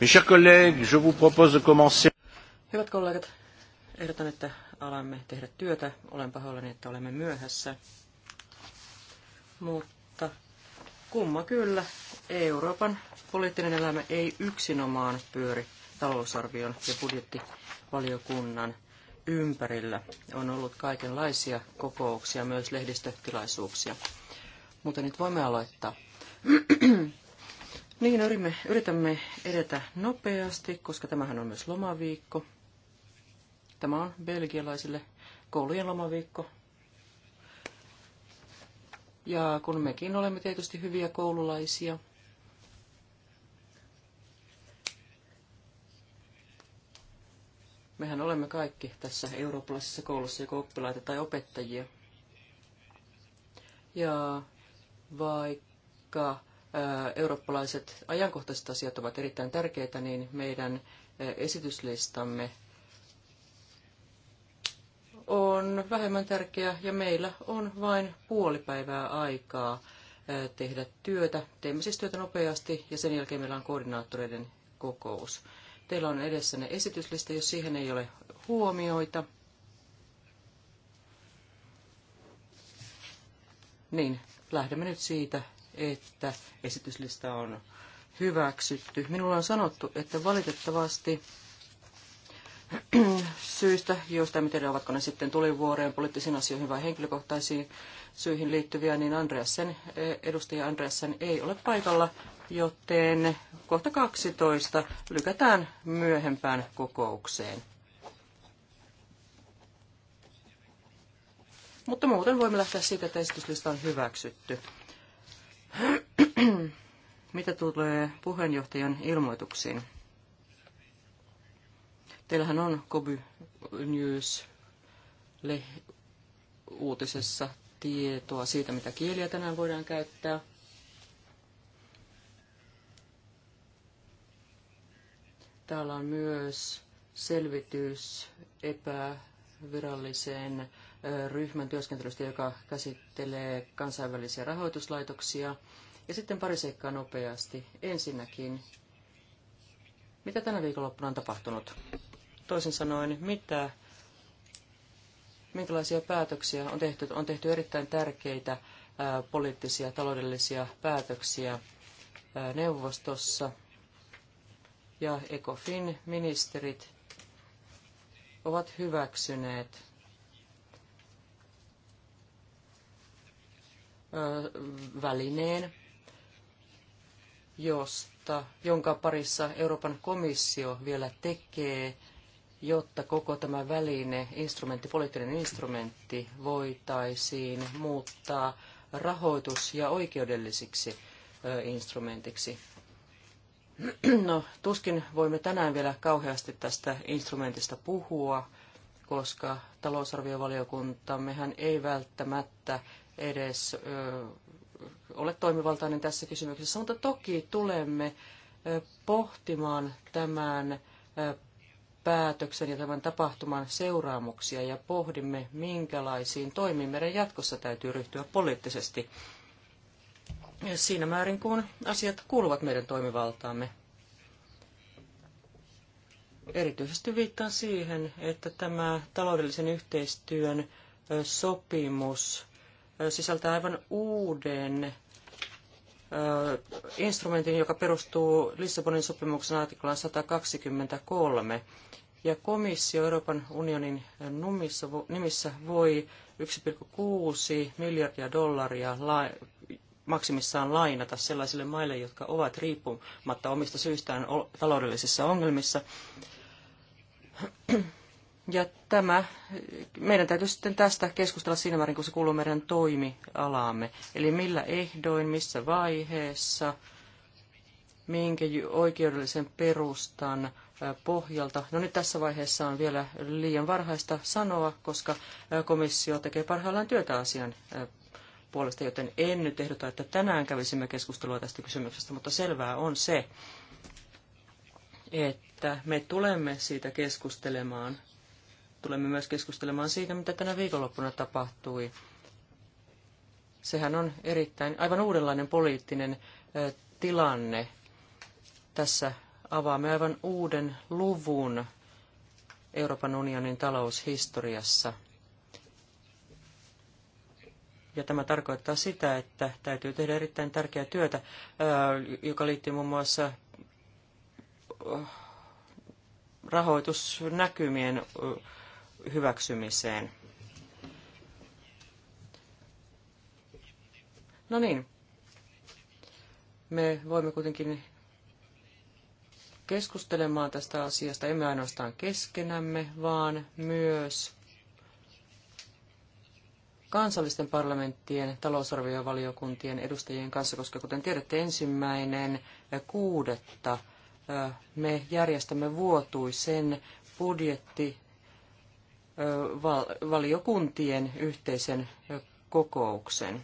Mes chers collègues, je vous propose de commencer. Hyvät kollegat, ehdotan, että alamme tehdä työtä. Olen pahoillani, että olemme myöhässä. Mutta kumma kyllä, Euroopan poliittinen elämä ei yksinomaan pyöri talousarvion ja budjettivaliokunnan ympärillä. On ollut kaikenlaisia kokouksia, myös lehdistötilaisuuksia. Mutta nyt voimme aloittaa. Niin yritämme, yritämme edetä nopeasti, koska tämähän on myös lomaviikko. Tämä on belgialaisille koulujen lomaviikko. Ja kun mekin olemme tietysti hyviä koululaisia, mehän olemme kaikki tässä eurooppalaisessa koulussa joko oppilaita tai opettajia. Ja vaikka eurooppalaiset ajankohtaiset asiat ovat erittäin tärkeitä, niin meidän esityslistamme on vähemmän tärkeä ja meillä on vain puoli päivää aikaa tehdä työtä. Teemme siis työtä nopeasti ja sen jälkeen meillä on koordinaattoreiden kokous. Teillä on edessänne esityslista, jos siihen ei ole huomioita. Niin, lähdemme nyt siitä, että esityslista on hyväksytty. Minulla on sanottu, että valitettavasti syistä, joista en tiedä, ovatko ne sitten tulivuoreen, poliittisiin asioihin vai henkilökohtaisiin syihin liittyviä, niin Andreasen, eh, edustaja Andreasen ei ole paikalla, joten kohta 12 lykätään myöhempään kokoukseen. Mutta muuten voimme lähteä siitä, että esityslista on hyväksytty. Mitä tulee puheenjohtajan ilmoituksiin? Teillähän on Koby News uutisessa tietoa siitä, mitä kieliä tänään voidaan käyttää. Täällä on myös selvitys epäviralliseen ryhmän työskentelystä, joka käsittelee kansainvälisiä rahoituslaitoksia. Ja sitten pari seikkaa nopeasti. Ensinnäkin, mitä tänä viikonloppuna on tapahtunut? Toisin sanoen, mitä, minkälaisia päätöksiä on tehty? On tehty erittäin tärkeitä ää, poliittisia, taloudellisia päätöksiä ää, neuvostossa. Ja ECOFIN ministerit ovat hyväksyneet välineen, josta, jonka parissa Euroopan komissio vielä tekee, jotta koko tämä väline, instrumentti, poliittinen instrumentti voitaisiin muuttaa rahoitus- ja oikeudellisiksi instrumentiksi. No, tuskin voimme tänään vielä kauheasti tästä instrumentista puhua, koska talousarviovaliokuntammehan ei välttämättä edes ole toimivaltainen tässä kysymyksessä, mutta toki tulemme pohtimaan tämän päätöksen ja tämän tapahtuman seuraamuksia ja pohdimme, minkälaisiin toimiin meidän jatkossa täytyy ryhtyä poliittisesti siinä määrin, kun asiat kuuluvat meidän toimivaltaamme. Erityisesti viittaan siihen, että tämä taloudellisen yhteistyön sopimus sisältää aivan uuden instrumentin, joka perustuu Lissabonin sopimuksen artiklaan 123. Ja komissio Euroopan unionin nimissä voi 1,6 miljardia dollaria maksimissaan lainata sellaisille maille, jotka ovat riippumatta omista syistään taloudellisissa ongelmissa. Ja tämä, meidän täytyy sitten tästä keskustella siinä määrin, kun se kuuluu meidän toimialaamme. Eli millä ehdoin, missä vaiheessa, minkä oikeudellisen perustan pohjalta. No nyt tässä vaiheessa on vielä liian varhaista sanoa, koska komissio tekee parhaillaan työtä asian puolesta, joten en nyt ehdota, että tänään kävisimme keskustelua tästä kysymyksestä, mutta selvää on se, että me tulemme siitä keskustelemaan tulemme myös keskustelemaan siitä, mitä tänä viikonloppuna tapahtui. Sehän on erittäin, aivan uudenlainen poliittinen tilanne. Tässä avaamme aivan uuden luvun Euroopan unionin taloushistoriassa. Ja tämä tarkoittaa sitä, että täytyy tehdä erittäin tärkeää työtä, joka liittyy muun muassa rahoitusnäkymien hyväksymiseen. No niin, me voimme kuitenkin keskustelemaan tästä asiasta, emme ainoastaan keskenämme, vaan myös kansallisten parlamenttien talousarviovaliokuntien edustajien kanssa, koska kuten tiedätte, ensimmäinen kuudetta me järjestämme vuotuisen budjetti valiokuntien yhteisen kokouksen.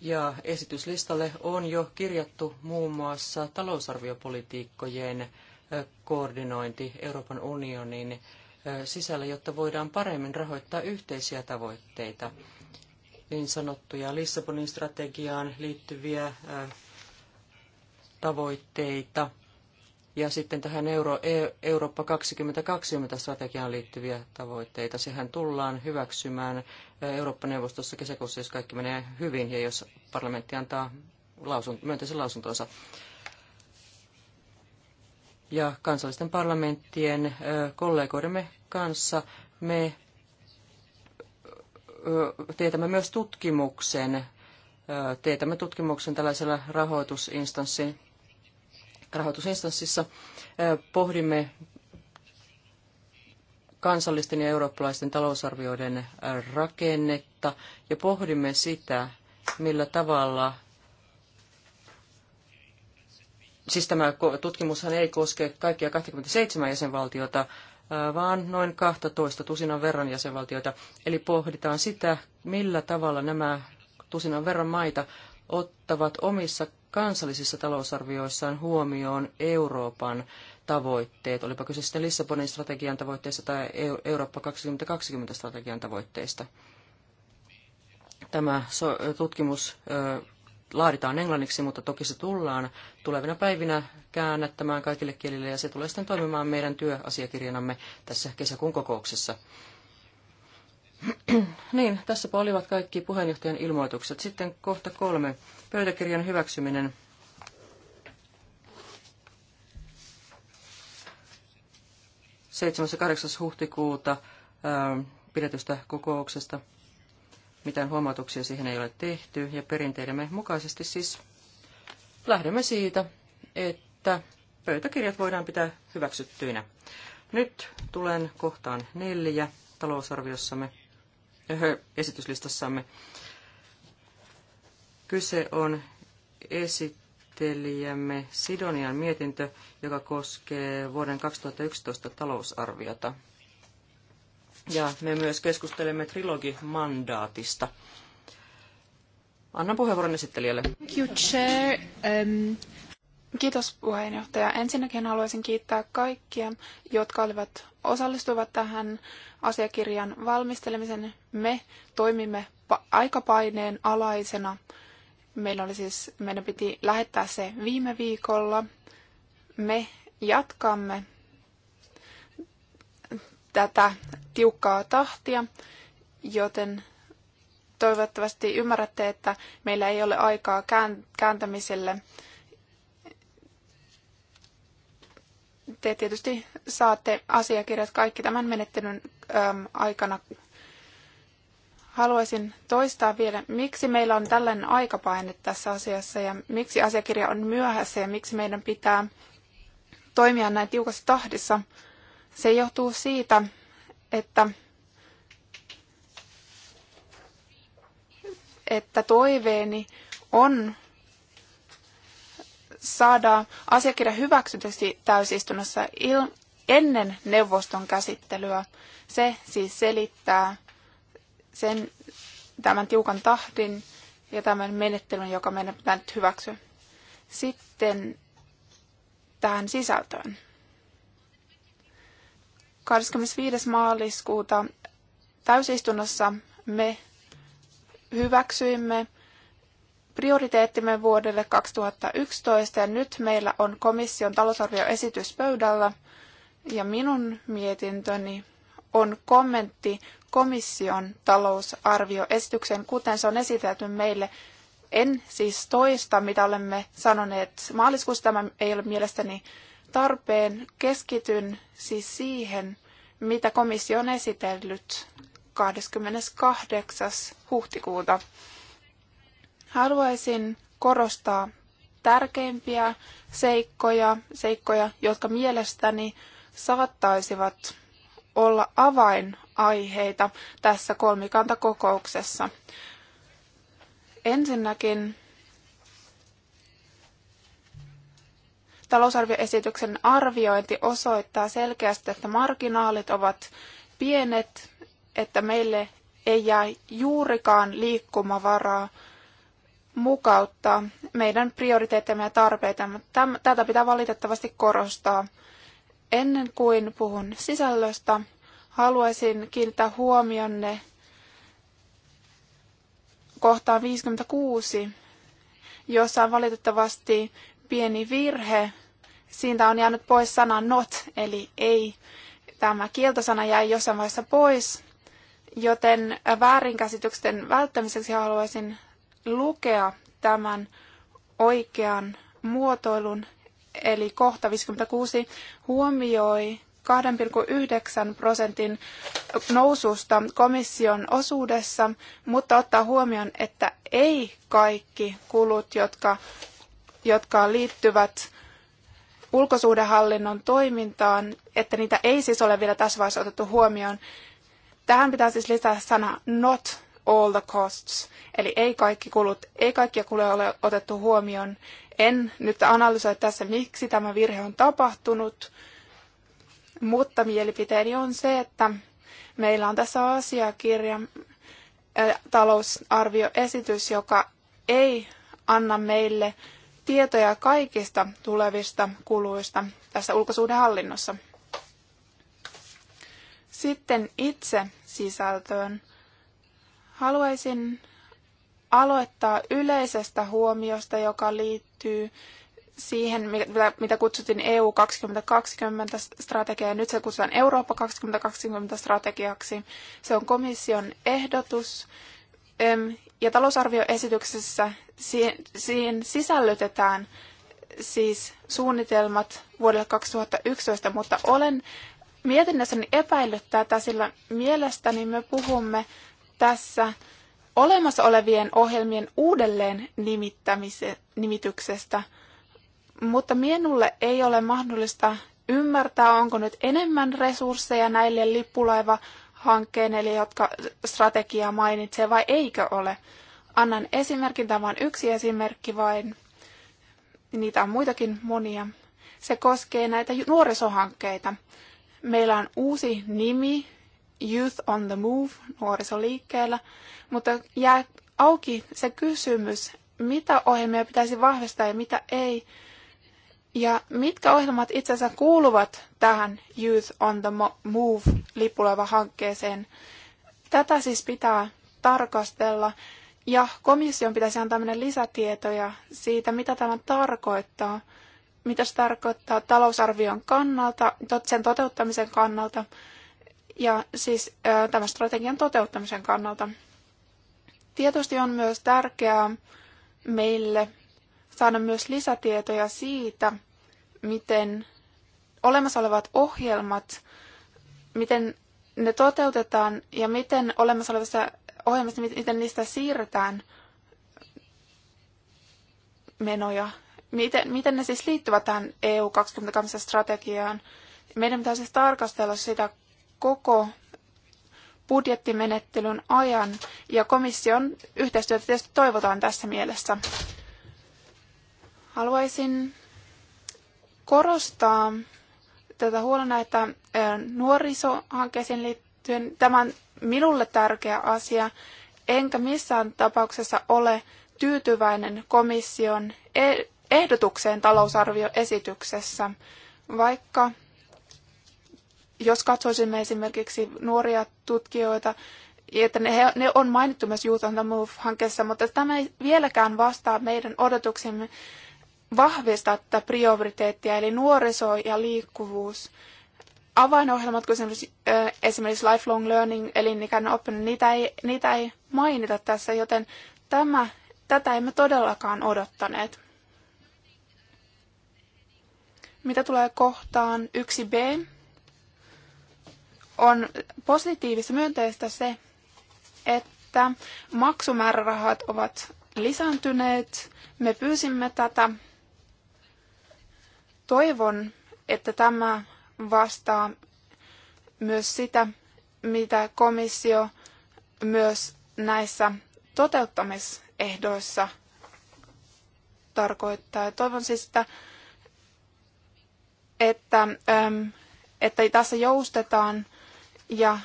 Ja esityslistalle on jo kirjattu muun muassa talousarviopolitiikkojen koordinointi Euroopan unionin sisällä, jotta voidaan paremmin rahoittaa yhteisiä tavoitteita, niin sanottuja Lissabonin strategiaan liittyviä tavoitteita – ja sitten tähän Euro, e- Eurooppa 2020 strategiaan liittyviä tavoitteita. Sehän tullaan hyväksymään eh, Eurooppa-neuvostossa kesäkuussa, jos kaikki menee hyvin ja jos parlamentti antaa lausun, myönteisen lausuntonsa. Ja kansallisten parlamenttien eh, kollegoidemme kanssa me eh, teetämme myös tutkimuksen, teetämme tutkimuksen tällaisella rahoitusinstanssin rahoitusinstanssissa pohdimme kansallisten ja eurooppalaisten talousarvioiden rakennetta ja pohdimme sitä, millä tavalla siis tämä tutkimushan ei koske kaikkia 27 jäsenvaltiota, vaan noin 12 tusinan verran jäsenvaltioita. Eli pohditaan sitä, millä tavalla nämä tusinan verran maita ottavat omissa kansallisissa talousarvioissaan huomioon Euroopan tavoitteet, olipa kyse sitten Lissabonin strategian tavoitteista tai Eurooppa 2020 strategian tavoitteista. Tämä tutkimus laaditaan englanniksi, mutta toki se tullaan tulevina päivinä käännättämään kaikille kielille ja se tulee sitten toimimaan meidän työasiakirjanamme tässä kesäkuun kokouksessa. niin, tässäpä olivat kaikki puheenjohtajan ilmoitukset. Sitten kohta kolme Pöytäkirjan hyväksyminen. Seitsemäs ja 8. Ähm, pidetystä kokouksesta. Mitään huomautuksia siihen ei ole tehty ja perinteidemme mukaisesti siis lähdemme siitä, että pöytäkirjat voidaan pitää hyväksyttyinä. Nyt tulen kohtaan neljä talousarviossamme, öö, esityslistassamme. Kyse on esittelijämme Sidonian mietintö, joka koskee vuoden 2011 talousarviota. Ja me myös keskustelemme trilogimandaatista. Annan puheenvuoron esittelijälle. Thank you, chair. Um... Kiitos puheenjohtaja. Ensinnäkin haluaisin kiittää kaikkia, jotka olivat osallistuvat tähän asiakirjan valmistelemisen. Me toimimme aikapaineen alaisena Meillä oli siis, meidän piti lähettää se viime viikolla. Me jatkamme tätä tiukkaa tahtia, joten toivottavasti ymmärrätte, että meillä ei ole aikaa kääntämiselle. Te tietysti saatte asiakirjat kaikki tämän menettelyn aikana haluaisin toistaa vielä, miksi meillä on tällainen aikapaine tässä asiassa ja miksi asiakirja on myöhässä ja miksi meidän pitää toimia näin tiukassa tahdissa. Se johtuu siitä, että, että toiveeni on saada asiakirja hyväksytyksi täysistunnossa ennen neuvoston käsittelyä. Se siis selittää sen, tämän tiukan tahdin ja tämän menettelyn, joka meidän pitää nyt hyväksyä. Sitten tähän sisältöön. 25. maaliskuuta täysistunnossa me hyväksyimme prioriteettimme vuodelle 2011 ja nyt meillä on komission talousarvioesitys pöydällä ja minun mietintöni on kommentti komission talousarvioesitykseen, kuten se on esitelty meille. En siis toista, mitä olemme sanoneet maaliskuussa. Tämä ei ole mielestäni tarpeen. Keskityn siis siihen, mitä komissio on esitellyt 28. huhtikuuta. Haluaisin korostaa tärkeimpiä seikkoja, seikkoja, jotka mielestäni saattaisivat olla avainaiheita tässä kolmikantakokouksessa. Ensinnäkin talousarvioesityksen arviointi osoittaa selkeästi, että marginaalit ovat pienet, että meille ei jää juurikaan liikkumavaraa mukauttaa meidän prioriteettimme ja tarpeitamme. Tätä pitää valitettavasti korostaa. Ennen kuin puhun sisällöstä, haluaisin kiinnittää huomionne kohtaan 56, jossa on valitettavasti pieni virhe. Siitä on jäänyt pois sana not, eli ei. Tämä kieltosana jäi jossain vaiheessa pois, joten väärinkäsityksen välttämiseksi haluaisin lukea tämän oikean muotoilun eli kohta 56, huomioi 2,9 prosentin noususta komission osuudessa, mutta ottaa huomioon, että ei kaikki kulut, jotka, jotka liittyvät ulkosuhdehallinnon toimintaan, että niitä ei siis ole vielä tässä vaiheessa otettu huomioon. Tähän pitää siis lisätä sana not, all the costs. Eli ei kaikki kulut, ei kaikkia kuluja ole otettu huomioon. En nyt analysoi tässä, miksi tämä virhe on tapahtunut, mutta mielipiteeni on se, että meillä on tässä asiakirja, talousarvioesitys, joka ei anna meille tietoja kaikista tulevista kuluista tässä ulkosuhdehallinnossa. Sitten itse sisältöön. Haluaisin aloittaa yleisestä huomiosta, joka liittyy siihen, mitä, mitä kutsuttiin EU 2020 strategiaa nyt se kutsutaan Eurooppa 2020 strategiaksi. Se on komission ehdotus ja talousarvioesityksessä siihen sisällytetään siis suunnitelmat vuodelle 2011, mutta olen mietinnässäni epäillyt tätä, sillä mielestäni me puhumme tässä olemassa olevien ohjelmien uudelleen nimityksestä, mutta minulle ei ole mahdollista ymmärtää, onko nyt enemmän resursseja näille eli jotka strategia mainitsee, vai eikö ole. Annan esimerkin, tämä on yksi esimerkki vain, niitä on muitakin monia. Se koskee näitä nuorisohankkeita. Meillä on uusi nimi Youth on the Move, nuorisoliikkeellä, mutta jää auki se kysymys, mitä ohjelmia pitäisi vahvistaa ja mitä ei. Ja mitkä ohjelmat itse asiassa kuuluvat tähän Youth on the Move lipuleva hankkeeseen Tätä siis pitää tarkastella ja komission pitäisi antaa meille lisätietoja siitä, mitä tämä tarkoittaa, mitä se tarkoittaa talousarvion kannalta, sen toteuttamisen kannalta ja siis tämän strategian toteuttamisen kannalta. Tietysti on myös tärkeää meille saada myös lisätietoja siitä, miten olemassa olevat ohjelmat, miten ne toteutetaan ja miten olemassa olevissa ohjelmista miten niistä siirretään menoja. Miten, miten ne siis liittyvät tähän EU 2020 strategiaan? Meidän pitää siis tarkastella sitä koko budjettimenettelyn ajan ja komission yhteistyötä tietysti toivotaan tässä mielessä. Haluaisin korostaa tätä huolenaihetta nuorisohankkeisiin liittyen. Tämä on minulle tärkeä asia, enkä missään tapauksessa ole tyytyväinen komission e-, ehdotukseen talousarvioesityksessä, vaikka jos katsoisimme esimerkiksi nuoria tutkijoita, että ne, ne on mainittu myös Youth on the Move-hankkeessa, mutta tämä ei vieläkään vastaa meidän odotuksemme vahvistaa tätä prioriteettia, eli nuoriso ja liikkuvuus. Avainohjelmat, kuten esimerkiksi äh, lifelong learning, elinikäinen oppiminen, niitä ei, niitä ei mainita tässä, joten tämä, tätä emme todellakaan odottaneet. Mitä tulee kohtaan 1b, on positiivista myönteistä se, että maksumäärärahat ovat lisääntyneet. Me pyysimme tätä. Toivon, että tämä vastaa myös sitä, mitä komissio myös näissä toteuttamisehdoissa tarkoittaa. Toivon siis, että, että, että tässä joustetaan ja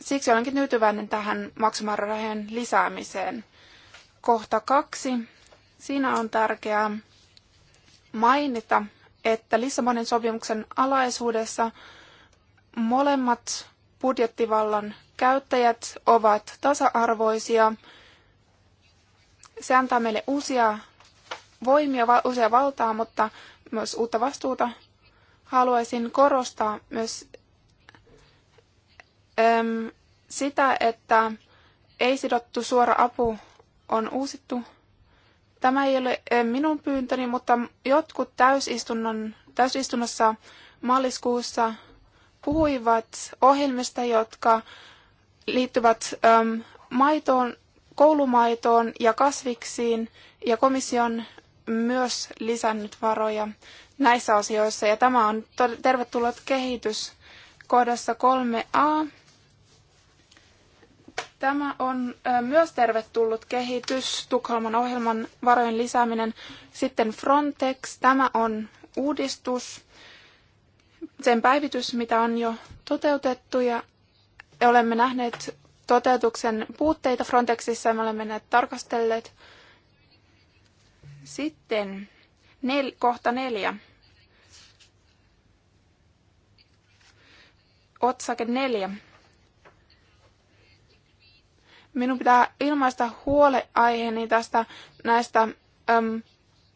siksi olenkin tyytyväinen tähän maksumäärärahojen lisäämiseen. Kohta kaksi. Siinä on tärkeää mainita, että Lissabonin sopimuksen alaisuudessa molemmat budjettivallan käyttäjät ovat tasa-arvoisia. Se antaa meille uusia voimia, uusia valtaa, mutta myös uutta vastuuta. Haluaisin korostaa myös äm, sitä, että ei-sidottu suora apu on uusittu. Tämä ei ole minun pyyntöni, mutta jotkut täysistunnon, täysistunnossa maaliskuussa puhuivat ohjelmista, jotka liittyvät äm, maitoon, koulumaitoon ja kasviksiin, ja komission myös lisännyt varoja näissä asioissa, ja tämä on tervetullut kehitys kohdassa 3a Tämä on myös tervetullut kehitys, Tukholman ohjelman varojen lisääminen. Sitten Frontex, tämä on uudistus, sen päivitys, mitä on jo toteutettu ja olemme nähneet toteutuksen puutteita Frontexissa ja me olemme näitä tarkastelleet. Sitten nel, kohta neljä. Otsake neljä minun pitää ilmaista huoleaiheeni tästä näistä äm,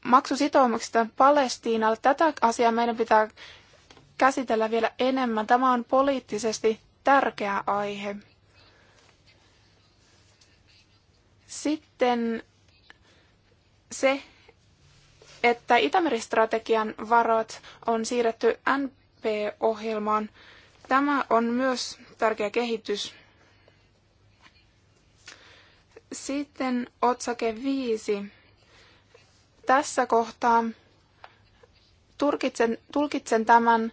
maksusitoumuksista Palestiinalle. Tätä asiaa meidän pitää käsitellä vielä enemmän. Tämä on poliittisesti tärkeä aihe. Sitten se, että Itämeristrategian varat on siirretty NP-ohjelmaan. Tämä on myös tärkeä kehitys. Sitten otsake 5. Tässä kohtaa tulkitsen, tulkitsen tämän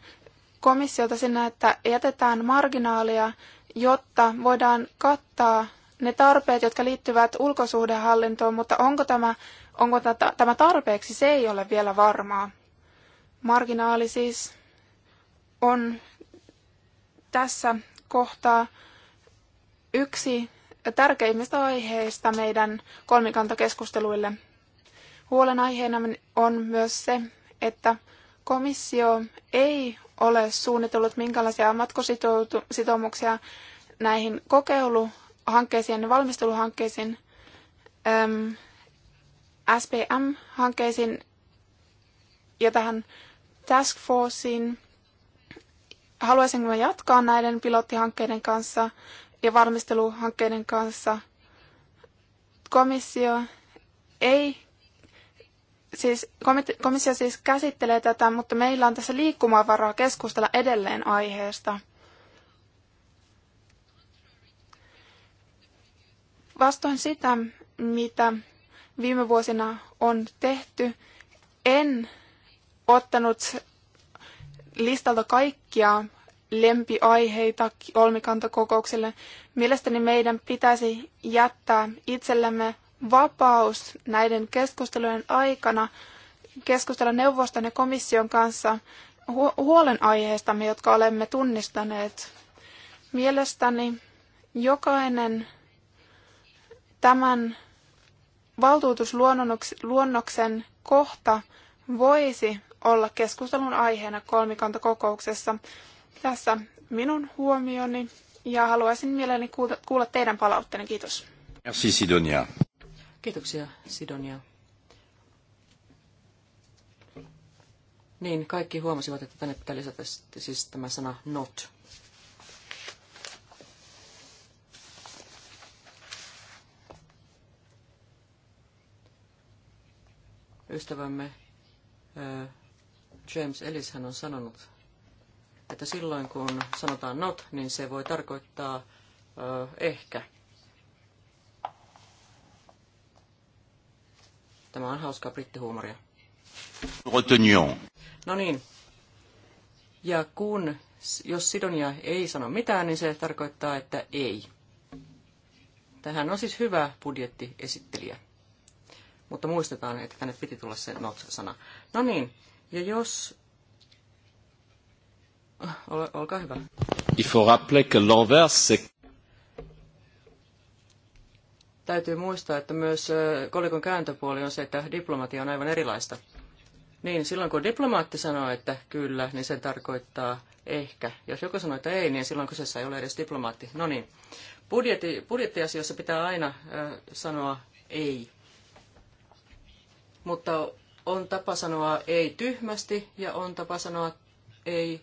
komissiolta sinne, että jätetään marginaalia, jotta voidaan kattaa ne tarpeet, jotka liittyvät ulkosuhdehallintoon, mutta onko tämä, onko tämä tarpeeksi, se ei ole vielä varmaa. Marginaali siis on tässä kohtaa yksi tärkeimmistä aiheista meidän kolmikantakeskusteluille. Huolenaiheena on myös se, että komissio ei ole suunnitellut minkälaisia matkositoumuksia näihin kokeiluhankkeisiin ja valmisteluhankkeisiin, äm, SPM-hankkeisiin ja tähän Task Forceen. Haluaisinko jatkaa näiden pilottihankkeiden kanssa ja valmisteluhankkeiden kanssa. Komissio ei siis, komissio siis käsittelee tätä, mutta meillä on tässä liikkumavaraa keskustella edelleen aiheesta. Vastoin sitä, mitä viime vuosina on tehty, en ottanut listalta kaikkia lempiaiheita kolmikantakokoukselle. Mielestäni meidän pitäisi jättää itsellemme vapaus näiden keskustelujen aikana keskustella neuvoston ja komission kanssa huolenaiheistamme, jotka olemme tunnistaneet. Mielestäni jokainen tämän valtuutusluonnoksen kohta voisi olla keskustelun aiheena kolmikantakokouksessa. Tässä minun huomioni ja haluaisin mielelläni kuulla teidän palautteenne. Kiitos. Merci Sidonia. Kiitoksia Sidonia. Niin, kaikki huomasivat, että tänne pitää lisätä siis tämä sana not. Ystävämme James Ellis hän on sanonut, että silloin kun sanotaan not, niin se voi tarkoittaa ö, ehkä. Tämä on hauskaa brittihuumoria. Retenion. No niin. Ja kun, jos Sidonia ei sano mitään, niin se tarkoittaa, että ei. Tähän on siis hyvä budjettiesittelijä. Mutta muistetaan, että tänne piti tulla se not-sana. No niin, ja jos Ol, olkaa hyvä. Il faut rappeler que l'envers, c'est... Täytyy muistaa, että myös kolikon kääntöpuoli on se, että diplomatia on aivan erilaista. Niin, silloin kun diplomaatti sanoo, että kyllä, niin se tarkoittaa ehkä. Jos joku sanoo, että ei, niin silloin kyseessä ei ole edes diplomaatti. No niin, Budjetti, budjettiasioissa pitää aina sanoa ei. Mutta on tapa sanoa ei tyhmästi ja on tapa sanoa ei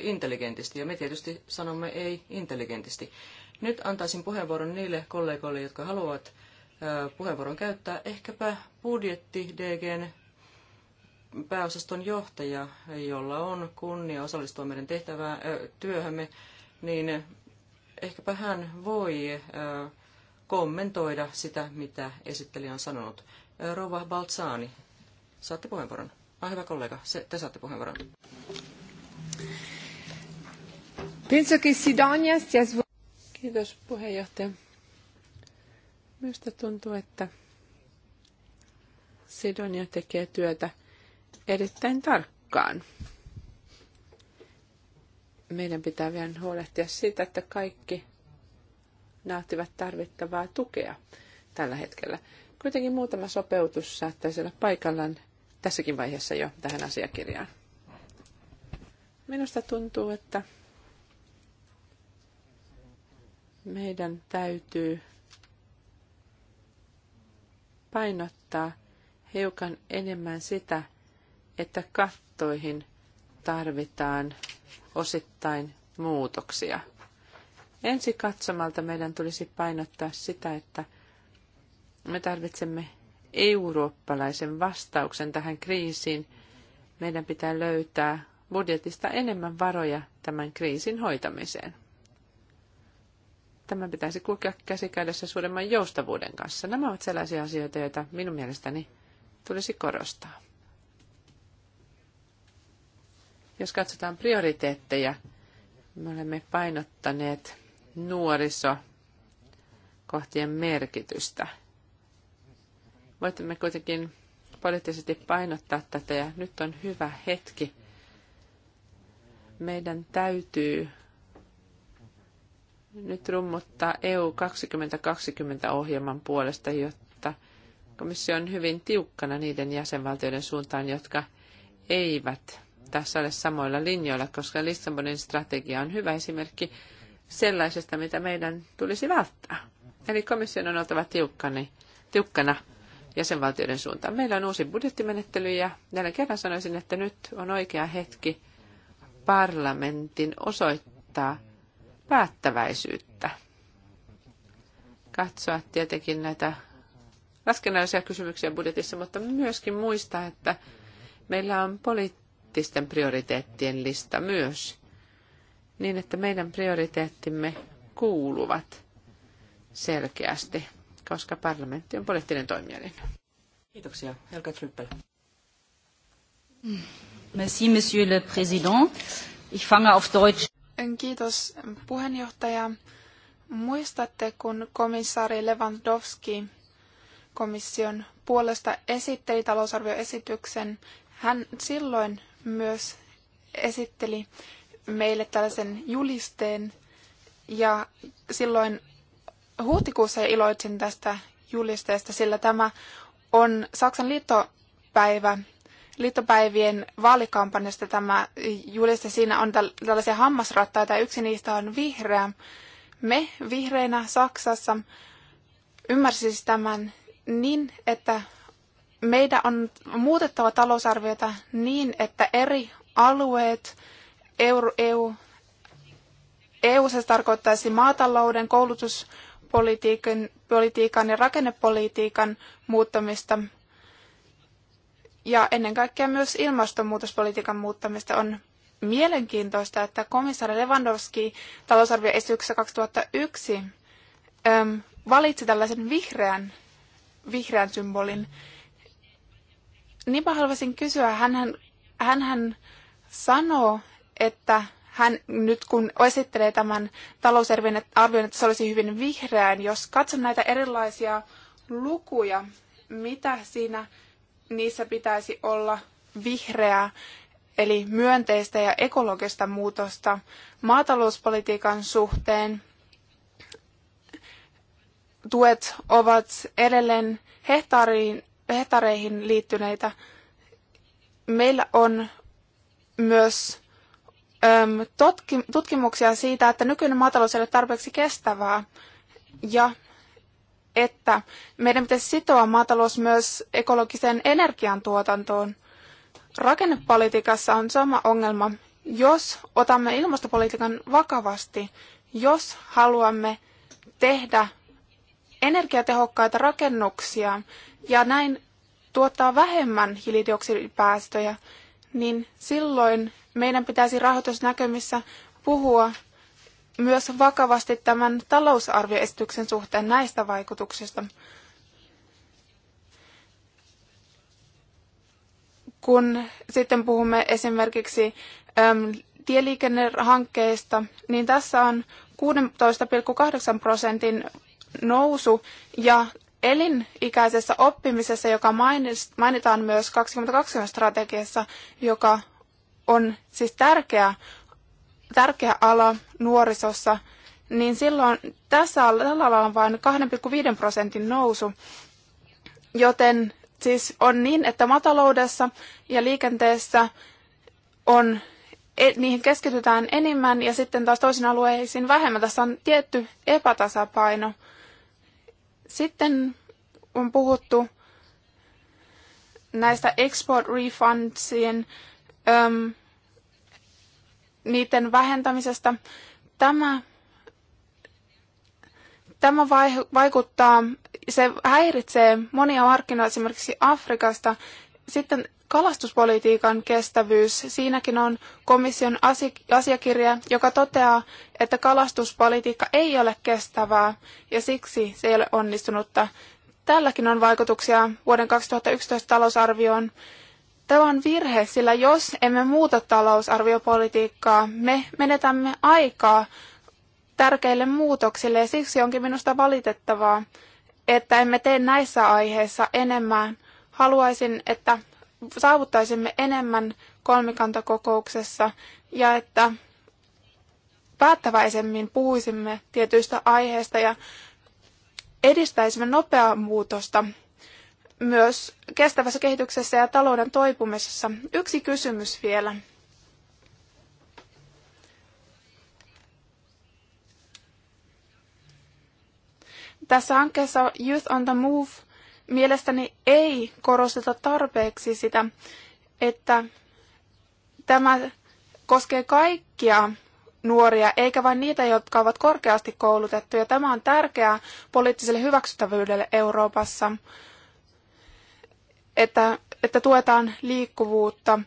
intelligentisti, ja me tietysti sanomme ei intelligentisti. Nyt antaisin puheenvuoron niille kollegoille, jotka haluavat puheenvuoron käyttää. Ehkäpä budjetti DGn pääosaston johtaja, jolla on kunnia osallistua meidän tehtävään, työhömme, niin ehkäpä hän voi kommentoida sitä, mitä esittelijä on sanonut. Rova Baltsaani, saatte puheenvuoron. Ah, hyvä kollega, se, te saatte puheenvuoron. Penso che Sidonia stia Kiitos puheenjohtaja. Minusta tuntuu, että Sidonia tekee työtä erittäin tarkkaan. Meidän pitää vielä huolehtia siitä, että kaikki nauttivat tarvittavaa tukea tällä hetkellä. Kuitenkin muutama sopeutus saattaisi olla paikallaan tässäkin vaiheessa jo tähän asiakirjaan. Minusta tuntuu, että meidän täytyy painottaa hiukan enemmän sitä, että kattoihin tarvitaan osittain muutoksia. Ensi katsomalta meidän tulisi painottaa sitä, että me tarvitsemme eurooppalaisen vastauksen tähän kriisiin. Meidän pitää löytää budjetista enemmän varoja tämän kriisin hoitamiseen. Tämän pitäisi kulkea käsikädessä suuremman joustavuuden kanssa. Nämä ovat sellaisia asioita, joita minun mielestäni tulisi korostaa. Jos katsotaan prioriteetteja, me olemme painottaneet nuorisokohtien merkitystä. Voitamme kuitenkin poliittisesti painottaa tätä ja nyt on hyvä hetki meidän täytyy nyt rummuttaa EU 2020-ohjelman puolesta, jotta komissio on hyvin tiukkana niiden jäsenvaltioiden suuntaan, jotka eivät tässä ole samoilla linjoilla, koska Lissabonin strategia on hyvä esimerkki sellaisesta, mitä meidän tulisi välttää. Eli komission on oltava tiukkani, tiukkana jäsenvaltioiden suuntaan. Meillä on uusi budjettimenettely ja jälleen kerran sanoisin, että nyt on oikea hetki – parlamentin osoittaa päättäväisyyttä. Katsoa tietenkin näitä laskennallisia kysymyksiä budjetissa, mutta myöskin muistaa, että meillä on poliittisten prioriteettien lista myös, niin että meidän prioriteettimme kuuluvat selkeästi, koska parlamentti on poliittinen toimielin. Kiitoksia. Helga Tryppel. Mm. Merci, Monsieur le Président. Ich fange auf Deutsch. Kiitos puheenjohtaja. Muistatte, kun komissaari Lewandowski komission puolesta esitteli talousarvioesityksen, hän silloin myös esitteli meille tällaisen julisteen ja silloin huhtikuussa iloitsin tästä julisteesta, sillä tämä on Saksan liittopäivä liittopäivien vaalikampanjasta tämä juliste. Siinä on tällaisia hammasrattaita ja yksi niistä on vihreä. Me vihreinä Saksassa ymmärsin siis tämän niin, että meidän on muutettava talousarviota niin, että eri alueet EU, e EU, EU se tarkoittaisi maatalouden, koulutuspolitiikan politiikan ja rakennepolitiikan muuttamista ja ennen kaikkea myös ilmastonmuutospolitiikan muuttamista on mielenkiintoista, että komissaari Lewandowski talousarvioesityksessä 2001 äm, valitsi tällaisen vihreän, vihreän symbolin. Niinpä haluaisin kysyä, hänhän, hänhän sanoo, että hän nyt kun esittelee tämän talousarvion, että se olisi hyvin vihreän. Jos katson näitä erilaisia lukuja, mitä siinä niissä pitäisi olla vihreää, eli myönteistä ja ekologista muutosta maatalouspolitiikan suhteen. Tuet ovat edelleen hehtaariin, hehtaareihin liittyneitä. Meillä on myös tutkimuksia siitä, että nykyinen maatalous ei ole tarpeeksi kestävää ja että meidän pitäisi sitoa maatalous myös ekologiseen energiantuotantoon. Rakennepolitiikassa on sama ongelma. Jos otamme ilmastopolitiikan vakavasti, jos haluamme tehdä energiatehokkaita rakennuksia ja näin tuottaa vähemmän hiilidioksidipäästöjä, niin silloin meidän pitäisi rahoitusnäkymissä puhua myös vakavasti tämän talousarvioesityksen suhteen näistä vaikutuksista. Kun sitten puhumme esimerkiksi äm, tieliikennehankkeista, niin tässä on 16,8 prosentin nousu ja elinikäisessä oppimisessa, joka mainitaan myös 2020 strategiassa, joka on siis tärkeä tärkeä ala nuorisossa, niin silloin tässä alalla on vain 2,5 prosentin nousu. Joten siis on niin, että mataloudessa ja liikenteessä on, e- niihin keskitytään enemmän ja sitten taas toisiin alueisiin vähemmän. Tässä on tietty epätasapaino. Sitten on puhuttu näistä export refundsien äm, niiden vähentämisestä. Tämä, tämä vaikuttaa, se häiritsee monia markkinoita esimerkiksi Afrikasta. Sitten kalastuspolitiikan kestävyys. Siinäkin on komission asiakirja, joka toteaa, että kalastuspolitiikka ei ole kestävää ja siksi se ei ole onnistunutta. Tälläkin on vaikutuksia vuoden 2011 talousarvioon. Tämä on virhe, sillä jos emme muuta talousarviopolitiikkaa, me menetämme aikaa tärkeille muutoksille ja siksi onkin minusta valitettavaa, että emme tee näissä aiheissa enemmän. Haluaisin, että saavuttaisimme enemmän kolmikantakokouksessa ja että päättäväisemmin puhuisimme tietyistä aiheista ja edistäisimme nopeaa muutosta myös kestävässä kehityksessä ja talouden toipumisessa. Yksi kysymys vielä. Tässä hankkeessa Youth on the Move mielestäni ei korosteta tarpeeksi sitä, että tämä koskee kaikkia nuoria, eikä vain niitä, jotka ovat korkeasti koulutettuja. Tämä on tärkeää poliittiselle hyväksyttävyydelle Euroopassa että, että tuetaan liikkuvuutta.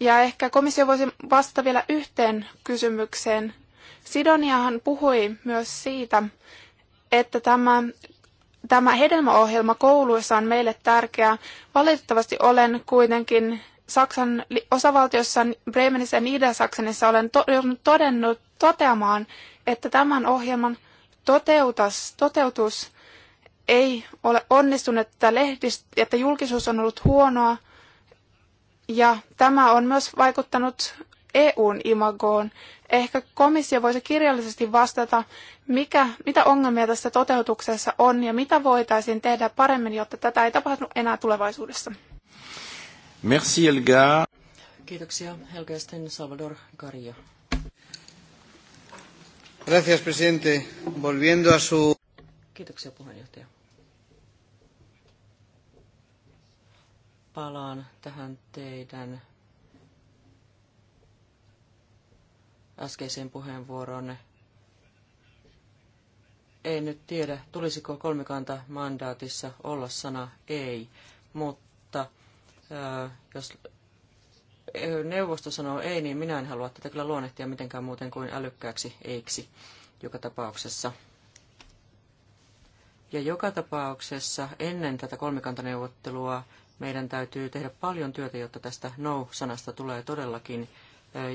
Ja ehkä komissio voisi vastata vielä yhteen kysymykseen. Sidoniahan puhui myös siitä, että tämä, tämä hedelmäohjelma kouluissa on meille tärkeä. Valitettavasti olen kuitenkin Saksan osavaltiossa Bremenissä ja Niedersachsenissa saksanissa olen todennut toteamaan, että tämän ohjelman toteutus ei ole onnistunut, että, lehdist, että julkisuus on ollut huonoa, ja tämä on myös vaikuttanut EUn imagoon. Ehkä komissio voisi kirjallisesti vastata, mikä, mitä ongelmia tässä toteutuksessa on ja mitä voitaisiin tehdä paremmin, jotta tätä ei tapahdu enää tulevaisuudessa. Merci Helga. Kiitoksia Helgesten Salvador Garja. Gracias presidente. Volviendo a su... Kiitoksia puheenjohtaja. palaan tähän teidän äskeiseen puheenvuoroonne. Ei nyt tiedä, tulisiko kolmikanta mandaatissa olla sana ei, mutta äh, jos neuvosto sanoo ei, niin minä en halua tätä kyllä luonnehtia mitenkään muuten kuin älykkääksi eiksi joka tapauksessa. Ja joka tapauksessa ennen tätä kolmikantaneuvottelua meidän täytyy tehdä paljon työtä, jotta tästä no-sanasta tulee todellakin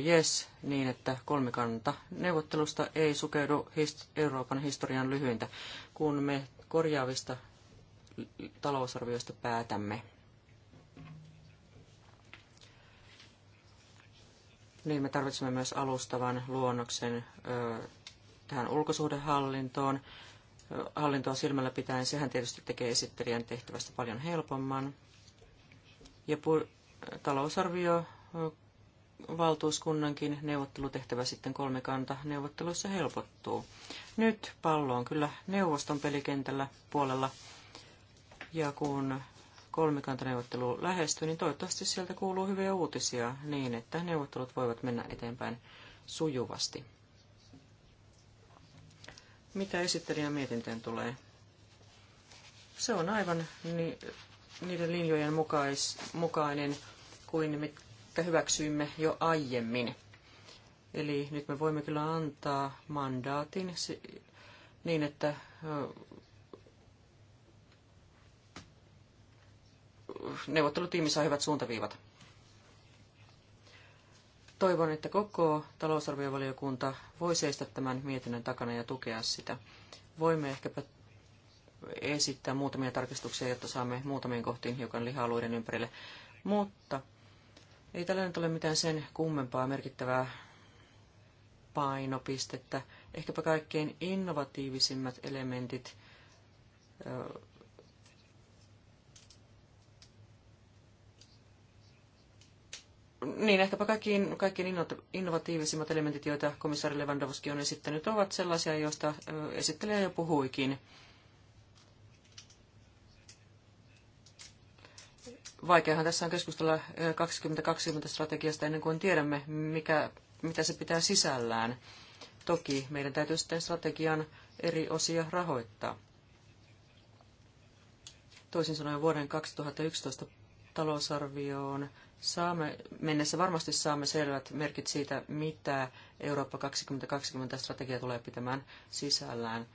yes, niin että kolmikanta neuvottelusta ei sukeudu Euroopan historian lyhyintä, kun me korjaavista talousarvioista päätämme. Niin me tarvitsemme myös alustavan luonnoksen ö, tähän ulkosuhdehallintoon. Hallintoa silmällä pitäen, sehän tietysti tekee esittelijän tehtävästä paljon helpomman ja talousarvio valtuuskunnankin neuvottelutehtävä sitten kolmikanta neuvotteluissa helpottuu. Nyt pallo on kyllä neuvoston pelikentällä puolella ja kun kolmikantaneuvottelu lähestyy, niin toivottavasti sieltä kuuluu hyviä uutisia niin, että neuvottelut voivat mennä eteenpäin sujuvasti. Mitä esittelijän mietintöön tulee? Se on aivan niin niiden linjojen mukais, mukainen kuin mitkä hyväksyimme jo aiemmin. Eli nyt me voimme kyllä antaa mandaatin niin, että neuvottelutiimi saa hyvät suuntaviivat. Toivon, että koko talousarviovaliokunta voi seistä tämän mietinnön takana ja tukea sitä. Voimme ehkäpä esittää muutamia tarkistuksia, jotta saamme muutamiin kohtiin hiukan liha ympärille. Mutta ei tällä nyt ole mitään sen kummempaa merkittävää painopistettä. Ehkäpä kaikkein innovatiivisimmat elementit Niin, ehkäpä kaikkiin, kaikkein innovatiivisimmat elementit, joita komissaari Lewandowski on esittänyt, ovat sellaisia, joista esittelijä jo puhuikin. Vaikeahan tässä on keskustella 2020-strategiasta ennen kuin tiedämme, mikä, mitä se pitää sisällään. Toki meidän täytyy sitten strategian eri osia rahoittaa. Toisin sanoen vuoden 2011 talousarvioon saamme, mennessä varmasti saamme selvät merkit siitä, mitä Eurooppa 2020 strategia tulee pitämään sisällään.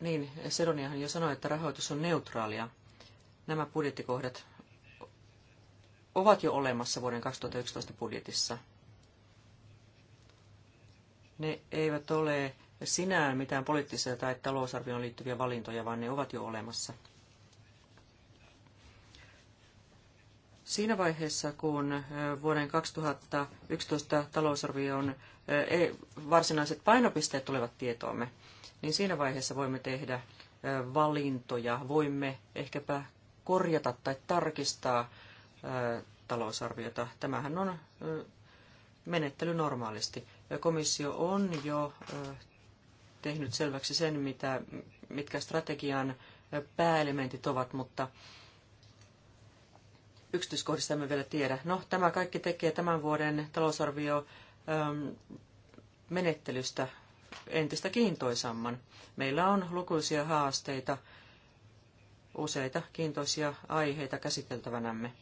Niin, Sedoniahan jo sanoi, että rahoitus on neutraalia. Nämä budjettikohdat ovat jo olemassa vuoden 2011 budjetissa. Ne eivät ole sinään mitään poliittisia tai talousarvioon liittyviä valintoja, vaan ne ovat jo olemassa. Siinä vaiheessa, kun vuoden 2011 talousarvion e, varsinaiset painopisteet tulevat tietoomme, niin siinä vaiheessa voimme tehdä valintoja, voimme ehkäpä korjata tai tarkistaa talousarviota. Tämähän on menettely normaalisti. Komissio on jo tehnyt selväksi sen, mitä, mitkä strategian pääelementit ovat, mutta yksityiskohdista emme vielä tiedä. No, tämä kaikki tekee tämän vuoden talousarvio menettelystä entistä kiintoisamman. Meillä on lukuisia haasteita, useita kiintoisia aiheita käsiteltävänämme.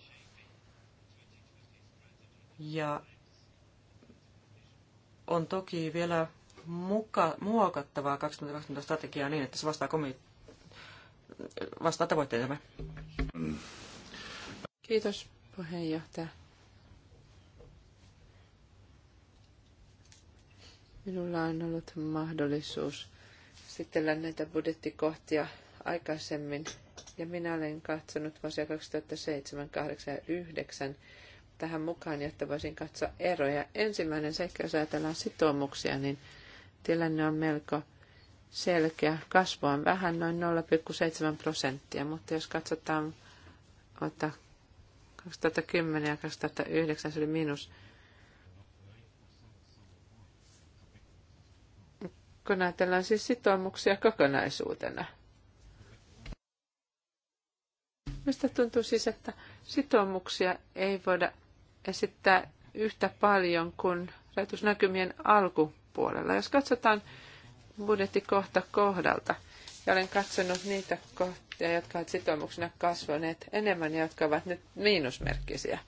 Ja on toki vielä muka, muokattavaa 2020 strategiaa niin, että se vastaa, komi- vastaa tavoitteitamme. Kiitos puheenjohtaja. Minulla on ollut mahdollisuus esitellä näitä budjettikohtia aikaisemmin ja minä olen katsonut vuosia 2007, 2008 ja 2009 tähän mukaan, jotta voisin katsoa eroja. Ensimmäinen seikka, jos ajatellaan sitoumuksia, niin tilanne on melko selkeä. Kasvu on vähän, noin 0,7 prosenttia, mutta jos katsotaan ota, 2010 ja 2009, se oli minus. kun ajatellaan siis sitoumuksia kokonaisuutena. Mistä tuntuu siis, että sitoumuksia ei voida esittää yhtä paljon kuin rajoitusnäkymien alkupuolella. Jos katsotaan budjettikohta kohdalta, ja olen katsonut niitä kohtia, jotka ovat sitoumuksena kasvaneet enemmän ja jotka ovat nyt miinusmerkkisiä.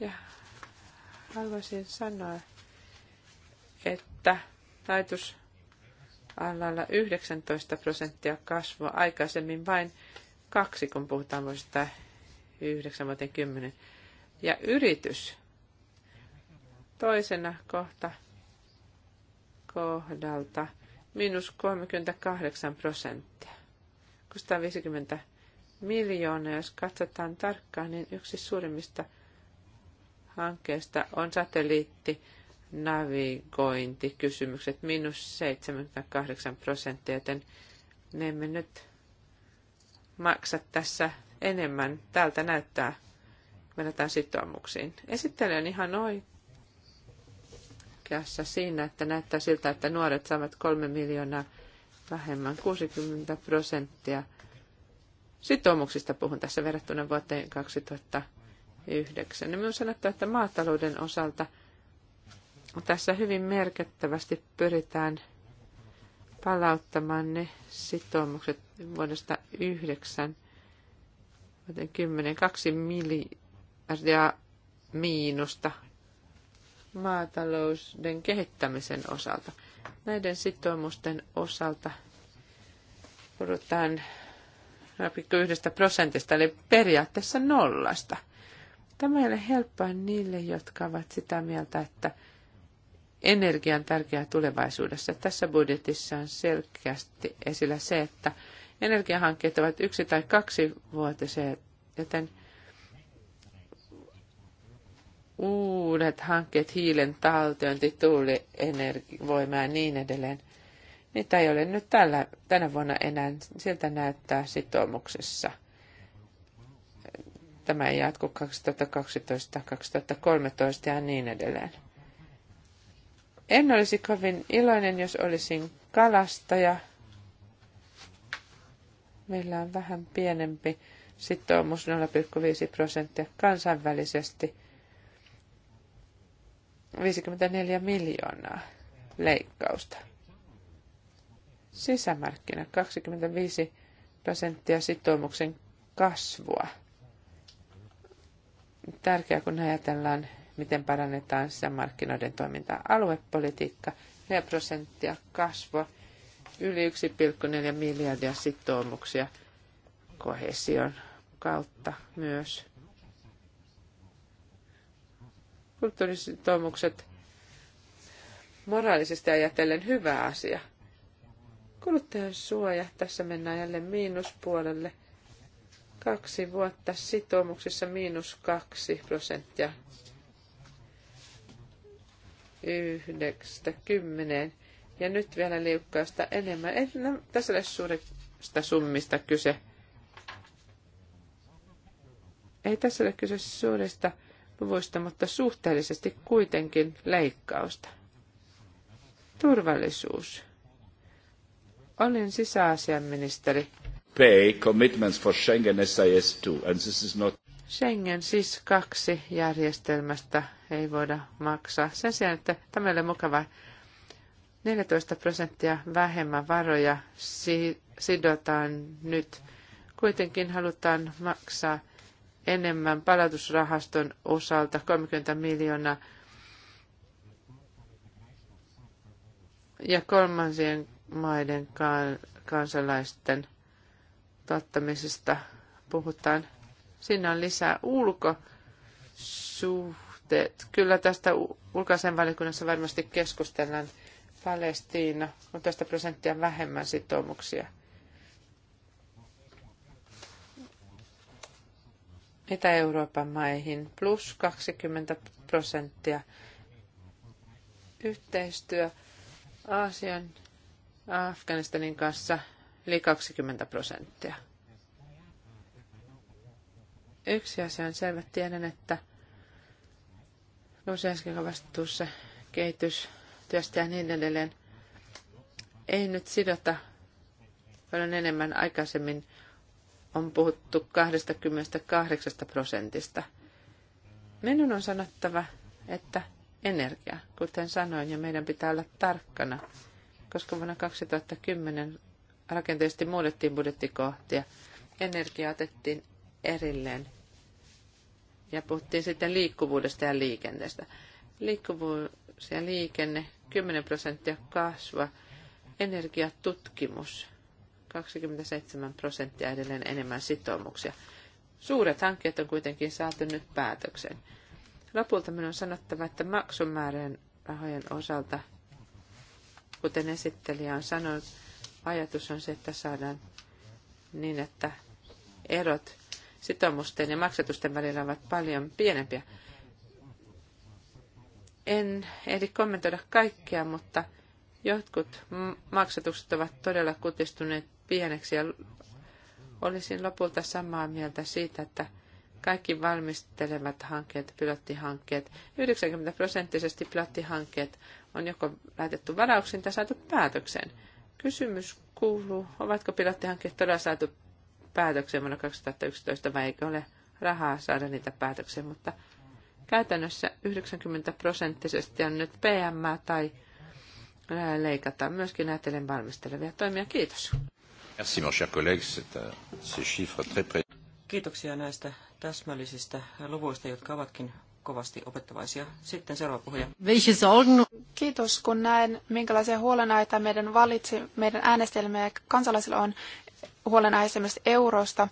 Ja haluaisin sanoa, että alalla 19 prosenttia kasvua aikaisemmin vain kaksi, kun puhutaan vuosista 9 10 ja yritys. Toisena kohta kohdalta miinus 38 prosenttia. 650 miljoonaa, jos katsotaan tarkkaan, niin yksi suurimmista hankkeista on satelliitti navigointikysymykset, miinus 78 prosenttia, joten me emme nyt maksa tässä enemmän. Täältä näyttää verrataan sitoumuksiin. Esittelen ihan oikeassa siinä, että näyttää siltä, että nuoret saavat kolme miljoonaa vähemmän, 60 prosenttia sitoumuksista puhun tässä verrattuna vuoteen 2009. Ja minun sanottu, että maatalouden osalta tässä hyvin merkittävästi pyritään palauttamaan ne sitoumukset vuodesta 9 joten 10, 2 mili, ja miinusta maatalouden kehittämisen osalta. Näiden sitoumusten osalta puhutaan yhdestä prosentista, eli periaatteessa nollasta. Tämä ei ole helppoa niille, jotka ovat sitä mieltä, että energia on tärkeää tulevaisuudessa. Tässä budjetissa on selkeästi esillä se, että energiahankkeet ovat yksi- tai kaksi kaksivuotiset, joten uudet hankkeet, hiilen taltiointi, tuulienergivoima ja niin edelleen. Niitä ei ole nyt tällä, tänä vuonna enää, siltä näyttää sitoumuksessa. Tämä ei jatku 2012-2013 ja niin edelleen. En olisi kovin iloinen, jos olisin kalastaja. Meillä on vähän pienempi sitoumus 0,5 prosenttia kansainvälisesti – 54 miljoonaa leikkausta. Sisämarkkina 25 prosenttia sitoumuksen kasvua. Tärkeää, kun ajatellaan, miten parannetaan sisämarkkinoiden toimintaa. Aluepolitiikka 4 prosenttia kasvua, yli 1,4 miljardia sitoumuksia kohesion kautta myös kulttuurisitoumukset moraalisesti ajatellen hyvä asia. Kuluttajan suoja, tässä mennään jälleen miinuspuolelle. Kaksi vuotta sitoumuksissa miinus kaksi prosenttia yhdeksästä kymmeneen. Ja nyt vielä liukkaasta enemmän. Ei no, tässä ole suurista summista kyse. Ei tässä ole kyse suurista summista luvuista, mutta suhteellisesti kuitenkin leikkausta. Turvallisuus. Olin sisäasianministeri. Pay commitments for Schengen SIS2, and this is not... Schengen SIS kaksi järjestelmästä ei voida maksaa. Sen sijaan, että tämä ei ole mukava 14 prosenttia vähemmän varoja sidotaan nyt. Kuitenkin halutaan maksaa enemmän palautusrahaston osalta 30 miljoonaa ja kolmansien maiden kansalaisten tuottamisesta puhutaan. Siinä on lisää ulkosuhteet. Kyllä tästä ulkoisen valikunnassa varmasti keskustellaan Palestiina, on tästä prosenttia vähemmän sitoumuksia – Itä-Euroopan maihin, plus 20 prosenttia yhteistyö Aasian Afganistanin kanssa yli 20 prosenttia. Yksi asia on selvä. Tiedän, että Lusenskin vastuussa kehitystyöstä ja niin edelleen ei nyt sidota paljon enemmän aikaisemmin on puhuttu 28 prosentista. Minun on sanottava, että energia, kuten sanoin, ja meidän pitää olla tarkkana, koska vuonna 2010 rakenteellisesti muutettiin budjettikohtia. Energia otettiin erilleen ja puhuttiin sitten liikkuvuudesta ja liikenteestä. Liikkuvuus ja liikenne, 10 prosenttia kasva, energiatutkimus, 27 prosenttia edelleen enemmän sitoumuksia. Suuret hankkeet on kuitenkin saatu nyt päätöksen. Lopulta minun on sanottava, että maksumäärän rahojen osalta, kuten esittelijä on sanonut, ajatus on se, että saadaan niin, että erot sitoumusten ja maksatusten välillä ovat paljon pienempiä. En ehdi kommentoida kaikkea, mutta jotkut maksatukset ovat todella kutistuneet pieneksi ja olisin lopulta samaa mieltä siitä, että kaikki valmistelevat hankkeet, pilottihankkeet, 90 prosenttisesti pilottihankkeet on joko laitettu varauksiin tai saatu päätökseen. Kysymys kuuluu, ovatko pilottihankkeet todella saatu päätökseen vuonna 2011 vai eikö ole rahaa saada niitä päätökseen, mutta käytännössä 90 prosenttisesti on nyt PM tai leikataan myöskin ajatellen valmistelevia toimia. Kiitos. Merci, mon cher collègue. Euh, ces chiffres très Kiitoksia näistä täsmällisistä luvuista, jotka ovatkin kovasti opettavaisia. Sitten seuraava puhuja. Kiitos, kun näen, minkälaisia huolenaita meidän, valitsi, meidän äänestelmä ja kansalaisilla on huolenaihe esimerkiksi eurosta,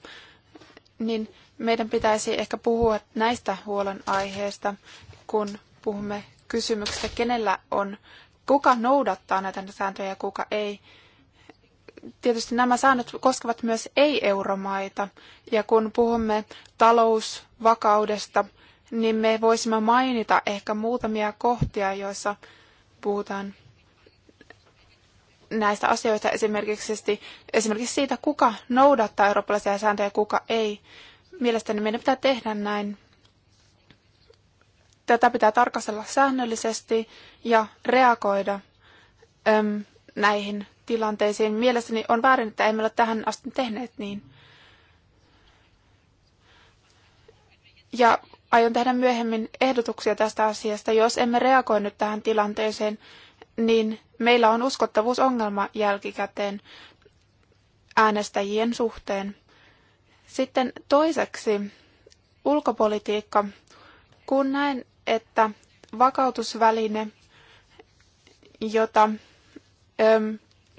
niin meidän pitäisi ehkä puhua näistä huolenaiheista, kun puhumme kysymyksestä, kenellä on, kuka noudattaa näitä sääntöjä ja kuka ei tietysti nämä säännöt koskevat myös ei-euromaita. Ja kun puhumme talousvakaudesta, niin me voisimme mainita ehkä muutamia kohtia, joissa puhutaan näistä asioista esimerkiksi, esimerkiksi siitä, kuka noudattaa eurooppalaisia sääntöjä ja kuka ei. Mielestäni meidän pitää tehdä näin. Tätä pitää tarkastella säännöllisesti ja reagoida äm, näihin tilanteisiin. Mielestäni on väärin, että emme ole tähän asti tehneet niin. Ja aion tehdä myöhemmin ehdotuksia tästä asiasta. Jos emme reagoi nyt tähän tilanteeseen, niin meillä on uskottavuusongelma jälkikäteen äänestäjien suhteen. Sitten toiseksi ulkopolitiikka. Kun näen, että vakautusväline, jota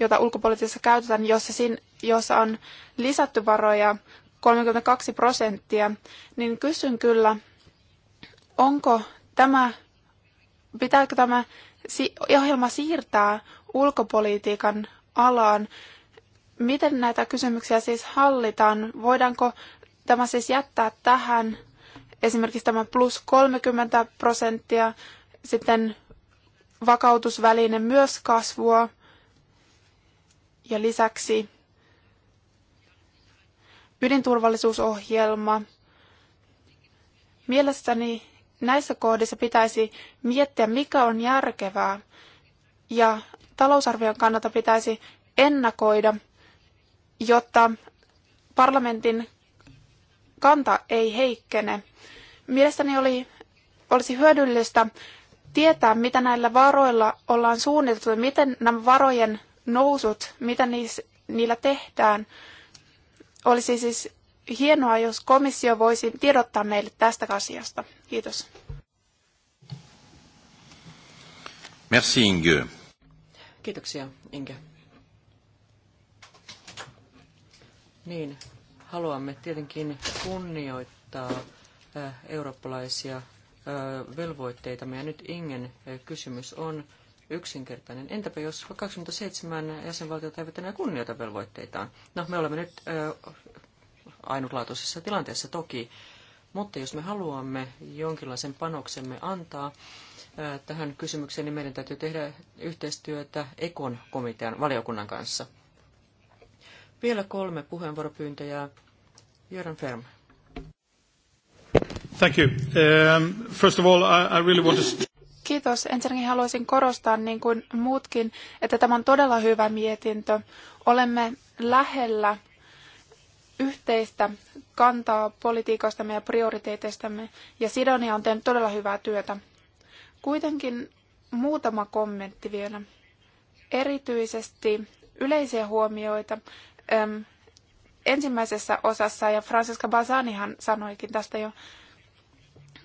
jota ulkopolitiikassa käytetään, jossa, siinä, jossa on lisätty varoja 32 prosenttia, niin kysyn kyllä, onko tämä, pitääkö tämä ohjelma siirtää ulkopolitiikan alaan? Miten näitä kysymyksiä siis hallitaan? Voidaanko tämä siis jättää tähän, esimerkiksi tämä plus 30 prosenttia, sitten vakautusväline myös kasvua, ja lisäksi ydinturvallisuusohjelma. Mielestäni näissä kohdissa pitäisi miettiä, mikä on järkevää. Ja talousarvion kannalta pitäisi ennakoida, jotta parlamentin kanta ei heikkene. Mielestäni oli, olisi hyödyllistä tietää, mitä näillä varoilla ollaan suunniteltu ja miten nämä varojen nousut, mitä niis, niillä tehdään. Olisi siis hienoa, jos komissio voisi tiedottaa meille tästä asiasta. Kiitos. Merci Inge. Kiitoksia Inge. Niin, haluamme tietenkin kunnioittaa äh, eurooppalaisia äh, velvoitteita. Ja nyt Ingen äh, kysymys on yksinkertainen. Entäpä jos 27 jäsenvaltiota eivät enää kunnioita velvoitteitaan? No, me olemme nyt ö, ainutlaatuisessa tilanteessa toki, mutta jos me haluamme jonkinlaisen panoksemme antaa ö, tähän kysymykseen, niin meidän täytyy tehdä yhteistyötä Ekon komitean valiokunnan kanssa. Vielä kolme puheenvuoropyyntöjä. Jörn Ferm. Thank you. Um, first of all, I, I really want to... Kiitos. Ensinnäkin haluaisin korostaa, niin kuin muutkin, että tämä on todella hyvä mietintö. Olemme lähellä yhteistä kantaa politiikastamme ja prioriteeteistamme, ja Sidonia on tehnyt todella hyvää työtä. Kuitenkin muutama kommentti vielä. Erityisesti yleisiä huomioita ensimmäisessä osassa, ja Francesca Bazanihan sanoikin tästä jo,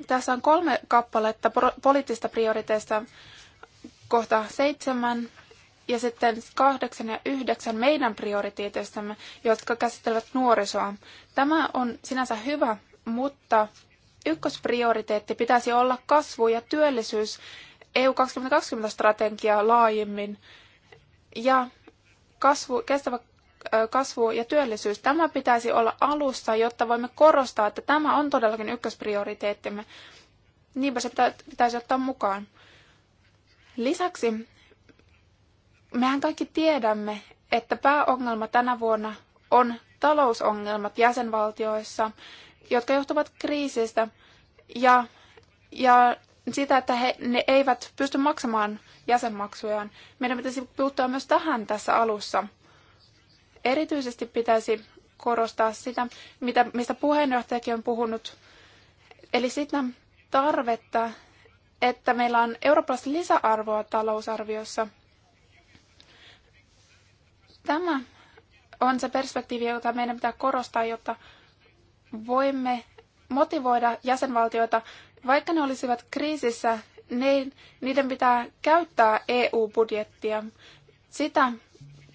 tässä on kolme kappaletta poliittista prioriteista kohta seitsemän ja sitten kahdeksan ja yhdeksän meidän prioriteetistamme, jotka käsittelevät nuorisoa. Tämä on sinänsä hyvä, mutta ykkösprioriteetti pitäisi olla kasvu ja työllisyys EU 2020-strategiaa laajemmin ja kasvu, kestävä kasvu ja työllisyys. Tämä pitäisi olla alussa, jotta voimme korostaa, että tämä on todellakin ykkösprioriteettimme. Niinpä se pitäisi ottaa mukaan. Lisäksi mehän kaikki tiedämme, että pääongelma tänä vuonna on talousongelmat jäsenvaltioissa, jotka johtuvat kriisistä ja, ja sitä, että he, ne eivät pysty maksamaan jäsenmaksujaan. Meidän pitäisi puuttua myös tähän tässä alussa. Erityisesti pitäisi korostaa sitä, mitä, mistä puheenjohtajakin on puhunut, eli sitä tarvetta, että meillä on eurooppalaista lisäarvoa talousarviossa. Tämä on se perspektiivi, jota meidän pitää korostaa, jotta voimme motivoida jäsenvaltioita, vaikka ne olisivat kriisissä, niin niiden pitää käyttää EU-budjettia. Sitä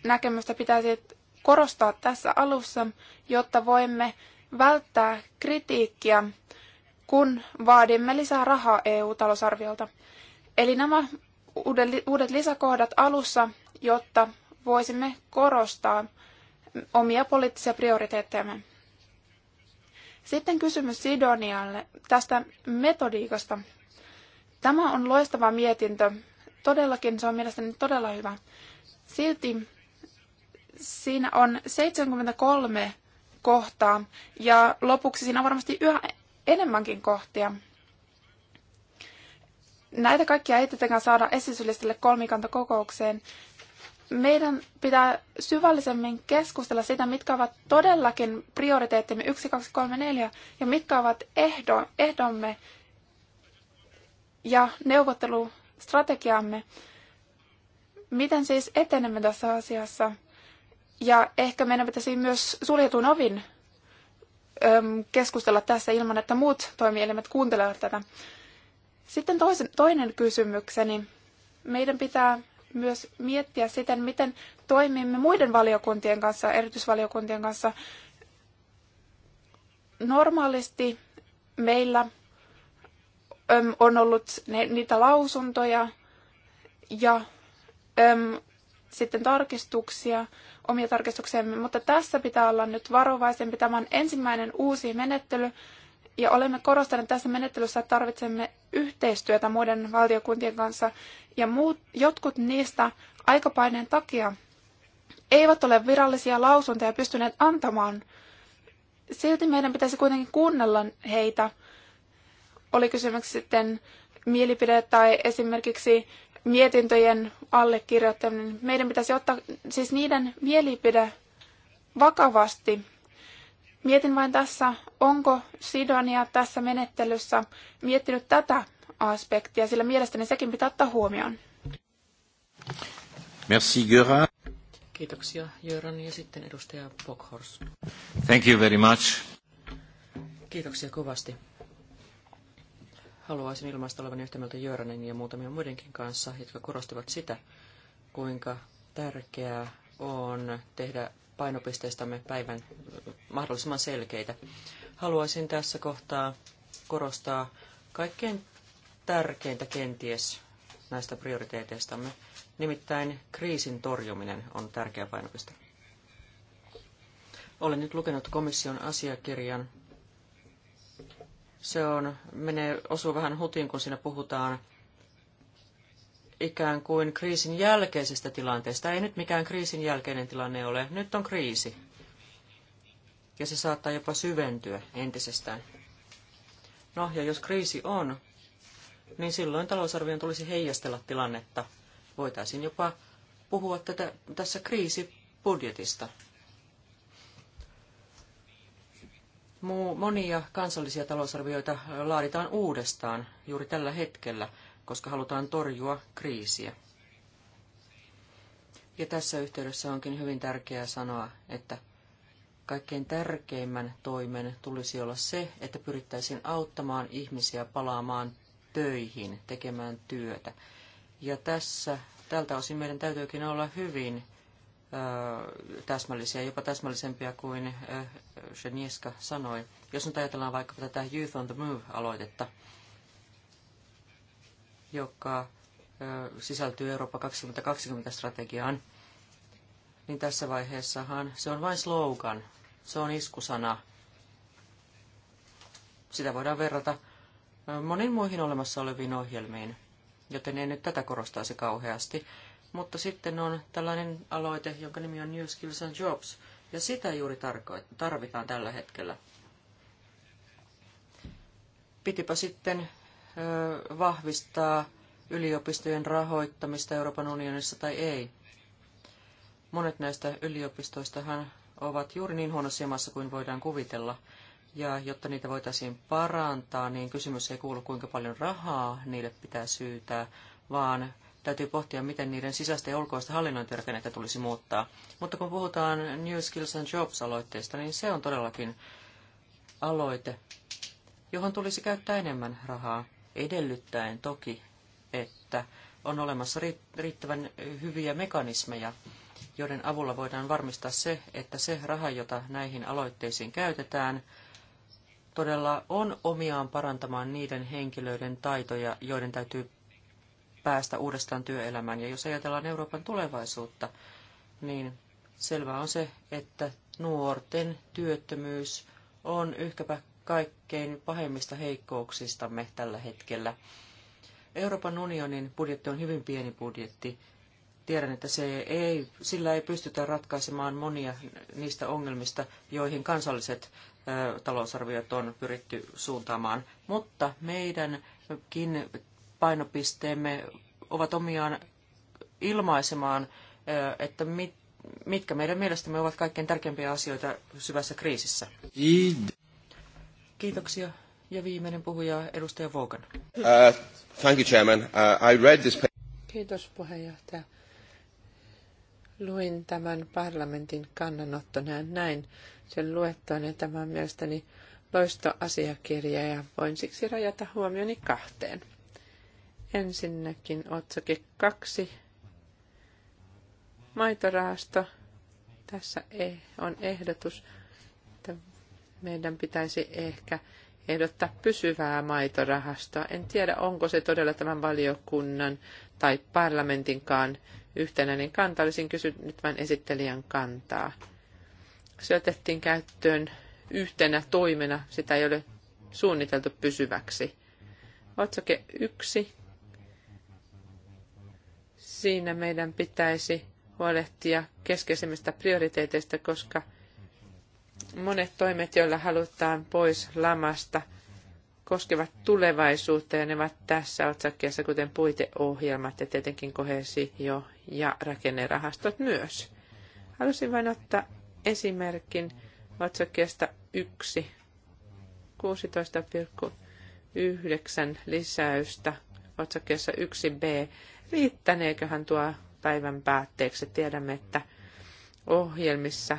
näkemystä pitäisi korostaa tässä alussa, jotta voimme välttää kritiikkiä, kun vaadimme lisää rahaa EU-talousarviolta. Eli nämä uudet lisäkohdat alussa, jotta voisimme korostaa omia poliittisia prioriteettejamme. Sitten kysymys Sidonialle tästä metodiikasta. Tämä on loistava mietintö. Todellakin se on mielestäni todella hyvä. Silti Siinä on 73 kohtaa ja lopuksi siinä on varmasti yhä enemmänkin kohtia. Näitä kaikkia ei tietenkään saada esityslistalle kolmikantakokoukseen. Meidän pitää syvällisemmin keskustella sitä, mitkä ovat todellakin prioriteettimme 1, 2, 3, 4 ja mitkä ovat ehdo, ehdomme ja neuvottelustrategiamme. Miten siis etenemme tässä asiassa? Ja ehkä meidän pitäisi myös suljetun ovin keskustella tässä ilman, että muut toimielimet kuuntelevat tätä. Sitten toisen, toinen kysymykseni. Meidän pitää myös miettiä siten, miten toimimme muiden valiokuntien kanssa, erityisvaliokuntien kanssa. Normaalisti meillä on ollut ne, niitä lausuntoja ja sitten tarkistuksia omia tarkistuksiamme, mutta tässä pitää olla nyt varovaisempi. Tämä on ensimmäinen uusi menettely, ja olemme korostaneet tässä menettelyssä, että tarvitsemme yhteistyötä muiden valtiokuntien kanssa, ja muut, jotkut niistä aikapaineen takia eivät ole virallisia lausuntoja pystyneet antamaan. Silti meidän pitäisi kuitenkin kuunnella heitä, oli kysymys sitten mielipide tai esimerkiksi mietintöjen allekirjoittaminen. Meidän pitäisi ottaa siis niiden mielipide vakavasti. Mietin vain tässä, onko Sidonia tässä menettelyssä miettinyt tätä aspektia, sillä mielestäni sekin pitää ottaa huomioon. Merci, Göran. Kiitoksia, Göran. Ja sitten edustaja Bokhors. Thank you very much. Kiitoksia kovasti. Haluaisin ilmaista olevan yhtä mieltä Jöranin ja muutamien muidenkin kanssa, jotka korostivat sitä, kuinka tärkeää on tehdä painopisteistämme päivän mahdollisimman selkeitä. Haluaisin tässä kohtaa korostaa kaikkein tärkeintä kenties näistä prioriteeteistamme. Nimittäin kriisin torjuminen on tärkeä painopiste. Olen nyt lukenut komission asiakirjan se on, menee, osuu vähän hutiin, kun siinä puhutaan ikään kuin kriisin jälkeisestä tilanteesta. Ei nyt mikään kriisin jälkeinen tilanne ole. Nyt on kriisi. Ja se saattaa jopa syventyä entisestään. No, ja jos kriisi on, niin silloin talousarvion tulisi heijastella tilannetta. Voitaisiin jopa puhua tätä, tässä kriisibudjetista. monia kansallisia talousarvioita laaditaan uudestaan juuri tällä hetkellä, koska halutaan torjua kriisiä. Ja tässä yhteydessä onkin hyvin tärkeää sanoa, että kaikkein tärkeimmän toimen tulisi olla se, että pyrittäisiin auttamaan ihmisiä palaamaan töihin, tekemään työtä. Ja tässä tältä osin meidän täytyykin olla hyvin täsmällisiä, jopa täsmällisempiä kuin Genieska sanoi. Jos nyt ajatellaan vaikkapa tätä Youth on the Move-aloitetta, joka sisältyy Eurooppa 2020-strategiaan, niin tässä vaiheessahan se on vain slogan, se on iskusana. Sitä voidaan verrata moniin muihin olemassa oleviin ohjelmiin, joten ei nyt tätä korostaisi kauheasti. Mutta sitten on tällainen aloite, jonka nimi on New Skills and Jobs, ja sitä juuri tarvitaan tällä hetkellä. Pitipä sitten vahvistaa yliopistojen rahoittamista Euroopan unionissa tai ei. Monet näistä yliopistoistahan ovat juuri niin huonossa jamassa kuin voidaan kuvitella. Ja jotta niitä voitaisiin parantaa, niin kysymys ei kuulu, kuinka paljon rahaa niille pitää syytää, vaan Täytyy pohtia, miten niiden sisäistä ja ulkoista hallinnointirakennetta tulisi muuttaa. Mutta kun puhutaan New Skills and Jobs-aloitteesta, niin se on todellakin aloite, johon tulisi käyttää enemmän rahaa, edellyttäen toki, että on olemassa riittävän hyviä mekanismeja, joiden avulla voidaan varmistaa se, että se raha, jota näihin aloitteisiin käytetään, todella on omiaan parantamaan niiden henkilöiden taitoja, joiden täytyy päästä uudestaan työelämään. Ja jos ajatellaan Euroopan tulevaisuutta, niin selvää on se, että nuorten työttömyys on yhkäpä kaikkein pahimmista heikkouksistamme tällä hetkellä. Euroopan unionin budjetti on hyvin pieni budjetti. Tiedän, että se ei, sillä ei pystytä ratkaisemaan monia niistä ongelmista, joihin kansalliset talousarviot on pyritty suuntaamaan. Mutta meidänkin painopisteemme ovat omiaan ilmaisemaan, että mit, mitkä meidän mielestämme ovat kaikkein tärkeimpiä asioita syvässä kriisissä. Kiitoksia. Ja viimeinen puhuja, edustaja Vogan. Uh, thank you, Chairman. Uh, I read this... Kiitos puheenjohtaja. Luin tämän parlamentin kannanoton ja näin sen luettuani ja tämä on mielestäni loistoasiakirja ja voin siksi rajata huomioni kahteen. Ensinnäkin otsake kaksi. Maitorahasto. Tässä e- on ehdotus, että meidän pitäisi ehkä ehdottaa pysyvää maitorahastoa. En tiedä, onko se todella tämän valiokunnan tai parlamentinkaan yhtenäinen kanta. Olisin kysynyt vain esittelijän kantaa. Se otettiin käyttöön yhtenä toimena. Sitä ei ole suunniteltu pysyväksi. Otsake yksi Siinä meidän pitäisi huolehtia keskeisimmistä prioriteeteista, koska monet toimet, joilla halutaan pois lamasta, koskevat tulevaisuutta ja ne ovat tässä otsakkeessa, kuten puiteohjelmat ja tietenkin kohesi ja rakennerahastot myös. Halusin vain ottaa esimerkin otsakkeesta 1, 16,9 lisäystä otsakkeessa 1b riittäneeköhän tuo päivän päätteeksi. Tiedämme, että ohjelmissa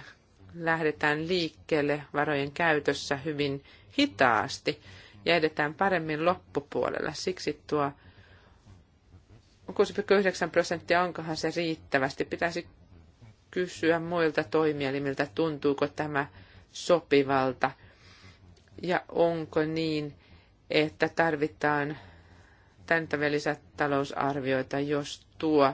lähdetään liikkeelle varojen käytössä hyvin hitaasti ja edetään paremmin loppupuolella. Siksi tuo 6,9 prosenttia, onkohan se riittävästi? Pitäisi kysyä muilta toimielimiltä, tuntuuko tämä sopivalta ja onko niin, että tarvitaan esittää niitä lisätalousarvioita, jos tuo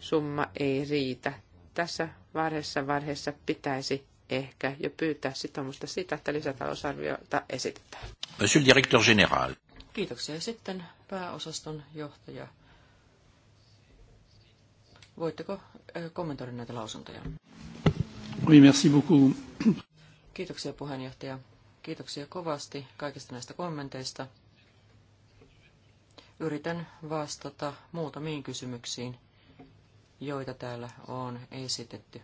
summa ei riitä. Tässä varhessa varhessa pitäisi ehkä jo pyytää sitoumusta siitä, että lisätalousarviota esitetään. Monsieur le directeur général. Kiitoksia. Sitten pääosaston johtaja. Voitteko kommentoida näitä lausuntoja? Oui, merci beaucoup. Kiitoksia puheenjohtaja. Kiitoksia kovasti kaikista näistä kommenteista. Yritän vastata muutamiin kysymyksiin, joita täällä on esitetty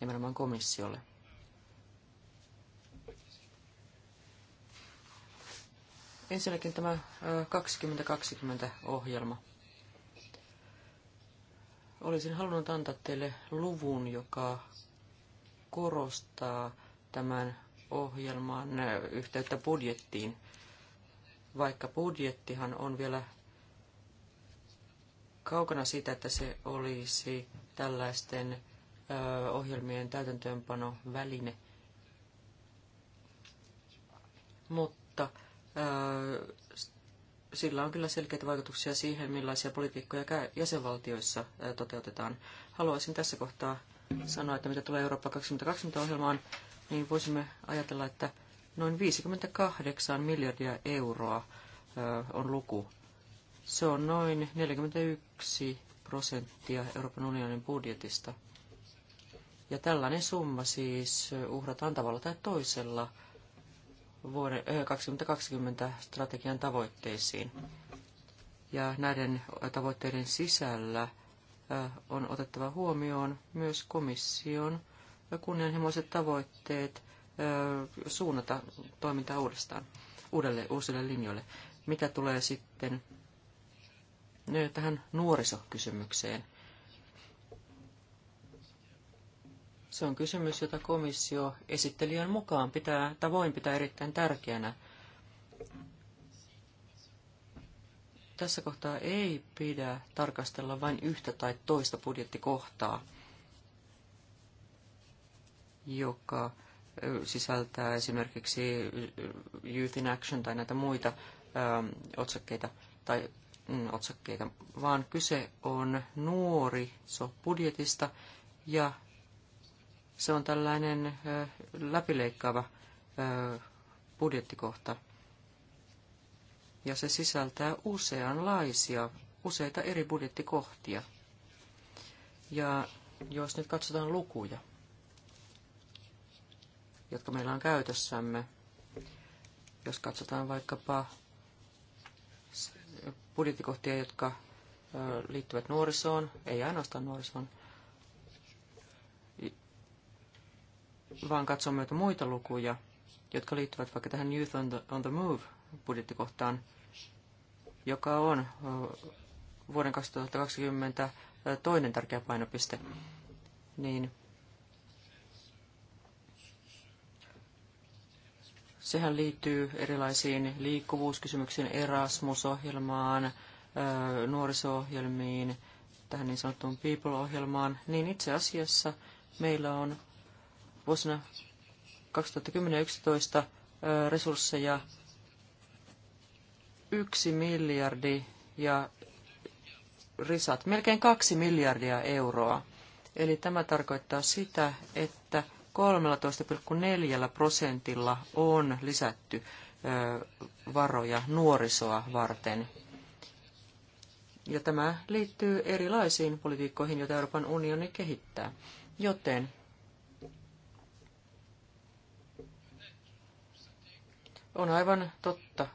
nimenomaan komissiolle. Ensinnäkin tämä 2020-ohjelma. Olisin halunnut antaa teille luvun, joka korostaa tämän ohjelman yhteyttä budjettiin vaikka budjettihan on vielä kaukana siitä, että se olisi tällaisten ohjelmien täytäntöönpano väline. Mutta sillä on kyllä selkeitä vaikutuksia siihen, millaisia politiikkoja jäsenvaltioissa toteutetaan. Haluaisin tässä kohtaa sanoa, että mitä tulee Eurooppa 2020-ohjelmaan, niin voisimme ajatella, että Noin 58 miljardia euroa on luku. Se on noin 41 prosenttia Euroopan unionin budjetista. Ja tällainen summa siis uhrataan tavalla tai toisella vuoden 2020 strategian tavoitteisiin. Ja näiden tavoitteiden sisällä on otettava huomioon myös komission kunnianhimoiset tavoitteet suunnata toimintaa uudestaan uudelle, uusille linjoille. Mitä tulee sitten tähän nuorisokysymykseen? Se on kysymys, jota komissio esittelijän mukaan pitää, tavoin pitää erittäin tärkeänä. Tässä kohtaa ei pidä tarkastella vain yhtä tai toista budjettikohtaa, joka sisältää esimerkiksi Youth in Action tai näitä muita ähm, otsakkeita tai mm, otsakkeita, vaan kyse on nuori budjetista ja se on tällainen äh, läpileikkaava äh, budjettikohta. Ja se sisältää useanlaisia, useita eri budjettikohtia. Ja jos nyt katsotaan lukuja, jotka meillä on käytössämme. Jos katsotaan vaikkapa budjettikohtia, jotka liittyvät nuorisoon, ei ainoastaan nuorisoon, vaan katsomme joita muita lukuja, jotka liittyvät vaikka tähän Youth on the, on the Move budjettikohtaan, joka on vuoden 2020 toinen tärkeä painopiste, niin Sehän liittyy erilaisiin liikkuvuuskysymyksiin, Erasmus-ohjelmaan, nuoriso-ohjelmiin, tähän niin sanottuun People-ohjelmaan, niin itse asiassa meillä on vuosina 2010-2011 resursseja 1 miljardi ja risat, melkein 2 miljardia euroa. Eli tämä tarkoittaa sitä, että 13,4 prosentilla on lisätty varoja nuorisoa varten. Ja tämä liittyy erilaisiin politiikkoihin, joita Euroopan unioni kehittää. Joten on aivan totta,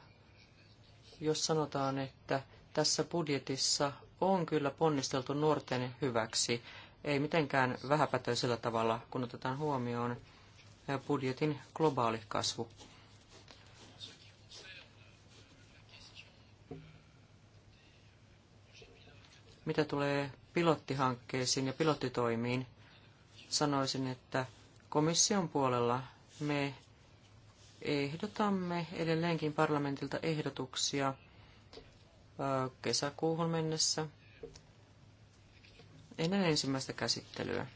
jos sanotaan, että tässä budjetissa on kyllä ponnisteltu nuorten hyväksi ei mitenkään vähäpätöisellä tavalla, kun otetaan huomioon eh, budjetin globaali kasvu. Mitä tulee pilottihankkeisiin ja pilottitoimiin, sanoisin, että komission puolella me ehdotamme edelleenkin parlamentilta ehdotuksia eh, kesäkuuhun mennessä – ennen ensimmäistä käsittelyä.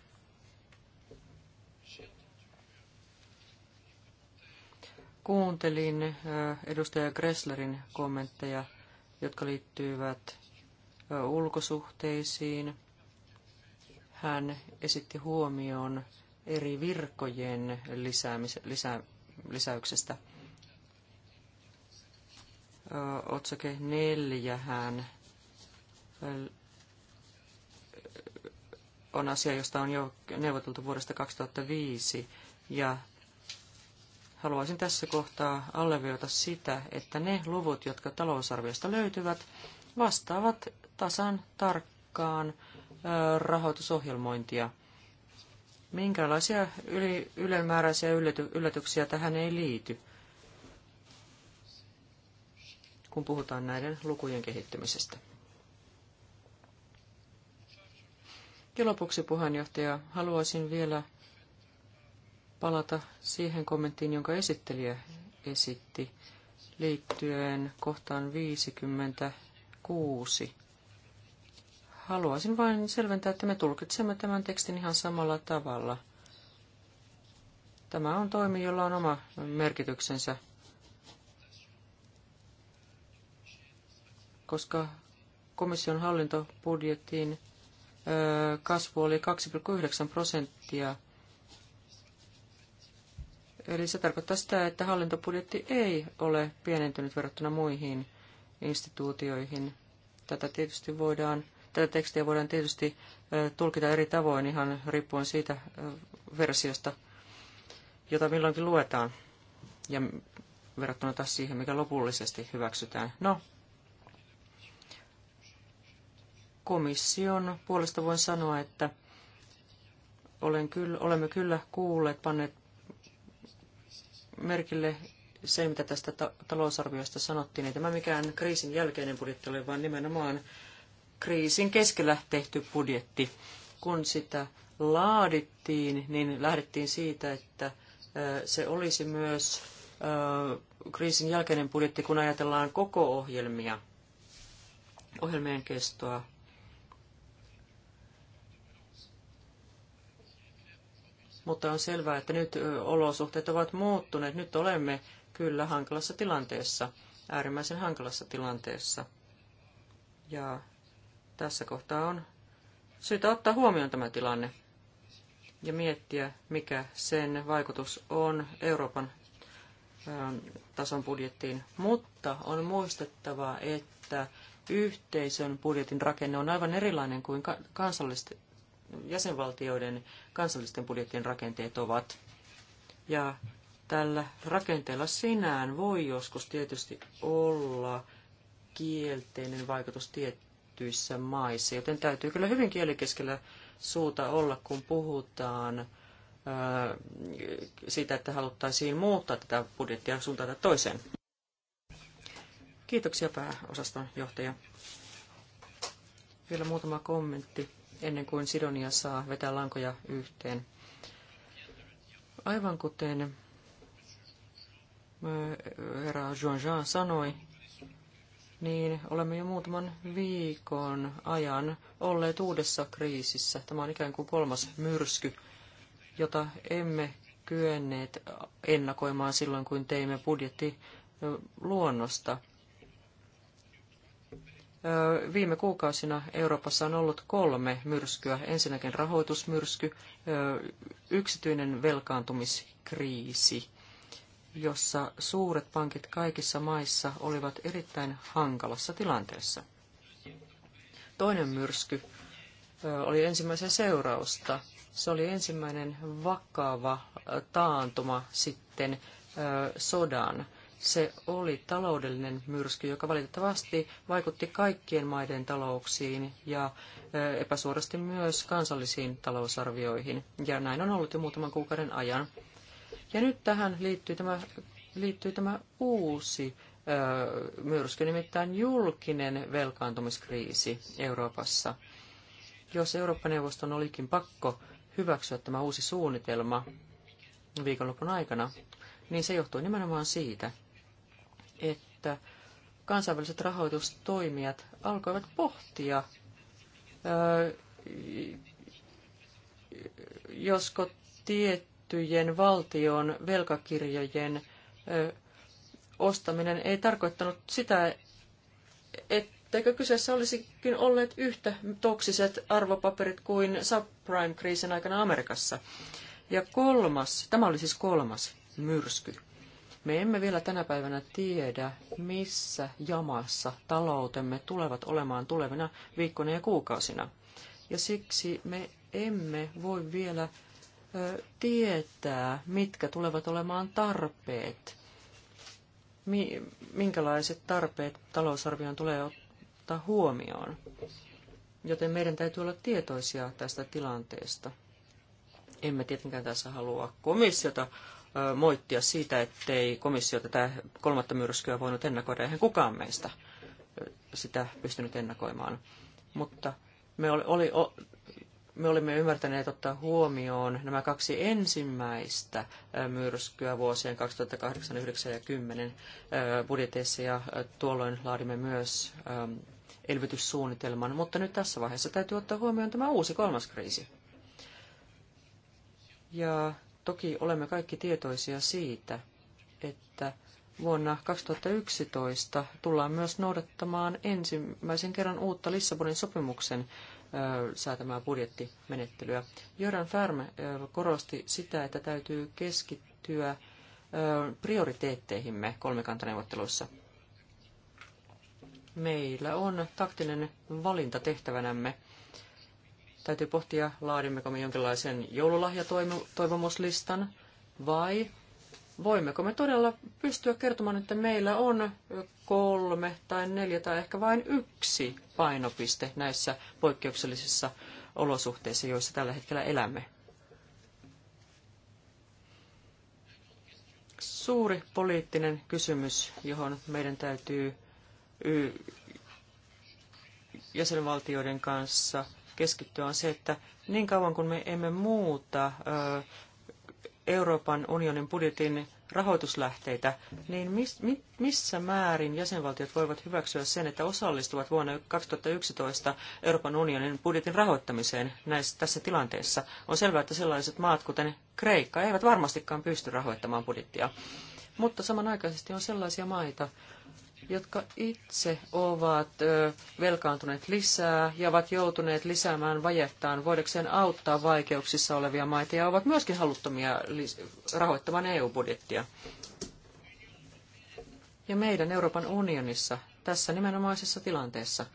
Kuuntelin edustaja Gresslerin kommentteja, jotka liittyivät ulkosuhteisiin. Hän esitti huomion eri virkojen lisäämis- lisä- lisäyksestä. Otsake neljähän on asia, josta on jo neuvoteltu vuodesta 2005 ja haluaisin tässä kohtaa alleviota sitä, että ne luvut, jotka talousarviosta löytyvät, vastaavat tasan tarkkaan rahoitusohjelmointia. Minkälaisia yli, ylenmääräisiä yllätyksiä tähän ei liity, kun puhutaan näiden lukujen kehittymisestä. Ja lopuksi puheenjohtaja, haluaisin vielä palata siihen kommenttiin, jonka esittelijä esitti liittyen kohtaan 56. Haluaisin vain selventää, että me tulkitsemme tämän tekstin ihan samalla tavalla. Tämä on toimi, jolla on oma merkityksensä, koska komission hallintobudjettiin kasvu oli 2,9 prosenttia. Eli se tarkoittaa sitä, että hallintobudjetti ei ole pienentynyt verrattuna muihin instituutioihin. Tätä, tietysti voidaan, tätä tekstiä voidaan tietysti tulkita eri tavoin ihan riippuen siitä versiosta, jota milloinkin luetaan ja verrattuna taas siihen, mikä lopullisesti hyväksytään. No, komission puolesta voin sanoa, että olen kyllä, olemme kyllä kuulleet, panneet merkille se, mitä tästä ta- talousarviosta sanottiin, ei tämä mikään kriisin jälkeinen budjetti ole, vaan nimenomaan kriisin keskellä tehty budjetti. Kun sitä laadittiin, niin lähdettiin siitä, että se olisi myös kriisin jälkeinen budjetti, kun ajatellaan koko ohjelmia, ohjelmien kestoa. mutta on selvää, että nyt olosuhteet ovat muuttuneet. Nyt olemme kyllä hankalassa tilanteessa, äärimmäisen hankalassa tilanteessa. Ja tässä kohtaa on syytä ottaa huomioon tämä tilanne ja miettiä, mikä sen vaikutus on Euroopan tason budjettiin. Mutta on muistettava, että yhteisön budjetin rakenne on aivan erilainen kuin jäsenvaltioiden kansallisten budjettien rakenteet ovat. Ja tällä rakenteella sinään voi joskus tietysti olla kielteinen vaikutus tiettyissä maissa, joten täytyy kyllä hyvin kielikeskellä suuta olla, kun puhutaan äh, siitä, että haluttaisiin muuttaa tätä budjettia suuntaan toiseen. Kiitoksia pääosaston johtaja. Vielä muutama kommentti ennen kuin Sidonia saa vetää lankoja yhteen. Aivan kuten herra Jean-Jean sanoi, niin olemme jo muutaman viikon ajan olleet uudessa kriisissä. Tämä on ikään kuin kolmas myrsky, jota emme kyenneet ennakoimaan silloin, kun teimme budjetti luonnosta Viime kuukausina Euroopassa on ollut kolme myrskyä. Ensinnäkin rahoitusmyrsky, yksityinen velkaantumiskriisi, jossa suuret pankit kaikissa maissa olivat erittäin hankalassa tilanteessa. Toinen myrsky oli ensimmäisen seurausta. Se oli ensimmäinen vakava taantuma sitten sodan se oli taloudellinen myrsky, joka valitettavasti vaikutti kaikkien maiden talouksiin ja epäsuorasti myös kansallisiin talousarvioihin. Ja näin on ollut jo muutaman kuukauden ajan. Ja nyt tähän liittyy tämä, liittyy tämä uusi myrsky, nimittäin julkinen velkaantumiskriisi Euroopassa. Jos Eurooppa-neuvoston olikin pakko hyväksyä tämä uusi suunnitelma viikonlopun aikana, niin se johtuu nimenomaan siitä, että kansainväliset rahoitustoimijat alkoivat pohtia, josko tiettyjen valtion velkakirjojen ostaminen ei tarkoittanut sitä, etteikö kyseessä olisikin olleet yhtä toksiset arvopaperit kuin subprime-kriisin aikana Amerikassa. Ja kolmas, tämä oli siis kolmas myrsky, me emme vielä tänä päivänä tiedä, missä jamassa taloutemme tulevat olemaan tulevina viikkoina ja kuukausina. Ja siksi me emme voi vielä ö, tietää, mitkä tulevat olemaan tarpeet, mi, minkälaiset tarpeet talousarvion tulee ottaa huomioon. Joten meidän täytyy olla tietoisia tästä tilanteesta. Emme tietenkään tässä halua komissiota moittia siitä, ettei komissio tätä kolmatta myrskyä voinut ennakoida. Eihän kukaan meistä sitä pystynyt ennakoimaan. Mutta me, oli, me olimme ymmärtäneet ottaa huomioon nämä kaksi ensimmäistä myrskyä vuosien 2008, 9 ja 10 budjeteissa ja tuolloin laadimme myös elvytyssuunnitelman, mutta nyt tässä vaiheessa täytyy ottaa huomioon tämä uusi kolmas kriisi. Ja Toki olemme kaikki tietoisia siitä, että vuonna 2011 tullaan myös noudattamaan ensimmäisen kerran uutta Lissabonin sopimuksen säätämää budjettimenettelyä. Jöran Färm korosti sitä, että täytyy keskittyä prioriteetteihimme kolmikantaneuvotteluissa. Meillä on taktinen valinta tehtävänämme Täytyy pohtia, laadimmeko me jonkinlaisen joululahjatoivomuslistan vai voimmeko me todella pystyä kertomaan, että meillä on kolme tai neljä tai ehkä vain yksi painopiste näissä poikkeuksellisissa olosuhteissa, joissa tällä hetkellä elämme. Suuri poliittinen kysymys, johon meidän täytyy jäsenvaltioiden kanssa keskittyä, on se, että niin kauan kuin me emme muuta Euroopan unionin budjetin rahoituslähteitä, niin missä määrin jäsenvaltiot voivat hyväksyä sen, että osallistuvat vuonna 2011 Euroopan unionin budjetin rahoittamiseen näissä, tässä tilanteessa? On selvää, että sellaiset maat kuten Kreikka eivät varmastikaan pysty rahoittamaan budjettia. Mutta samanaikaisesti on sellaisia maita, jotka itse ovat velkaantuneet lisää ja ovat joutuneet lisäämään vajettaan voidakseen auttaa vaikeuksissa olevia maita ja ovat myöskin haluttomia rahoittamaan EU-budjettia. Ja meidän Euroopan unionissa tässä nimenomaisessa tilanteessa,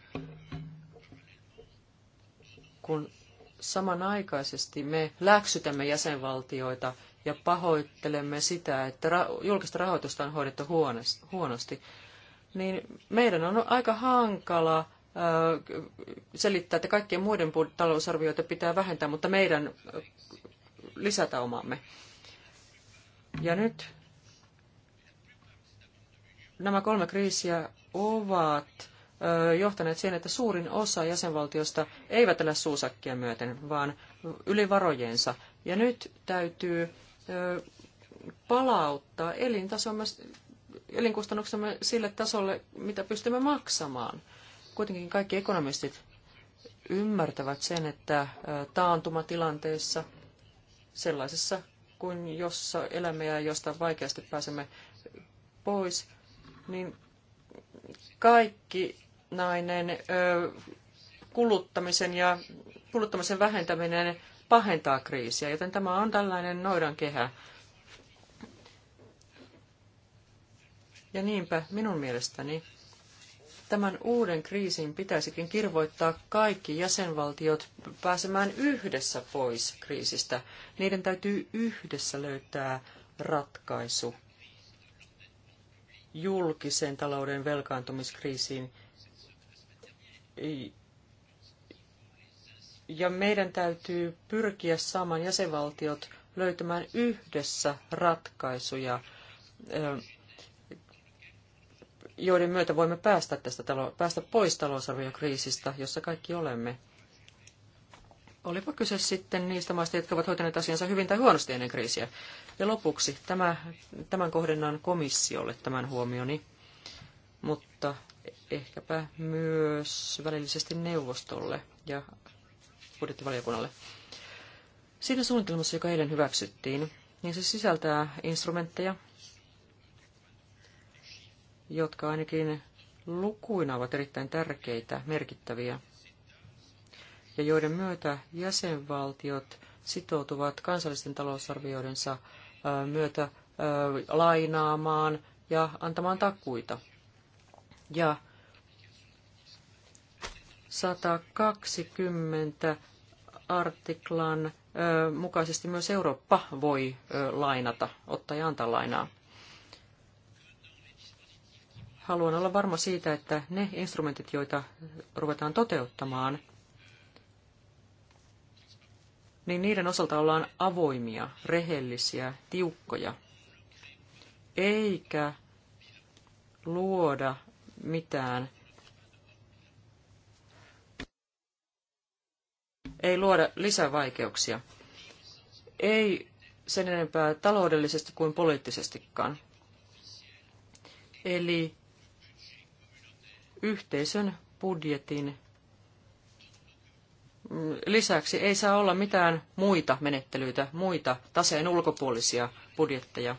kun samanaikaisesti me läksytämme jäsenvaltioita ja pahoittelemme sitä, että julkista rahoitusta on hoidettu huonosti, niin meidän on aika hankala selittää, että kaikkien muiden talousarvioita pitää vähentää, mutta meidän lisätä omamme. Ja nyt nämä kolme kriisiä ovat johtaneet siihen, että suurin osa jäsenvaltioista eivät ole suusakkia myöten, vaan yli varojensa. Ja nyt täytyy palauttaa elintasomme elinkustannuksemme sille tasolle, mitä pystymme maksamaan. Kuitenkin kaikki ekonomistit ymmärtävät sen, että taantumatilanteessa, sellaisessa kuin jossa elämme ja josta vaikeasti pääsemme pois, niin kaikki nainen kuluttamisen ja kuluttamisen vähentäminen pahentaa kriisiä, joten tämä on tällainen noidankehä. kehä Ja niinpä minun mielestäni tämän uuden kriisin pitäisikin kirvoittaa kaikki jäsenvaltiot pääsemään yhdessä pois kriisistä. Niiden täytyy yhdessä löytää ratkaisu julkisen talouden velkaantumiskriisiin. Ja meidän täytyy pyrkiä saamaan jäsenvaltiot löytämään yhdessä ratkaisuja joiden myötä voimme päästä, tästä talo, päästä pois talousarviokriisistä, jossa kaikki olemme. Olipa kyse sitten niistä maista, jotka ovat hoitaneet asiansa hyvin tai huonosti ennen kriisiä. Ja lopuksi tämä, tämän kohdennan komissiolle tämän huomioni, mutta ehkäpä myös välillisesti neuvostolle ja budjettivaliokunnalle. Siinä suunnitelmassa, joka eilen hyväksyttiin, niin se sisältää instrumentteja, jotka ainakin lukuina ovat erittäin tärkeitä, merkittäviä, ja joiden myötä jäsenvaltiot sitoutuvat kansallisten talousarvioidensa myötä lainaamaan ja antamaan takuita. Ja 120 artiklan mukaisesti myös Eurooppa voi lainata, ottaa ja antaa lainaa haluan olla varma siitä, että ne instrumentit, joita ruvetaan toteuttamaan, niin niiden osalta ollaan avoimia, rehellisiä, tiukkoja, eikä luoda mitään, ei luoda lisävaikeuksia, ei sen enempää taloudellisesti kuin poliittisestikaan. Eli yhteisön budjetin lisäksi ei saa olla mitään muita menettelyitä, muita taseen ulkopuolisia budjetteja,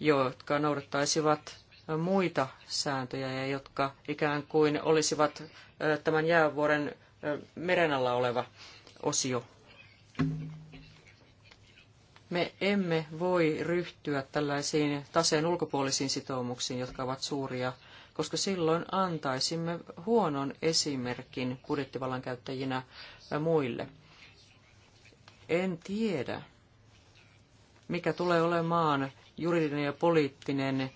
jotka noudattaisivat muita sääntöjä ja jotka ikään kuin olisivat tämän jäävuoren meren alla oleva osio. Me emme voi ryhtyä tällaisiin taseen ulkopuolisiin sitoumuksiin, jotka ovat suuria koska silloin antaisimme huonon esimerkin budjettivallan käyttäjinä muille. En tiedä, mikä tulee olemaan juridinen ja poliittinen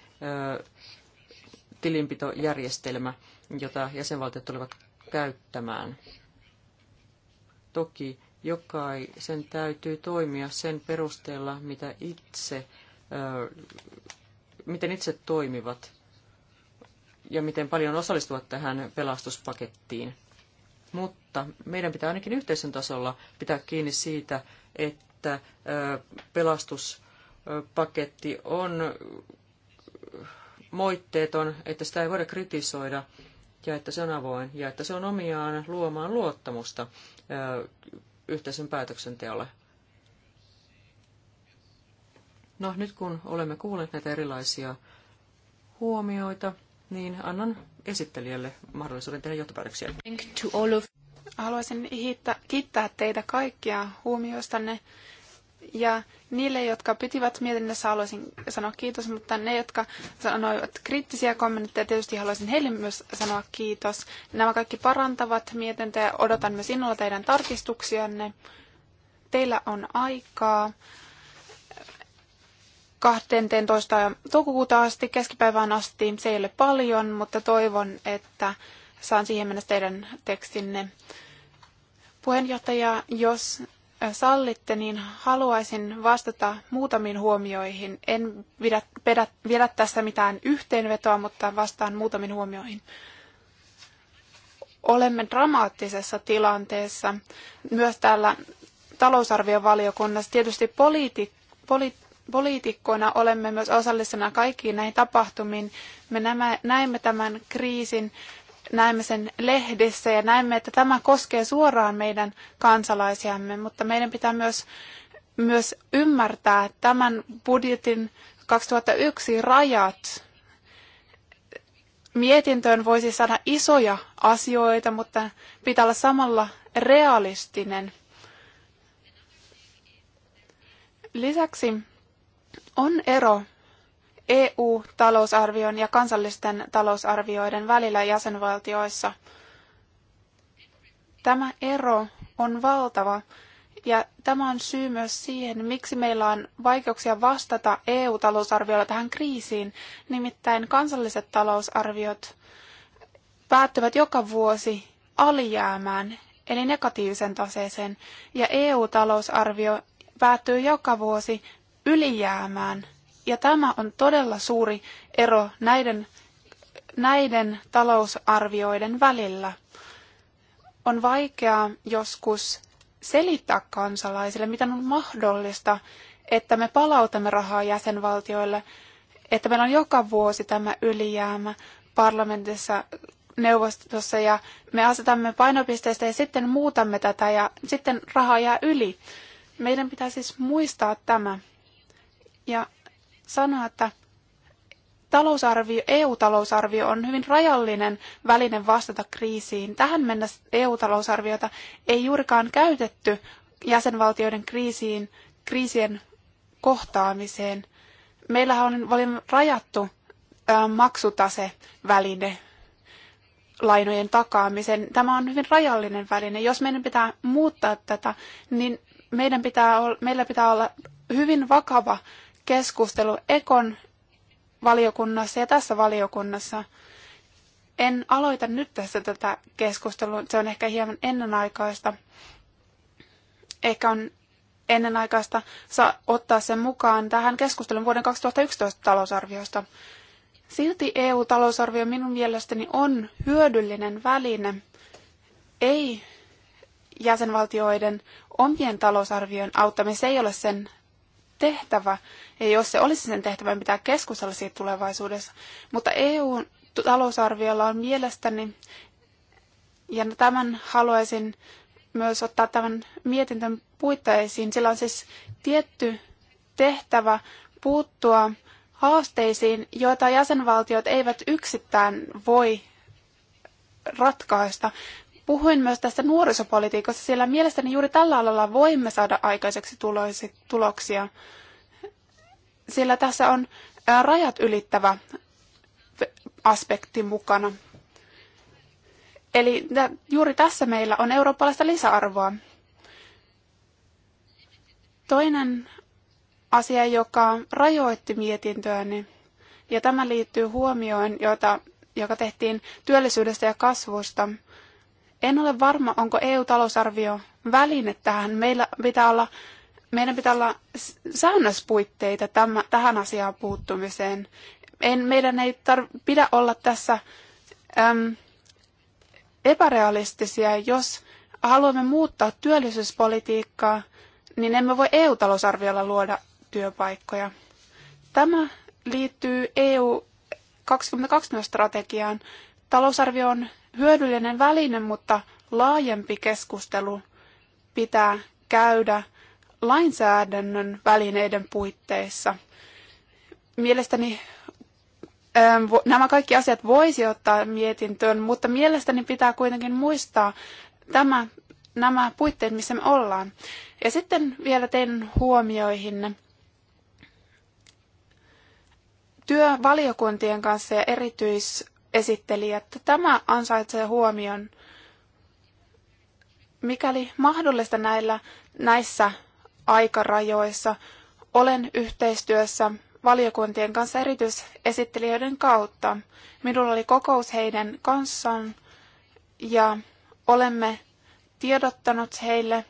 tilinpitojärjestelmä, jota jäsenvaltiot tulevat käyttämään. Toki jokaisen täytyy toimia sen perusteella, mitä itse, miten itse toimivat ja miten paljon osallistua tähän pelastuspakettiin. Mutta meidän pitää ainakin yhteisön tasolla pitää kiinni siitä, että pelastuspaketti on moitteeton, että sitä ei voida kritisoida ja että se on avoin ja että se on omiaan luomaan luottamusta yhteisön päätöksenteolle. No nyt kun olemme kuulleet näitä erilaisia huomioita, niin annan esittelijälle mahdollisuuden tehdä johtopäätöksiä. Haluaisin hiittää, kiittää teitä kaikkia huomioistanne. Ja niille, jotka pitivät mietinnössä, haluaisin sanoa kiitos, mutta ne, jotka sanoivat kriittisiä kommentteja, tietysti haluaisin heille myös sanoa kiitos. Nämä kaikki parantavat mietintöä. Odotan myös innolla teidän tarkistuksianne. Teillä on aikaa 12. toukokuuta asti, keskipäivään asti. Se ei ole paljon, mutta toivon, että saan siihen mennessä teidän tekstinne. Puheenjohtaja, jos sallitte, niin haluaisin vastata muutamiin huomioihin. En pidä, pidä, tässä mitään yhteenvetoa, mutta vastaan muutamiin huomioihin. Olemme dramaattisessa tilanteessa. Myös täällä talousarviovaliokunnassa tietysti poliitikko poliit, poliitikkoina olemme myös osallisena kaikkiin näihin tapahtumiin. Me näemme tämän kriisin, näemme sen lehdissä ja näemme, että tämä koskee suoraan meidän kansalaisiamme, mutta meidän pitää myös, myös ymmärtää tämän budjetin 2001 rajat. Mietintöön voisi saada isoja asioita, mutta pitää olla samalla realistinen. Lisäksi on ero EU-talousarvion ja kansallisten talousarvioiden välillä jäsenvaltioissa. Tämä ero on valtava ja tämä on syy myös siihen, miksi meillä on vaikeuksia vastata EU-talousarviolla tähän kriisiin. Nimittäin kansalliset talousarviot päättyvät joka vuosi alijäämään, eli negatiivisen taseeseen, ja EU-talousarvio päättyy joka vuosi ylijäämään. Ja tämä on todella suuri ero näiden, näiden talousarvioiden välillä. On vaikeaa joskus selittää kansalaisille, miten on mahdollista, että me palautamme rahaa jäsenvaltioille, että meillä on joka vuosi tämä ylijäämä parlamentissa, neuvostossa ja me asetamme painopisteistä ja sitten muutamme tätä ja sitten rahaa jää yli. Meidän pitää siis muistaa tämä ja sanoa, että talousarvio, EU-talousarvio on hyvin rajallinen väline vastata kriisiin. Tähän mennessä EU-talousarviota ei juurikaan käytetty jäsenvaltioiden kriisiin, kriisien kohtaamiseen. Meillähän on paljon rajattu maksutaseväline lainojen takaamisen. Tämä on hyvin rajallinen väline. Jos meidän pitää muuttaa tätä, niin meidän pitää, meillä pitää olla hyvin vakava keskustelu Ekon valiokunnassa ja tässä valiokunnassa. En aloita nyt tässä tätä keskustelua, se on ehkä hieman ennenaikaista. Ehkä on ennenaikaista saa ottaa sen mukaan tähän keskustelun vuoden 2011 talousarviosta. Silti EU-talousarvio minun mielestäni on hyödyllinen väline, ei jäsenvaltioiden omien talousarvion auttamiseen. Se ei ole sen tehtävä. Ja jos se olisi sen tehtävä, pitää keskustella siitä tulevaisuudessa. Mutta EU-talousarviolla on mielestäni, ja tämän haluaisin myös ottaa tämän mietintön puitteisiin, sillä on siis tietty tehtävä puuttua haasteisiin, joita jäsenvaltiot eivät yksittäin voi ratkaista puhuin myös tästä nuorisopolitiikasta, sillä mielestäni juuri tällä alalla voimme saada aikaiseksi tuloksia, sillä tässä on rajat ylittävä aspekti mukana. Eli juuri tässä meillä on eurooppalaista lisäarvoa. Toinen asia, joka rajoitti mietintöäni, ja tämä liittyy huomioon, jota, joka tehtiin työllisyydestä ja kasvusta – en ole varma, onko EU-talousarvio väline tähän. Meillä pitää olla, meidän pitää olla säännöspuitteita tähän asiaan puuttumiseen. En, meidän ei tar- pidä olla tässä äm, epärealistisia, jos haluamme muuttaa työllisyyspolitiikkaa, niin emme voi EU-talousarviolla luoda työpaikkoja. Tämä liittyy EU 2020 strategiaan. Talousarvio on hyödyllinen väline, mutta laajempi keskustelu pitää käydä lainsäädännön välineiden puitteissa. Mielestäni ähm, nämä kaikki asiat voisi ottaa mietintöön, mutta mielestäni pitää kuitenkin muistaa tämä, nämä puitteet, missä me ollaan. Ja sitten vielä teidän huomioihinne. Työ valiokuntien kanssa ja erityis esitteli, että tämä ansaitsee huomion. Mikäli mahdollista näillä, näissä aikarajoissa, olen yhteistyössä valiokuntien kanssa erityisesittelijöiden kautta. Minulla oli kokous heidän kanssaan ja olemme tiedottanut heille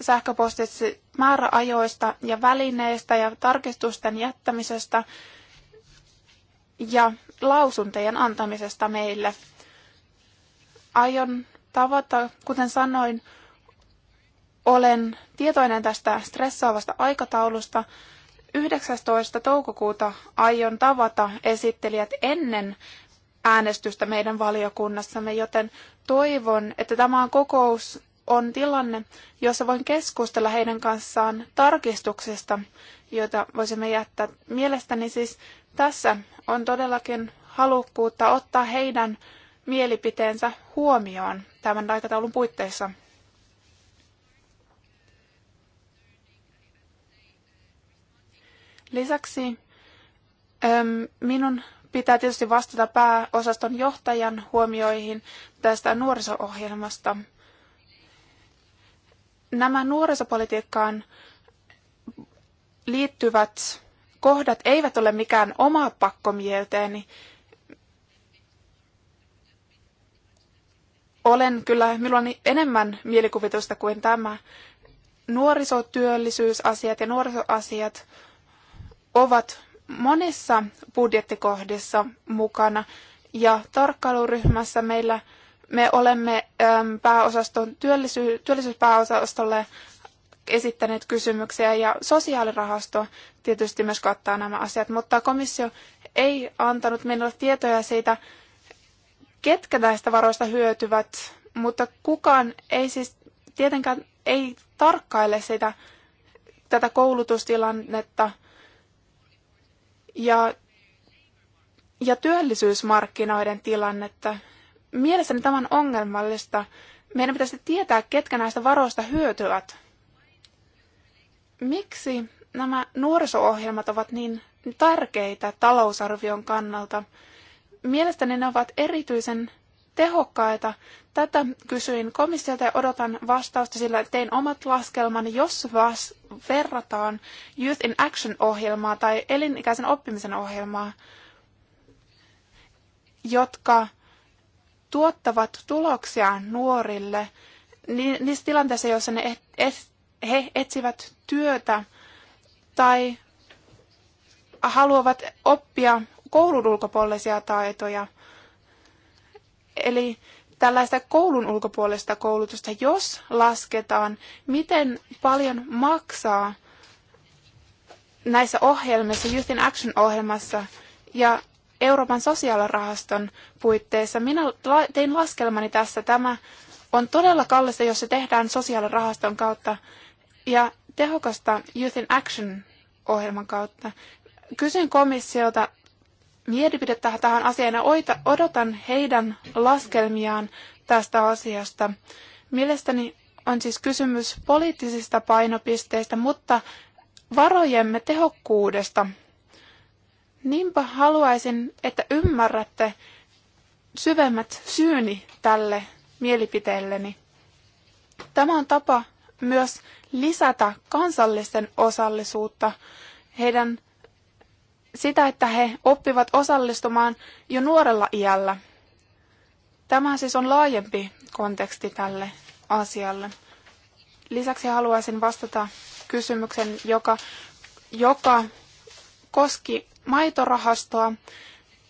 sähköpostitse määräajoista ja välineistä ja tarkistusten jättämisestä. Ja lausuntojen antamisesta meille. Aion tavata, kuten sanoin, olen tietoinen tästä stressaavasta aikataulusta. 19. toukokuuta aion tavata esittelijät ennen äänestystä meidän valiokunnassamme, joten toivon, että tämä kokous on tilanne, jossa voin keskustella heidän kanssaan tarkistuksista, joita voisimme jättää. Mielestäni siis tässä on todellakin halukkuutta ottaa heidän mielipiteensä huomioon tämän aikataulun puitteissa. Lisäksi minun pitää tietysti vastata pääosaston johtajan huomioihin tästä nuoriso-ohjelmasta. Nämä nuorisopolitiikkaan liittyvät kohdat eivät ole mikään oma pakkomielteeni. Olen kyllä, minulla on enemmän mielikuvitusta kuin tämä. Nuorisotyöllisyysasiat ja nuorisoasiat ovat monissa budjettikohdissa mukana. Ja tarkkailuryhmässä meillä me olemme pääosaston työllisyyspääosastolle esittäneet kysymyksiä ja sosiaalirahasto tietysti myös kattaa nämä asiat, mutta komissio ei antanut minulle tietoja siitä, ketkä näistä varoista hyötyvät, mutta kukaan ei siis tietenkään ei tarkkaile sitä, tätä koulutustilannetta ja, ja työllisyysmarkkinoiden tilannetta. Mielestäni tämä on ongelmallista. Meidän pitäisi tietää, ketkä näistä varoista hyötyvät. Miksi nämä nuoriso-ohjelmat ovat niin tärkeitä talousarvion kannalta? Mielestäni ne ovat erityisen tehokkaita. Tätä kysyin komissiolta ja odotan vastausta, sillä tein omat laskelmani, jos vas- verrataan Youth in Action-ohjelmaa tai elinikäisen oppimisen ohjelmaa, jotka tuottavat tuloksia nuorille niin niissä tilanteissa, joissa ne e- he etsivät työtä tai haluavat oppia koulun ulkopuolisia taitoja. Eli tällaista koulun ulkopuolista koulutusta, jos lasketaan, miten paljon maksaa näissä ohjelmissa, Youth in Action-ohjelmassa ja Euroopan sosiaalirahaston puitteissa. Minä tein laskelmani tässä. Tämä on todella kallista, jos se tehdään sosiaalirahaston kautta ja tehokasta Youth in Action-ohjelman kautta. Kysyn komissiolta mielipidettä tähän asiaan ja odotan heidän laskelmiaan tästä asiasta. Mielestäni on siis kysymys poliittisista painopisteistä, mutta varojemme tehokkuudesta. Niinpä haluaisin, että ymmärrätte syvemmät syyni tälle mielipiteelleni. Tämä on tapa myös lisätä kansallisten osallisuutta, heidän sitä, että he oppivat osallistumaan jo nuorella iällä. Tämä siis on laajempi konteksti tälle asialle. Lisäksi haluaisin vastata kysymyksen, joka, joka koski maitorahastoa.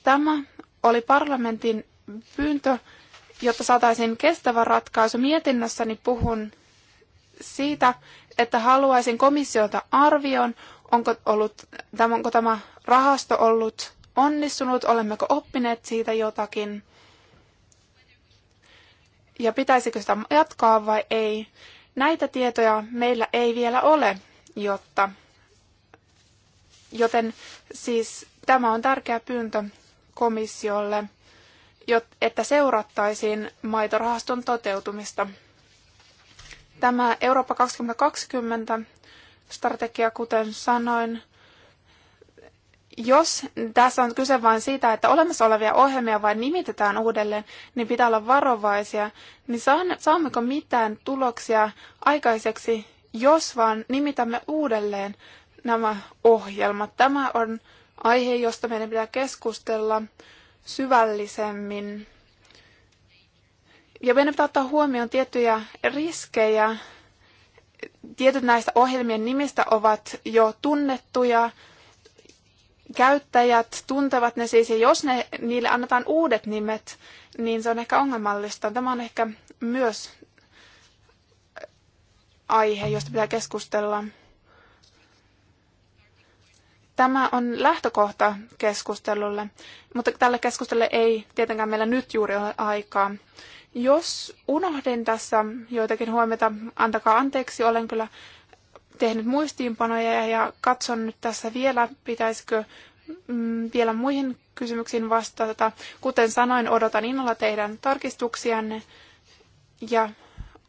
Tämä oli parlamentin pyyntö, jotta saataisiin kestävä ratkaisu. Mietinnössäni puhun siitä, että haluaisin komissiolta arvion, onko, ollut, onko tämä rahasto ollut onnistunut, olemmeko oppineet siitä jotakin ja pitäisikö sitä jatkaa vai ei. Näitä tietoja meillä ei vielä ole, jotta, joten siis tämä on tärkeä pyyntö komissiolle, että seurattaisiin maitorahaston toteutumista. Tämä Eurooppa 2020 strategia, kuten sanoin, jos tässä on kyse vain siitä, että olemassa olevia ohjelmia vain nimitetään uudelleen, niin pitää olla varovaisia, niin saammeko mitään tuloksia aikaiseksi, jos vaan nimitämme uudelleen nämä ohjelmat. Tämä on aihe, josta meidän pitää keskustella syvällisemmin. Ja meidän pitää ottaa huomioon tiettyjä riskejä. Tietyt näistä ohjelmien nimistä ovat jo tunnettuja. Käyttäjät tuntevat ne siis, ja jos ne, niille annetaan uudet nimet, niin se on ehkä ongelmallista. Tämä on ehkä myös aihe, josta pitää keskustella. Tämä on lähtökohta keskustelulle, mutta tälle keskustelulle ei tietenkään meillä nyt juuri ole aikaa. Jos unohdin tässä joitakin huomiota, antakaa anteeksi, olen kyllä tehnyt muistiinpanoja ja katson nyt tässä vielä, pitäisikö mm, vielä muihin kysymyksiin vastata. Kuten sanoin, odotan innolla teidän tarkistuksianne ja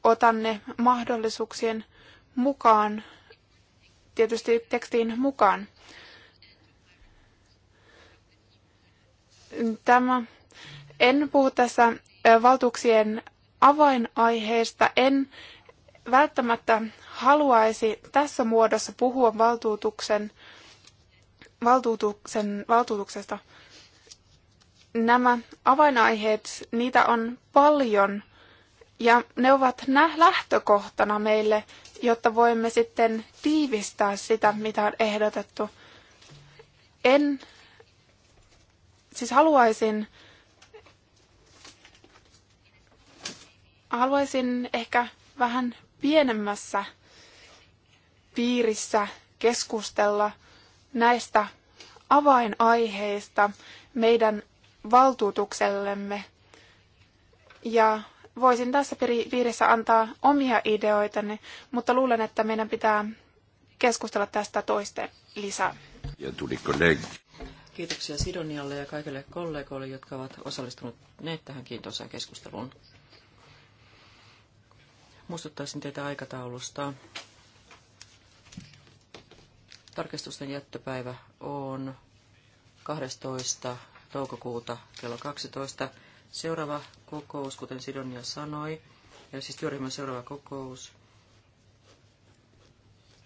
otan ne mahdollisuuksien mukaan, tietysti tekstiin mukaan. Tämä, en puhu tässä valtuuksien avainaiheista, en välttämättä haluaisi tässä muodossa puhua valtuutuksen, valtuutuksen, valtuutuksesta. Nämä avainaiheet, niitä on paljon ja ne ovat lähtökohtana meille, jotta voimme sitten tiivistää sitä, mitä on ehdotettu. En siis haluaisin, haluaisin ehkä vähän pienemmässä piirissä keskustella näistä avainaiheista meidän valtuutuksellemme. Ja voisin tässä piirissä antaa omia ideoitani, mutta luulen, että meidän pitää keskustella tästä toisten lisää. Ja tuli Kiitoksia Sidonialle ja kaikille kollegoille, jotka ovat osallistuneet tähän kiintoisaan keskusteluun. Muistuttaisin teitä aikataulusta. Tarkistusten jättöpäivä on 12. toukokuuta kello 12. Seuraava kokous, kuten Sidonia sanoi, ja siis työryhmän seuraava kokous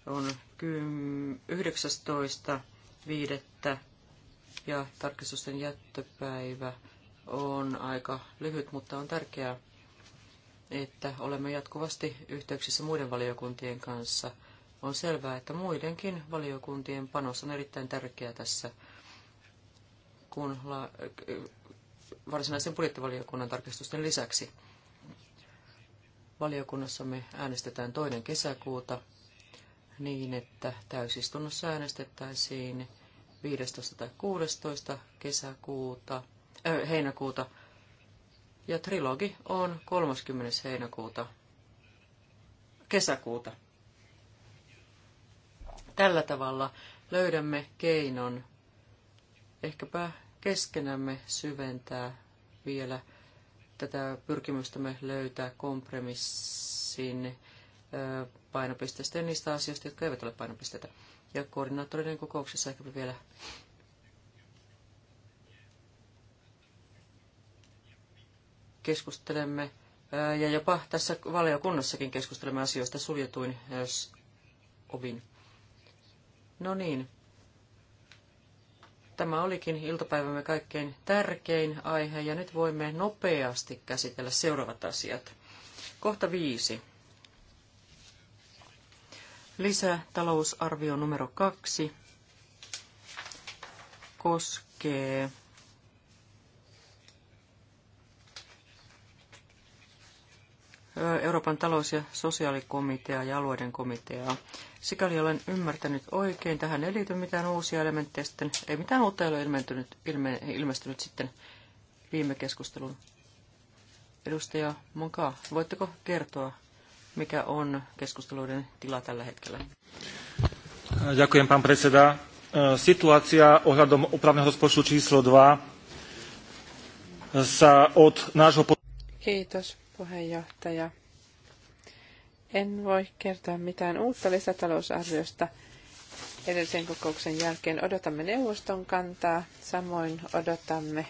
on 19.5 ja tarkistusten jättöpäivä on aika lyhyt, mutta on tärkeää, että olemme jatkuvasti yhteyksissä muiden valiokuntien kanssa. On selvää, että muidenkin valiokuntien panos on erittäin tärkeä tässä, kun la- varsinaisen budjettivaliokunnan tarkistusten lisäksi. Valiokunnassamme äänestetään toinen kesäkuuta niin, että täysistunnossa äänestettäisiin 15. tai 16. kesäkuuta, äh, heinäkuuta ja trilogi on 30. heinäkuuta, kesäkuuta. Tällä tavalla löydämme keinon ehkäpä keskenämme syventää vielä tätä pyrkimystämme löytää kompromissin äh, painopisteistä ja niistä asioista, jotka eivät ole painopisteitä ja koordinaattoreiden kokouksessa ehkä vielä keskustelemme ja jopa tässä valiokunnassakin keskustelemme asioista suljetuin ovin. No niin. Tämä olikin iltapäivämme kaikkein tärkein aihe ja nyt voimme nopeasti käsitellä seuraavat asiat. Kohta viisi. Lisätalousarvio numero kaksi koskee Euroopan talous- ja sosiaalikomitea ja alueiden komiteaa. Sikäli olen ymmärtänyt oikein, tähän ei liity mitään uusia elementtejä sitten, ei mitään uutta ei ole ilmestynyt, ilme, ilmestynyt sitten viime keskustelun. Edustaja Monka, voitteko kertoa mikä on keskusteluiden tila tällä hetkellä. Ďakujem, pán predseda. E, situácia ohľadom opravného rozpočtu číslo 2 e, sa od nášho... Kiitos, puheenjohtaja. En voi kertoa mitään uutta lisätalousarviosta edellisen kokouksen jälkeen. Odotamme neuvoston kantaa, samoin odotamme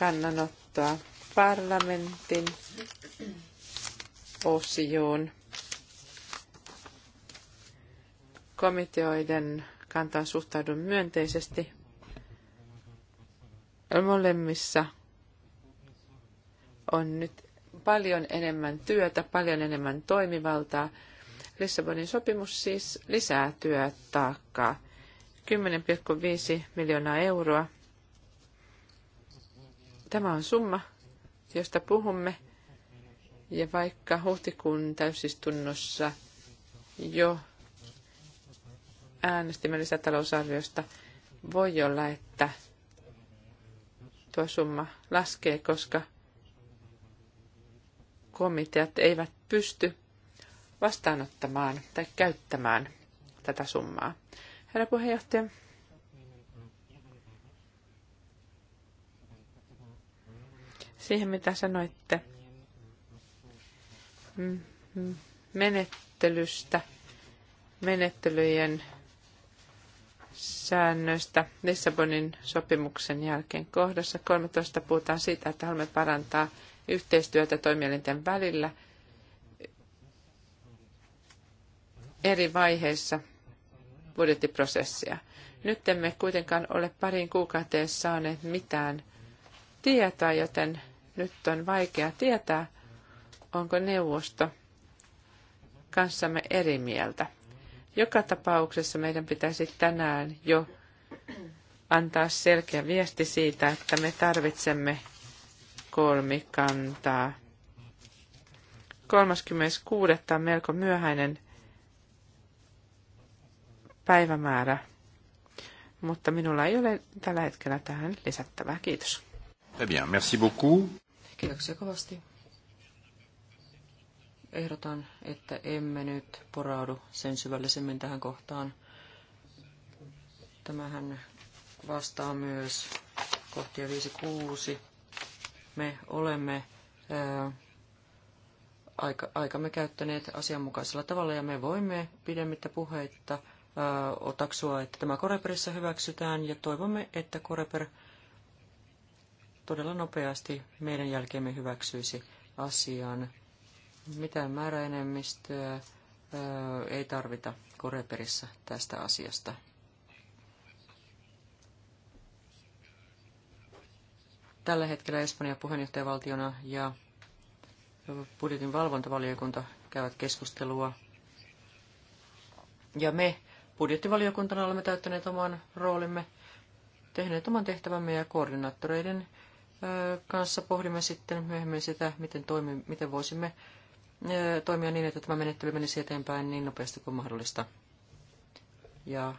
kannanottoa parlamentin osioon. Komiteoiden kantaan suhtaudun myönteisesti. Molemmissa on nyt paljon enemmän työtä, paljon enemmän toimivaltaa. Lissabonin sopimus siis lisää työtaakkaa. 10,5 miljoonaa euroa Tämä on summa, josta puhumme. Ja vaikka huhtikuun täysistunnossa jo äänestimme lisätalousarviosta, voi olla, että tuo summa laskee, koska komiteat eivät pysty vastaanottamaan tai käyttämään tätä summaa. Herra puheenjohtaja, siihen, mitä sanoitte mm, mm, menettelystä, menettelyjen säännöistä Lissabonin sopimuksen jälkeen. Kohdassa 13 puhutaan siitä, että haluamme parantaa yhteistyötä toimielinten välillä eri vaiheissa budjettiprosessia. Nyt emme kuitenkaan ole pariin kuukauteen saaneet mitään tietoa, joten nyt on vaikea tietää, onko neuvosto kanssamme eri mieltä. Joka tapauksessa meidän pitäisi tänään jo antaa selkeä viesti siitä, että me tarvitsemme kolmikantaa. 36. on melko myöhäinen päivämäärä, mutta minulla ei ole tällä hetkellä tähän lisättävää. Kiitos. Très bien, merci beaucoup. Kiitoksia kovasti. Ehdotan, että emme nyt poraudu sen syvällisemmin tähän kohtaan. Tämähän vastaa myös kohtia 56. Me olemme ää, aika, aikamme käyttäneet asianmukaisella tavalla ja me voimme pidemmittä puheitta ää, otaksua, että tämä Koreperissa hyväksytään ja toivomme, että Koreper todella nopeasti meidän jälkeemme hyväksyisi asian. Mitään määräenemmistöä ei tarvita Koreperissä tästä asiasta. Tällä hetkellä Espanja puheenjohtajavaltiona ja budjetin valvontavaliokunta käyvät keskustelua. Ja me budjettivaliokuntana olemme täyttäneet oman roolimme, tehneet oman tehtävämme ja koordinaattoreiden kanssa pohdimme sitten myöhemmin sitä, miten, toimi, miten voisimme toimia niin, että tämä menettely menisi eteenpäin niin nopeasti kuin mahdollista. Ja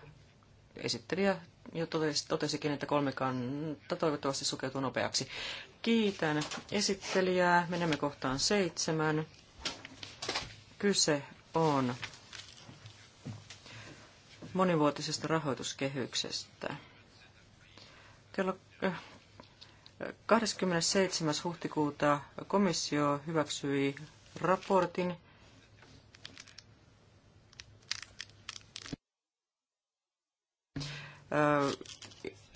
esittelijä jo totesi, totesikin, että kolme kanta toivottavasti sukeutuu nopeaksi. Kiitän esittelijää. Menemme kohtaan seitsemän. Kyse on monivuotisesta rahoituskehyksestä. Kello 27. huhtikuuta komissio hyväksyi raportin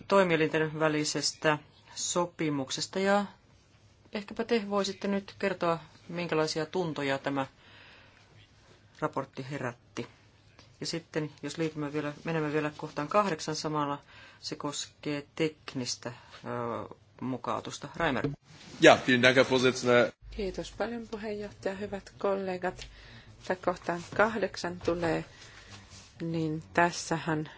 toimielinten välisestä sopimuksesta ja ehkäpä te voisitte nyt kertoa, minkälaisia tuntoja tämä raportti herätti. Ja sitten, jos liitymme vielä, menemme vielä kohtaan kahdeksan samalla, se koskee teknistä mukautusta. Raimer. Ja, Kiitos paljon puheenjohtaja, hyvät kollegat. Tämä kohtaan kahdeksan tulee, niin tässähän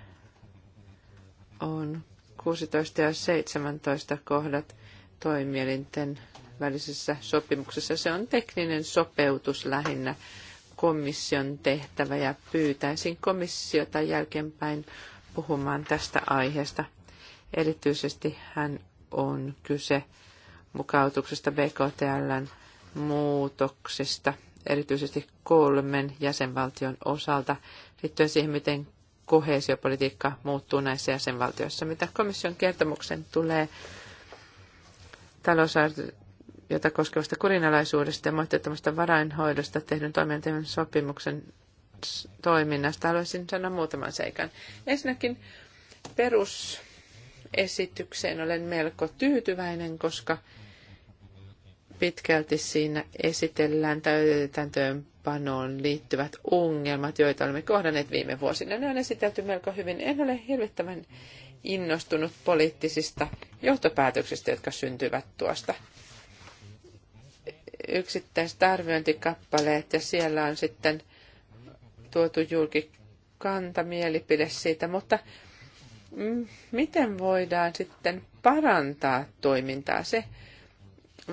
on 16 ja 17 kohdat toimielinten välisessä sopimuksessa. Se on tekninen sopeutus lähinnä komission tehtävä ja pyytäisin komissiota jälkeenpäin puhumaan tästä aiheesta. Erityisesti hän on kyse mukautuksesta BKTLn muutoksista, erityisesti kolmen jäsenvaltion osalta, liittyen siihen, miten kohesiopolitiikka muuttuu näissä jäsenvaltioissa. Mitä komission kertomuksen tulee talousarviota koskevasta kurinalaisuudesta ja moitteettomasta varainhoidosta tehdyn toimintojen sopimuksen toiminnasta, haluaisin sanoa muutaman seikan. Ensinnäkin perus esitykseen olen melko tyytyväinen, koska pitkälti siinä esitellään täytäntöönpanoon liittyvät ongelmat, joita olemme kohdanneet viime vuosina. Ne on esitelty melko hyvin. En ole hirvittävän innostunut poliittisista johtopäätöksistä, jotka syntyvät tuosta. yksittäistä arviointikappaleet ja siellä on sitten tuotu julki kanta, mielipide siitä, mutta miten voidaan sitten parantaa toimintaa? Se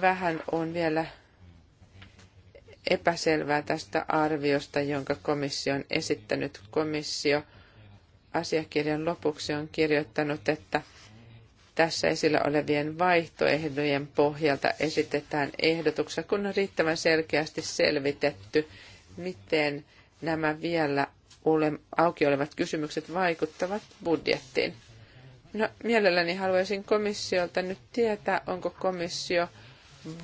vähän on vielä epäselvää tästä arviosta, jonka komissio on esittänyt. Komissio asiakirjan lopuksi on kirjoittanut, että tässä esillä olevien vaihtoehdojen pohjalta esitetään ehdotuksia, kun on riittävän selkeästi selvitetty, miten nämä vielä ole, auki olevat kysymykset vaikuttavat budjettiin. No, mielelläni haluaisin komissiolta nyt tietää, onko komissio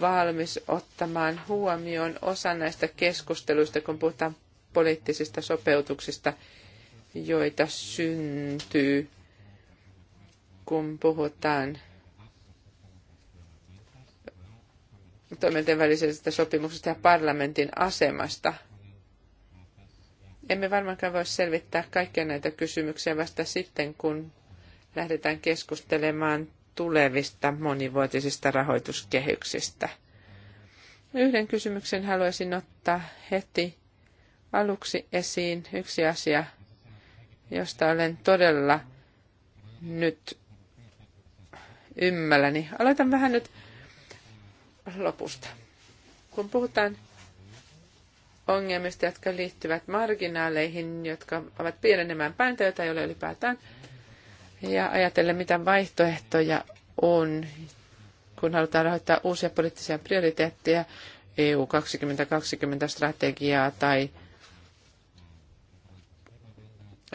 valmis ottamaan huomioon osa näistä keskusteluista, kun puhutaan poliittisista sopeutuksista, joita syntyy, kun puhutaan toimijoiden välisestä sopimuksesta ja parlamentin asemasta – emme varmaankaan voi selvittää kaikkia näitä kysymyksiä vasta sitten, kun lähdetään keskustelemaan tulevista monivuotisista rahoituskehyksistä. Yhden kysymyksen haluaisin ottaa heti aluksi esiin. Yksi asia, josta olen todella nyt ymmälläni. Aloitan vähän nyt lopusta. Kun puhutaan ongelmista, jotka liittyvät marginaaleihin, jotka ovat pienenemään päin tai joita ei ole ylipäätään. Ja ajatella, mitä vaihtoehtoja on, kun halutaan rahoittaa uusia poliittisia prioriteetteja, EU 2020-strategiaa tai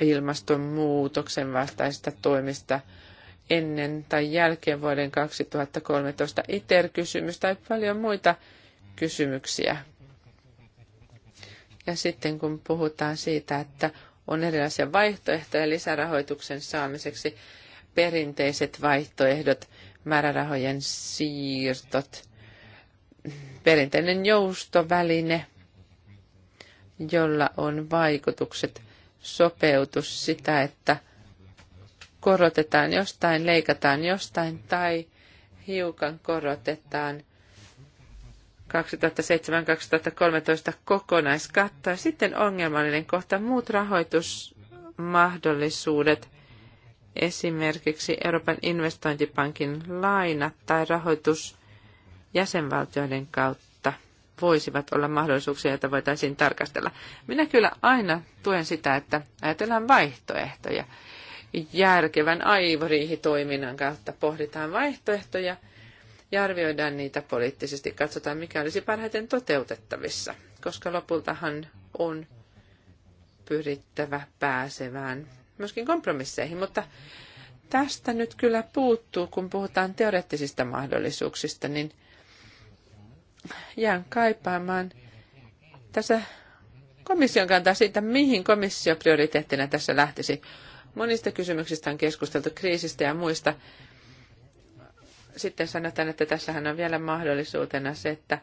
ilmastonmuutoksen vastaisista toimista ennen tai jälkeen vuoden 2013 ITER-kysymys tai paljon muita kysymyksiä ja sitten kun puhutaan siitä, että on erilaisia vaihtoehtoja lisärahoituksen saamiseksi, perinteiset vaihtoehdot, määrärahojen siirtot, perinteinen joustoväline, jolla on vaikutukset, sopeutus sitä, että korotetaan jostain, leikataan jostain tai hiukan korotetaan – 2007-2013 kokonaiskattaa. Sitten ongelmallinen kohta muut rahoitusmahdollisuudet, esimerkiksi Euroopan investointipankin lainat tai rahoitus jäsenvaltioiden kautta voisivat olla mahdollisuuksia, joita voitaisiin tarkastella. Minä kyllä aina tuen sitä, että ajatellaan vaihtoehtoja. Järkevän aivoriihitoiminnan kautta pohditaan vaihtoehtoja – ja arvioidaan niitä poliittisesti, katsotaan mikä olisi parhaiten toteutettavissa, koska lopultahan on pyrittävä pääsevään myöskin kompromisseihin, mutta tästä nyt kyllä puuttuu, kun puhutaan teoreettisista mahdollisuuksista, niin jään kaipaamaan tässä komission kantaa siitä, mihin komissio prioriteettina tässä lähtisi. Monista kysymyksistä on keskusteltu kriisistä ja muista sitten sanotaan, että tässähän on vielä mahdollisuutena se, että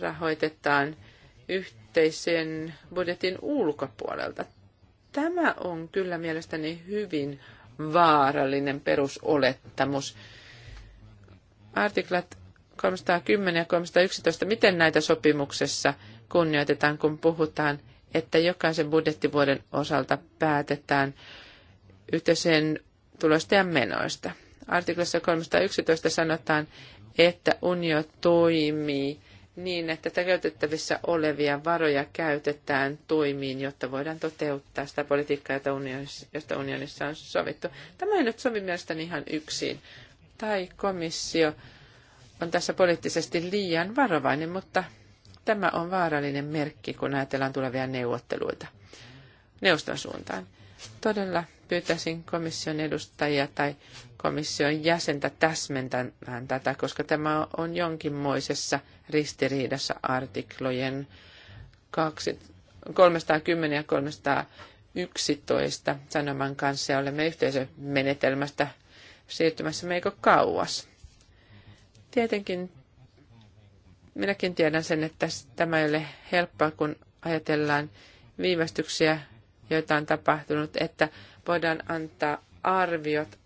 rahoitetaan yhteisen budjetin ulkopuolelta. Tämä on kyllä mielestäni hyvin vaarallinen perusolettamus. Artiklat 310 ja 311, miten näitä sopimuksessa kunnioitetaan, kun puhutaan, että jokaisen budjettivuoden osalta päätetään yhteiseen tulosta ja menoista. Artiklassa 311 sanotaan, että unio toimii niin, että käytettävissä olevia varoja käytetään toimiin, jotta voidaan toteuttaa sitä politiikkaa, jota unionissa, josta unionissa on sovittu. Tämä ei nyt sovi mielestäni ihan yksin. Tai komissio on tässä poliittisesti liian varovainen, mutta tämä on vaarallinen merkki, kun ajatellaan tulevia neuvotteluita neuvoston suuntaan. Todella pyytäisin komission edustajia tai komission jäsentä täsmentämään tätä, koska tämä on jonkinmoisessa ristiriidassa artiklojen 310 ja 311 sanoman kanssa ja olemme yhteisömenetelmästä siirtymässä meikö kauas. Tietenkin minäkin tiedän sen, että tämä ei ole helppoa, kun ajatellaan viivästyksiä, joita on tapahtunut, että voidaan antaa arviot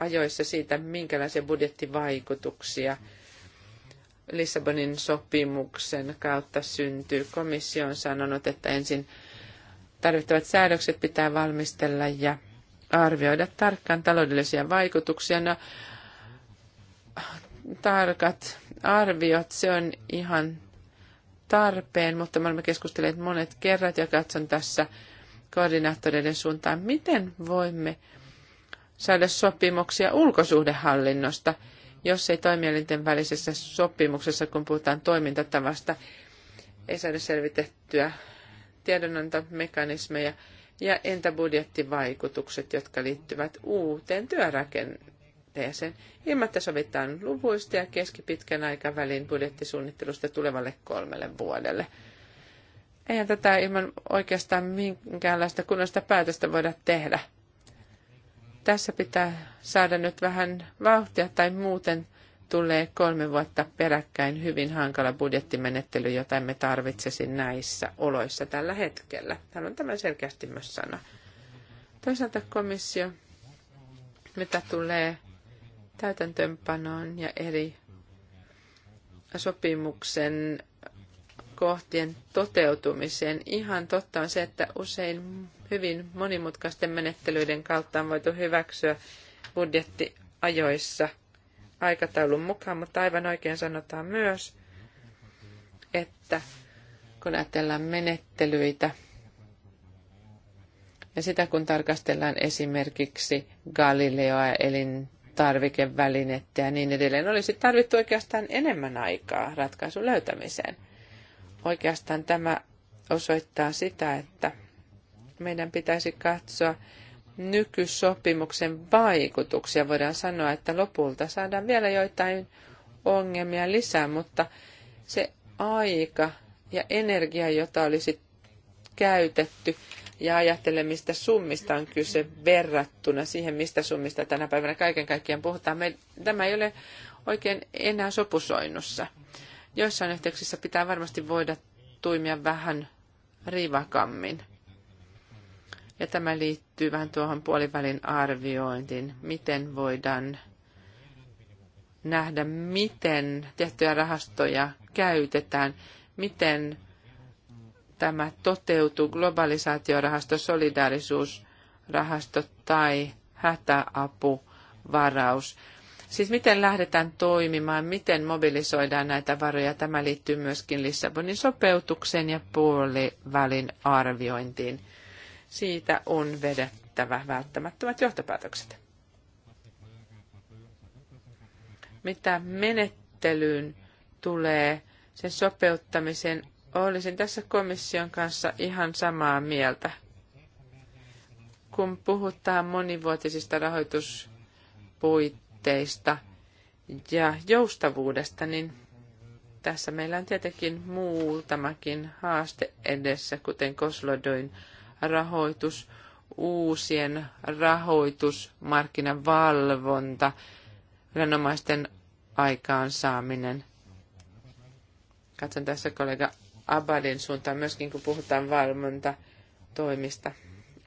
ajoissa siitä, minkälaisia budjettivaikutuksia Lissabonin sopimuksen kautta syntyy. Komissio on sanonut, että ensin tarvittavat säädökset pitää valmistella ja arvioida tarkkaan taloudellisia vaikutuksia. No, tarkat arviot, se on ihan tarpeen, mutta me olemme keskustelleet monet kerrat ja katson tässä koordinaattoreiden suuntaan, miten voimme saada sopimuksia ulkosuhdehallinnosta, jos ei toimielinten välisessä sopimuksessa, kun puhutaan toimintatavasta, ei saada selvitettyä tiedonantomekanismeja ja entä budjettivaikutukset, jotka liittyvät uuteen työrakenteeseen, ilman sovitaan luvuista ja keskipitkän aikavälin budjettisuunnittelusta tulevalle kolmelle vuodelle – Eihän tätä ilman oikeastaan minkäänlaista kunnosta päätöstä voida tehdä. Tässä pitää saada nyt vähän vauhtia tai muuten tulee kolme vuotta peräkkäin hyvin hankala budjettimenettely, jota emme tarvitsisi näissä oloissa tällä hetkellä. on tämän selkeästi myös sana. Toisaalta komissio, mitä tulee täytäntöönpanoon ja eri sopimuksen kohtien toteutumiseen. Ihan totta on se, että usein hyvin monimutkaisten menettelyiden kautta on voitu hyväksyä budjetti ajoissa aikataulun mukaan, mutta aivan oikein sanotaan myös, että kun ajatellaan menettelyitä ja sitä kun tarkastellaan esimerkiksi Galileoa ja elintarvikevälinettä ja niin edelleen, olisi tarvittu oikeastaan enemmän aikaa ratkaisun löytämiseen – Oikeastaan tämä osoittaa sitä, että meidän pitäisi katsoa nykysopimuksen vaikutuksia. Voidaan sanoa, että lopulta saadaan vielä joitain ongelmia lisää, mutta se aika ja energia, jota olisi käytetty ja ajattele, mistä summista on kyse verrattuna siihen, mistä summista tänä päivänä kaiken kaikkiaan puhutaan. Me, tämä ei ole oikein enää sopusoinnussa. Joissain yhteyksissä pitää varmasti voida toimia vähän rivakammin. Ja tämä liittyy vähän tuohon puolivälin arviointiin, miten voidaan nähdä, miten tiettyjä rahastoja käytetään, miten tämä toteutuu globalisaatiorahasto, solidaarisuusrahasto tai hätäapuvaraus. Siis miten lähdetään toimimaan, miten mobilisoidaan näitä varoja. Tämä liittyy myöskin Lissabonin sopeutukseen ja puolivälin arviointiin. Siitä on vedettävä välttämättömät johtopäätökset. Mitä menettelyyn tulee, sen sopeuttamisen olisin tässä komission kanssa ihan samaa mieltä. Kun puhutaan monivuotisista rahoituspuitteista, tavoitteista ja joustavuudesta, niin tässä meillä on tietenkin muutamakin haaste edessä, kuten koslodoin rahoitus, uusien rahoitusmarkkinavalvonta, viranomaisten aikaansaaminen. Katson tässä kollega Abadin suuntaan myöskin, kun puhutaan valvontatoimista. toimista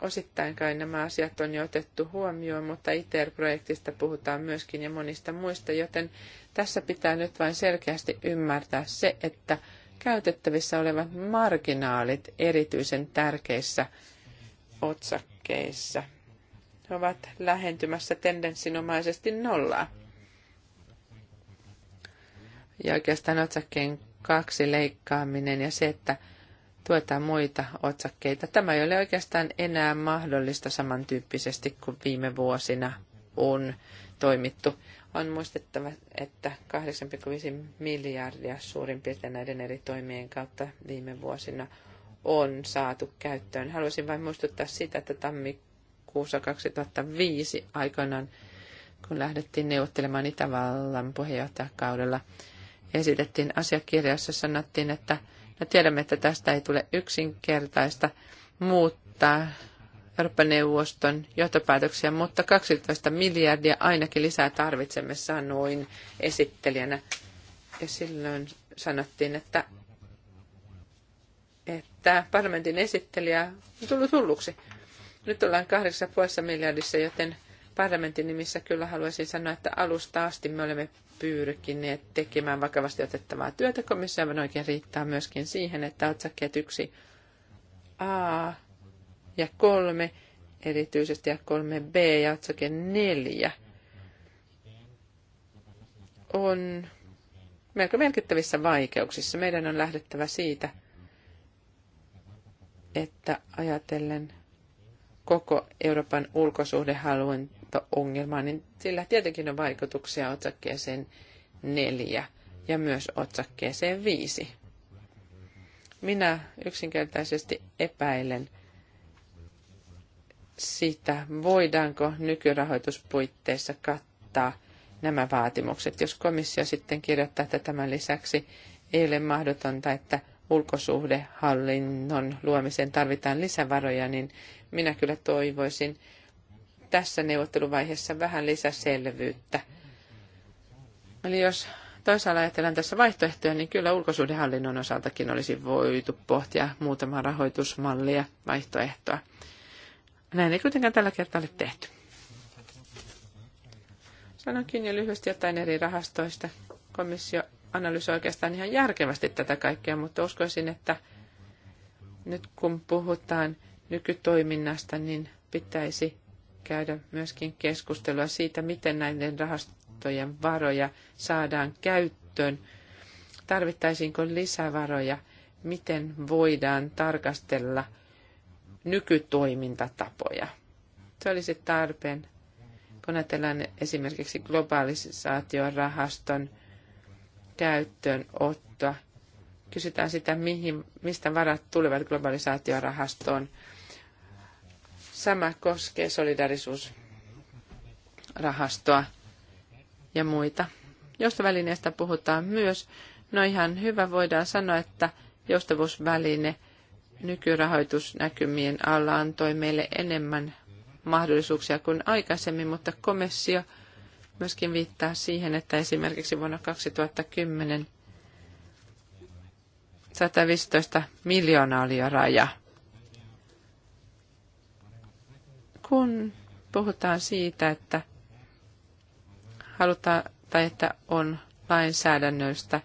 osittain kai nämä asiat on jo otettu huomioon, mutta ITER-projektista puhutaan myöskin ja monista muista, joten tässä pitää nyt vain selkeästi ymmärtää se, että käytettävissä olevat marginaalit erityisen tärkeissä otsakkeissa ovat lähentymässä tendenssinomaisesti nollaa. Ja oikeastaan otsakkeen kaksi leikkaaminen ja se, että tuetaan muita otsakkeita. Tämä ei ole oikeastaan enää mahdollista samantyyppisesti kuin viime vuosina on toimittu. On muistettava, että 8,5 miljardia suurin piirtein näiden eri toimien kautta viime vuosina on saatu käyttöön. Haluaisin vain muistuttaa sitä, että tammikuussa 2005 aikanaan, kun lähdettiin neuvottelemaan Itävallan puheenjohtajakaudella, esitettiin asiakirjassa, sanottiin, että me tiedämme, että tästä ei tule yksinkertaista muuttaa Euroopan neuvoston johtopäätöksiä, mutta 12 miljardia ainakin lisää tarvitsemme, sanoin esittelijänä. Ja silloin sanottiin, että, että parlamentin esittelijä on tullut hulluksi. Nyt ollaan 8,5 miljardissa, joten parlamentin nimissä kyllä haluaisin sanoa, että alusta asti me olemme pyrkineet tekemään vakavasti otettavaa työtä. Komission oikein riittää myöskin siihen, että otsakkeet 1 A ja 3, erityisesti ja 3 B ja otsake 4 on melko merkittävissä vaikeuksissa. Meidän on lähdettävä siitä, että ajatellen koko Euroopan ulkosuhdehallinnon maahanmuutto niin sillä tietenkin on vaikutuksia otsakkeeseen neljä ja myös otsakkeeseen viisi. Minä yksinkertaisesti epäilen sitä, voidaanko nykyrahoituspuitteissa kattaa nämä vaatimukset. Jos komissio sitten kirjoittaa, että tämän lisäksi ei ole mahdotonta, että ulkosuhdehallinnon luomiseen tarvitaan lisävaroja, niin minä kyllä toivoisin, tässä neuvotteluvaiheessa vähän lisäselvyyttä. Eli jos toisaalta ajatellaan tässä vaihtoehtoja, niin kyllä ulkosuhdehallinnon osaltakin olisi voitu pohtia muutamaa rahoitusmallia vaihtoehtoa. Näin ei kuitenkaan tällä kertaa ole tehty. Sanonkin jo lyhyesti jotain eri rahastoista. Komissio analysoi oikeastaan ihan järkevästi tätä kaikkea, mutta uskoisin, että nyt kun puhutaan nykytoiminnasta, niin pitäisi käydä myöskin keskustelua siitä, miten näiden rahastojen varoja saadaan käyttöön. Tarvittaisiinko lisävaroja? Miten voidaan tarkastella nykytoimintatapoja? Se olisi tarpeen, kun ajatellaan esimerkiksi globalisaatiorahaston käyttöönottoa. Kysytään sitä, mihin, mistä varat tulevat globalisaatiorahastoon Sama koskee solidarisuusrahastoa ja muita. Joustovälineestä puhutaan myös. No ihan hyvä voidaan sanoa, että joustavuusväline nykyrahoitusnäkymien alla antoi meille enemmän mahdollisuuksia kuin aikaisemmin, mutta komissio myöskin viittaa siihen, että esimerkiksi vuonna 2010 115 miljoonaa oli jo raja Kun puhutaan siitä, että halutaan tai että on lainsäädännöistä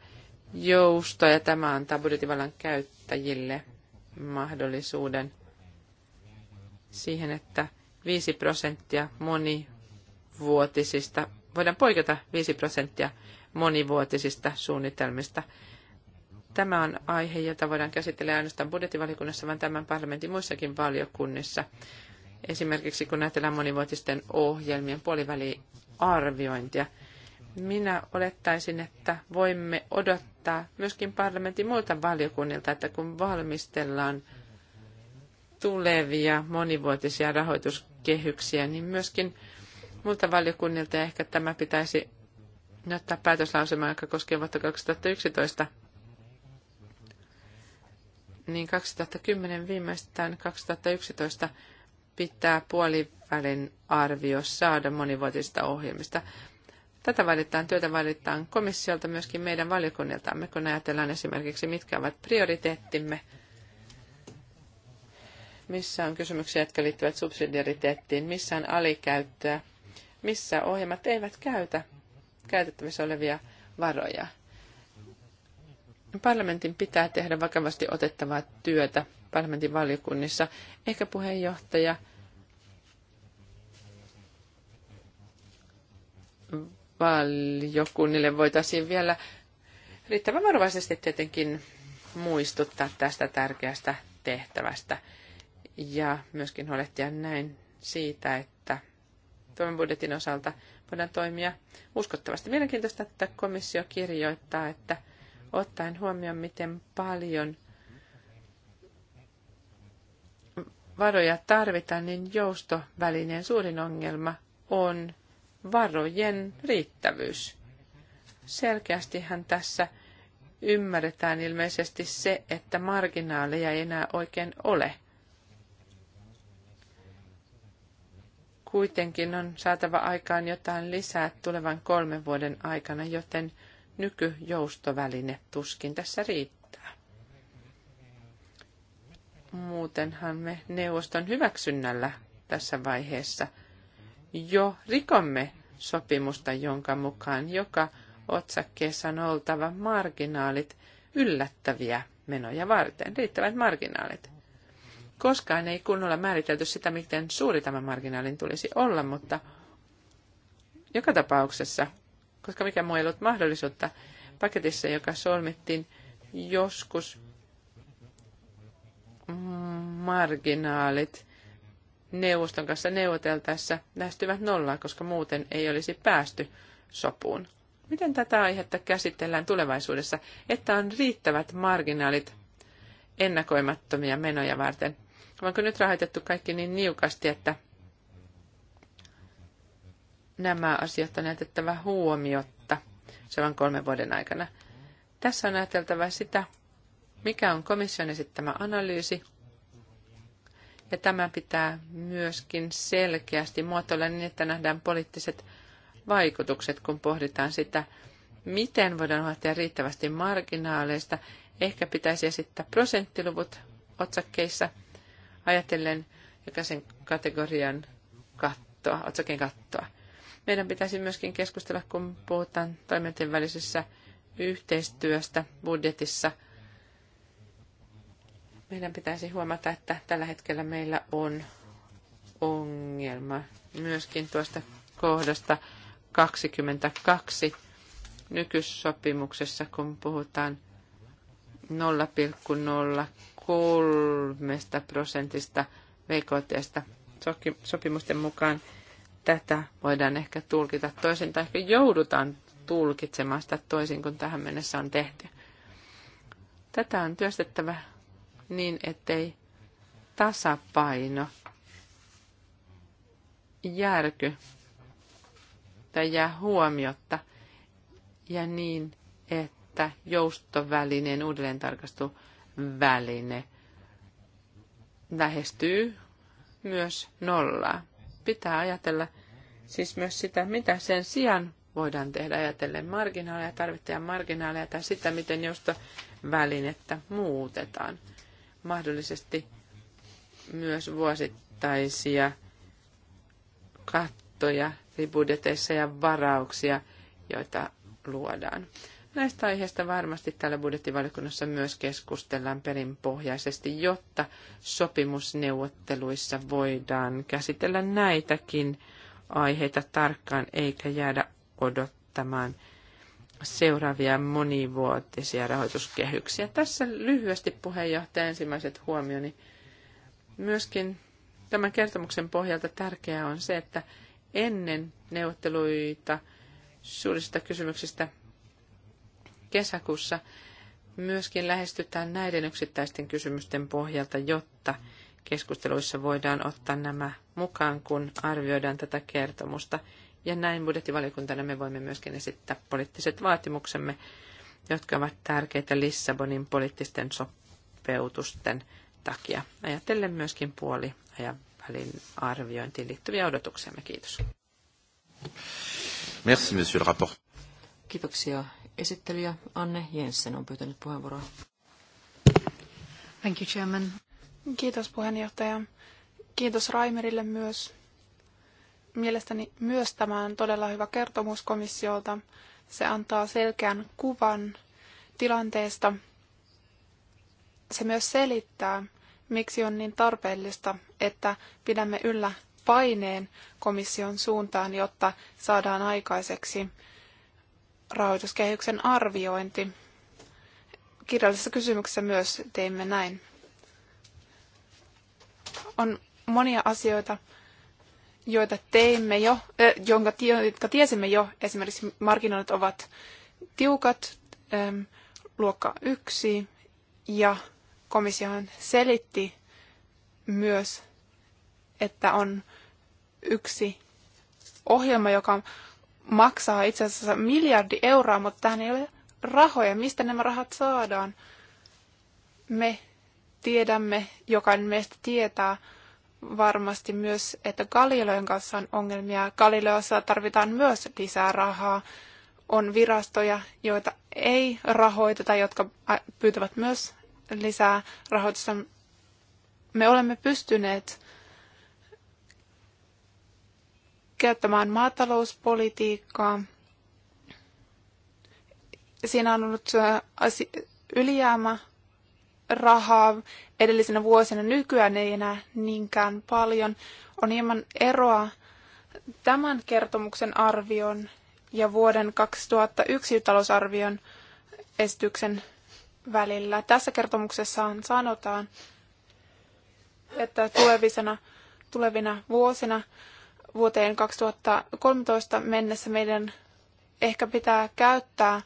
jousto ja tämä antaa budjettivallan käyttäjille mahdollisuuden siihen, että 5 prosenttia monivuotisista, voidaan poiketa 5 prosenttia monivuotisista suunnitelmista. Tämä on aihe, jota voidaan käsitellä ainoastaan budjettivaliokunnassa, vaan tämän parlamentin muissakin valiokunnissa esimerkiksi kun ajatellaan monivuotisten ohjelmien puoliväliarviointia. Minä olettaisin, että voimme odottaa myöskin parlamentin muilta valiokunnilta, että kun valmistellaan tulevia monivuotisia rahoituskehyksiä, niin myöskin muilta valiokunnilta ja ehkä tämä pitäisi ottaa päätöslausema, joka koskee vuotta 2011, niin 2010 viimeistään 2011 pitää puolivälin arvio saada monivuotisista ohjelmista. Tätä valitaan, työtä valitaan komissiolta myöskin meidän valiokunniltamme, kun ajatellaan esimerkiksi, mitkä ovat prioriteettimme, missä on kysymyksiä, jotka liittyvät subsidiariteettiin, missä on alikäyttöä, missä ohjelmat eivät käytä käytettävissä olevia varoja. Parlamentin pitää tehdä vakavasti otettavaa työtä parlamentin valiokunnissa. Ehkä puheenjohtaja valiokunnille voitaisiin vielä riittävän varovaisesti tietenkin muistuttaa tästä tärkeästä tehtävästä ja myöskin huolehtia näin siitä, että tämän budjetin osalta voidaan toimia uskottavasti. Mielenkiintoista, että komissio kirjoittaa, että ottaen huomioon, miten paljon – varoja tarvita, niin joustovälineen suurin ongelma on varojen riittävyys. Selkeästi hän tässä ymmärretään ilmeisesti se, että marginaaleja ei enää oikein ole. Kuitenkin on saatava aikaan jotain lisää tulevan kolmen vuoden aikana, joten nykyjoustoväline tuskin tässä riittää Muutenhan me neuvoston hyväksynnällä tässä vaiheessa jo rikomme sopimusta, jonka mukaan joka otsakkeessa on oltava marginaalit yllättäviä menoja varten, riittävät marginaalit. Koskaan ei kunnolla määritelty sitä, miten suuri tämä marginaalin tulisi olla, mutta joka tapauksessa, koska mikä muu ei ollut mahdollisuutta, paketissa, joka solmittiin joskus marginaalit neuvoston kanssa neuvoteltaessa lähestyvät nollaa, koska muuten ei olisi päästy sopuun. Miten tätä aihetta käsitellään tulevaisuudessa, että on riittävät marginaalit ennakoimattomia menoja varten? Onko nyt rahoitettu kaikki niin niukasti, että nämä asiat on jätettävä huomiotta seuraavan kolmen vuoden aikana? Tässä on ajateltava sitä, mikä on komission esittämä analyysi ja tämä pitää myöskin selkeästi muotoilla niin, että nähdään poliittiset vaikutukset, kun pohditaan sitä, miten voidaan huolehtia riittävästi marginaaleista. Ehkä pitäisi esittää prosenttiluvut otsakkeissa ajatellen jokaisen kategorian kattoa, otsakkeen kattoa. Meidän pitäisi myöskin keskustella, kun puhutaan toimijoiden välisessä yhteistyöstä budjetissa – meidän pitäisi huomata, että tällä hetkellä meillä on ongelma myöskin tuosta kohdasta 22 nykyssopimuksessa, kun puhutaan 0,03 prosentista VKT. Sopimusten mukaan tätä voidaan ehkä tulkita toisin, tai ehkä joudutaan tulkitsemaan sitä toisin kuin tähän mennessä on tehty. Tätä on työstettävä niin, ettei tasapaino järky tai jää huomiotta ja niin, että joustovälineen uudelleentarkastuväline lähestyy myös nollaa. Pitää ajatella siis myös sitä, mitä sen sijaan voidaan tehdä ajatellen marginaaleja, tarvittajan marginaaleja tai sitä, miten joustovälinettä muutetaan mahdollisesti myös vuosittaisia kattoja budjeteissa ja varauksia, joita luodaan. Näistä aiheista varmasti täällä budjettivaliokunnassa myös keskustellaan perinpohjaisesti, jotta sopimusneuvotteluissa voidaan käsitellä näitäkin aiheita tarkkaan eikä jäädä odottamaan – seuraavia monivuotisia rahoituskehyksiä. Tässä lyhyesti puheenjohtaja ensimmäiset huomioni. Myöskin tämän kertomuksen pohjalta tärkeää on se, että ennen neuvotteluita suurista kysymyksistä kesäkuussa myöskin lähestytään näiden yksittäisten kysymysten pohjalta, jotta keskusteluissa voidaan ottaa nämä mukaan, kun arvioidaan tätä kertomusta. Ja näin budjettivaliokuntana me voimme myöskin esittää poliittiset vaatimuksemme, jotka ovat tärkeitä Lissabonin poliittisten sopeutusten takia. Ajatellen myöskin puoli ja välin arviointiin liittyviä odotuksiamme. Kiitos. Merci, monsieur le rapport. Kiitoksia. Esittelijä Anne Jensen on pyytänyt puheenvuoroa. Thank you, Chairman. Kiitos puheenjohtaja. Kiitos Raimerille myös Mielestäni myös tämä on todella hyvä kertomus komissiolta. Se antaa selkeän kuvan tilanteesta. Se myös selittää, miksi on niin tarpeellista, että pidämme yllä paineen komission suuntaan, jotta saadaan aikaiseksi rahoituskehyksen arviointi. Kirjallisessa kysymyksessä myös teimme näin. On monia asioita, joita teimme jo, äh, jonka, jotka tiesimme jo, esimerkiksi markkinoinnit ovat tiukat, ähm, luokka yksi, ja komissiohan selitti myös, että on yksi ohjelma, joka maksaa itse asiassa miljardi euroa, mutta tähän ei ole rahoja. Mistä nämä rahat saadaan? Me tiedämme, jokainen meistä tietää, varmasti myös, että Galileon kanssa on ongelmia. Galileossa tarvitaan myös lisää rahaa. On virastoja, joita ei rahoiteta, jotka pyytävät myös lisää rahoitusta. Me olemme pystyneet käyttämään maatalouspolitiikkaa. Siinä on ollut ylijäämä rahaa edellisenä vuosina. Nykyään ei enää niinkään paljon. On hieman eroa tämän kertomuksen arvion ja vuoden 2001 talousarvion esityksen välillä. Tässä kertomuksessaan sanotaan, että tulevisena, tulevina vuosina vuoteen 2013 mennessä meidän ehkä pitää käyttää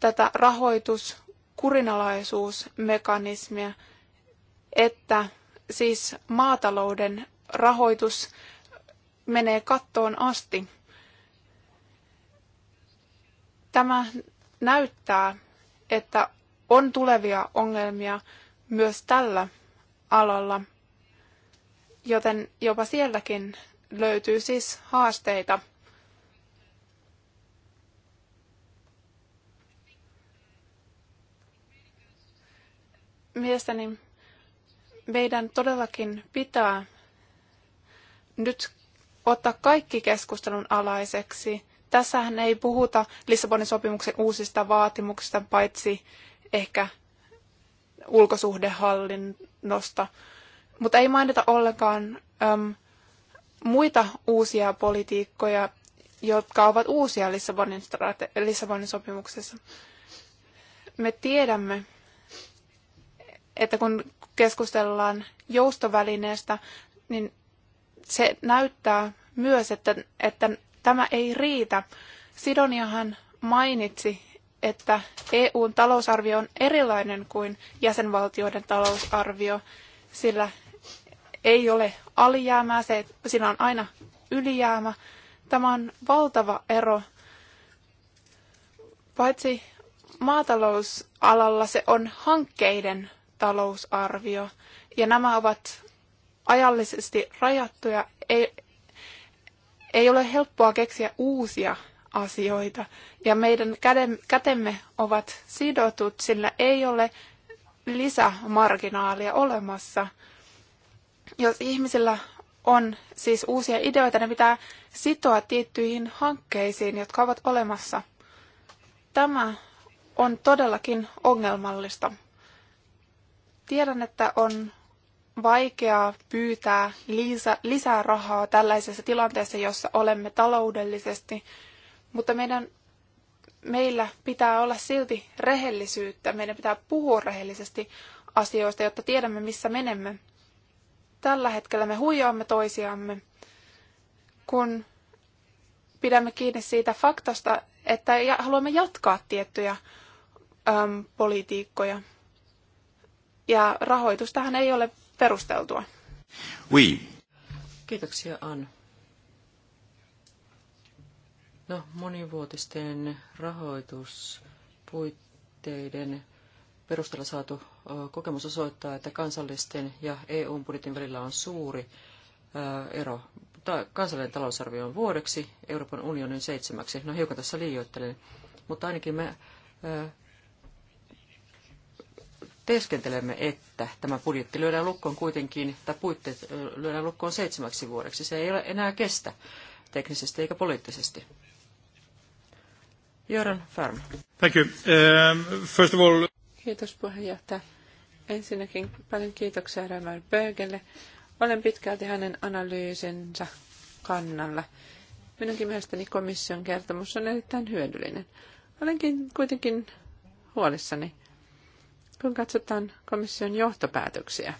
tätä rahoitus kurinalaisuusmekanismia, että siis maatalouden rahoitus menee kattoon asti. Tämä näyttää, että on tulevia ongelmia myös tällä alalla, joten jopa sielläkin löytyy siis haasteita. mielestäni meidän todellakin pitää nyt ottaa kaikki keskustelun alaiseksi. Tässähän ei puhuta Lissabonin sopimuksen uusista vaatimuksista, paitsi ehkä ulkosuhdehallinnosta, mutta ei mainita ollenkaan äm, muita uusia politiikkoja, jotka ovat uusia Lissabonin, Lissabonin sopimuksessa. Me tiedämme, että kun keskustellaan joustovälineestä, niin se näyttää myös, että, että tämä ei riitä. Sidoniahan mainitsi, että EUn talousarvio on erilainen kuin jäsenvaltioiden talousarvio, sillä ei ole alijäämää, se, sillä on aina ylijäämä. Tämä on valtava ero. Paitsi maatalousalalla se on hankkeiden talousarvio. Ja nämä ovat ajallisesti rajattuja. Ei, ei ole helppoa keksiä uusia asioita. Ja meidän kätemme ovat sidotut, sillä ei ole lisämarginaalia olemassa. Jos ihmisillä on siis uusia ideoita, ne pitää sitoa tiettyihin hankkeisiin, jotka ovat olemassa. Tämä on todellakin ongelmallista. Tiedän, että on vaikeaa pyytää lisä, lisää rahaa tällaisessa tilanteessa, jossa olemme taloudellisesti, mutta meidän, meillä pitää olla silti rehellisyyttä. Meidän pitää puhua rehellisesti asioista, jotta tiedämme, missä menemme. Tällä hetkellä me huijaamme toisiamme, kun pidämme kiinni siitä faktasta, että haluamme jatkaa tiettyjä äm, politiikkoja ja rahoitustahan ei ole perusteltua. Oui. Kiitoksia, Ann. No, monivuotisten rahoituspuitteiden perusteella saatu kokemus osoittaa, että kansallisten ja EU-budjetin välillä on suuri ero. Kansallinen talousarvio on vuodeksi, Euroopan unionin seitsemäksi. No hiukan tässä liioittelen, mutta ainakin me Teeskentelemme, että tämä budjetti lyödään lukkoon kuitenkin, tai puitteet lyödään lukkoon seitsemäksi vuodeksi. Se ei ole enää kestä teknisesti eikä poliittisesti. Jöran Färm. Thank you. Um, first of all... Kiitos puheenjohtaja. Ensinnäkin paljon kiitoksia Römer Bögelle. Olen pitkälti hänen analyysinsä kannalla. Minunkin mielestäni komission kertomus on erittäin hyödyllinen. Olenkin kuitenkin huolissani kun katsotaan komission johtopäätöksiä,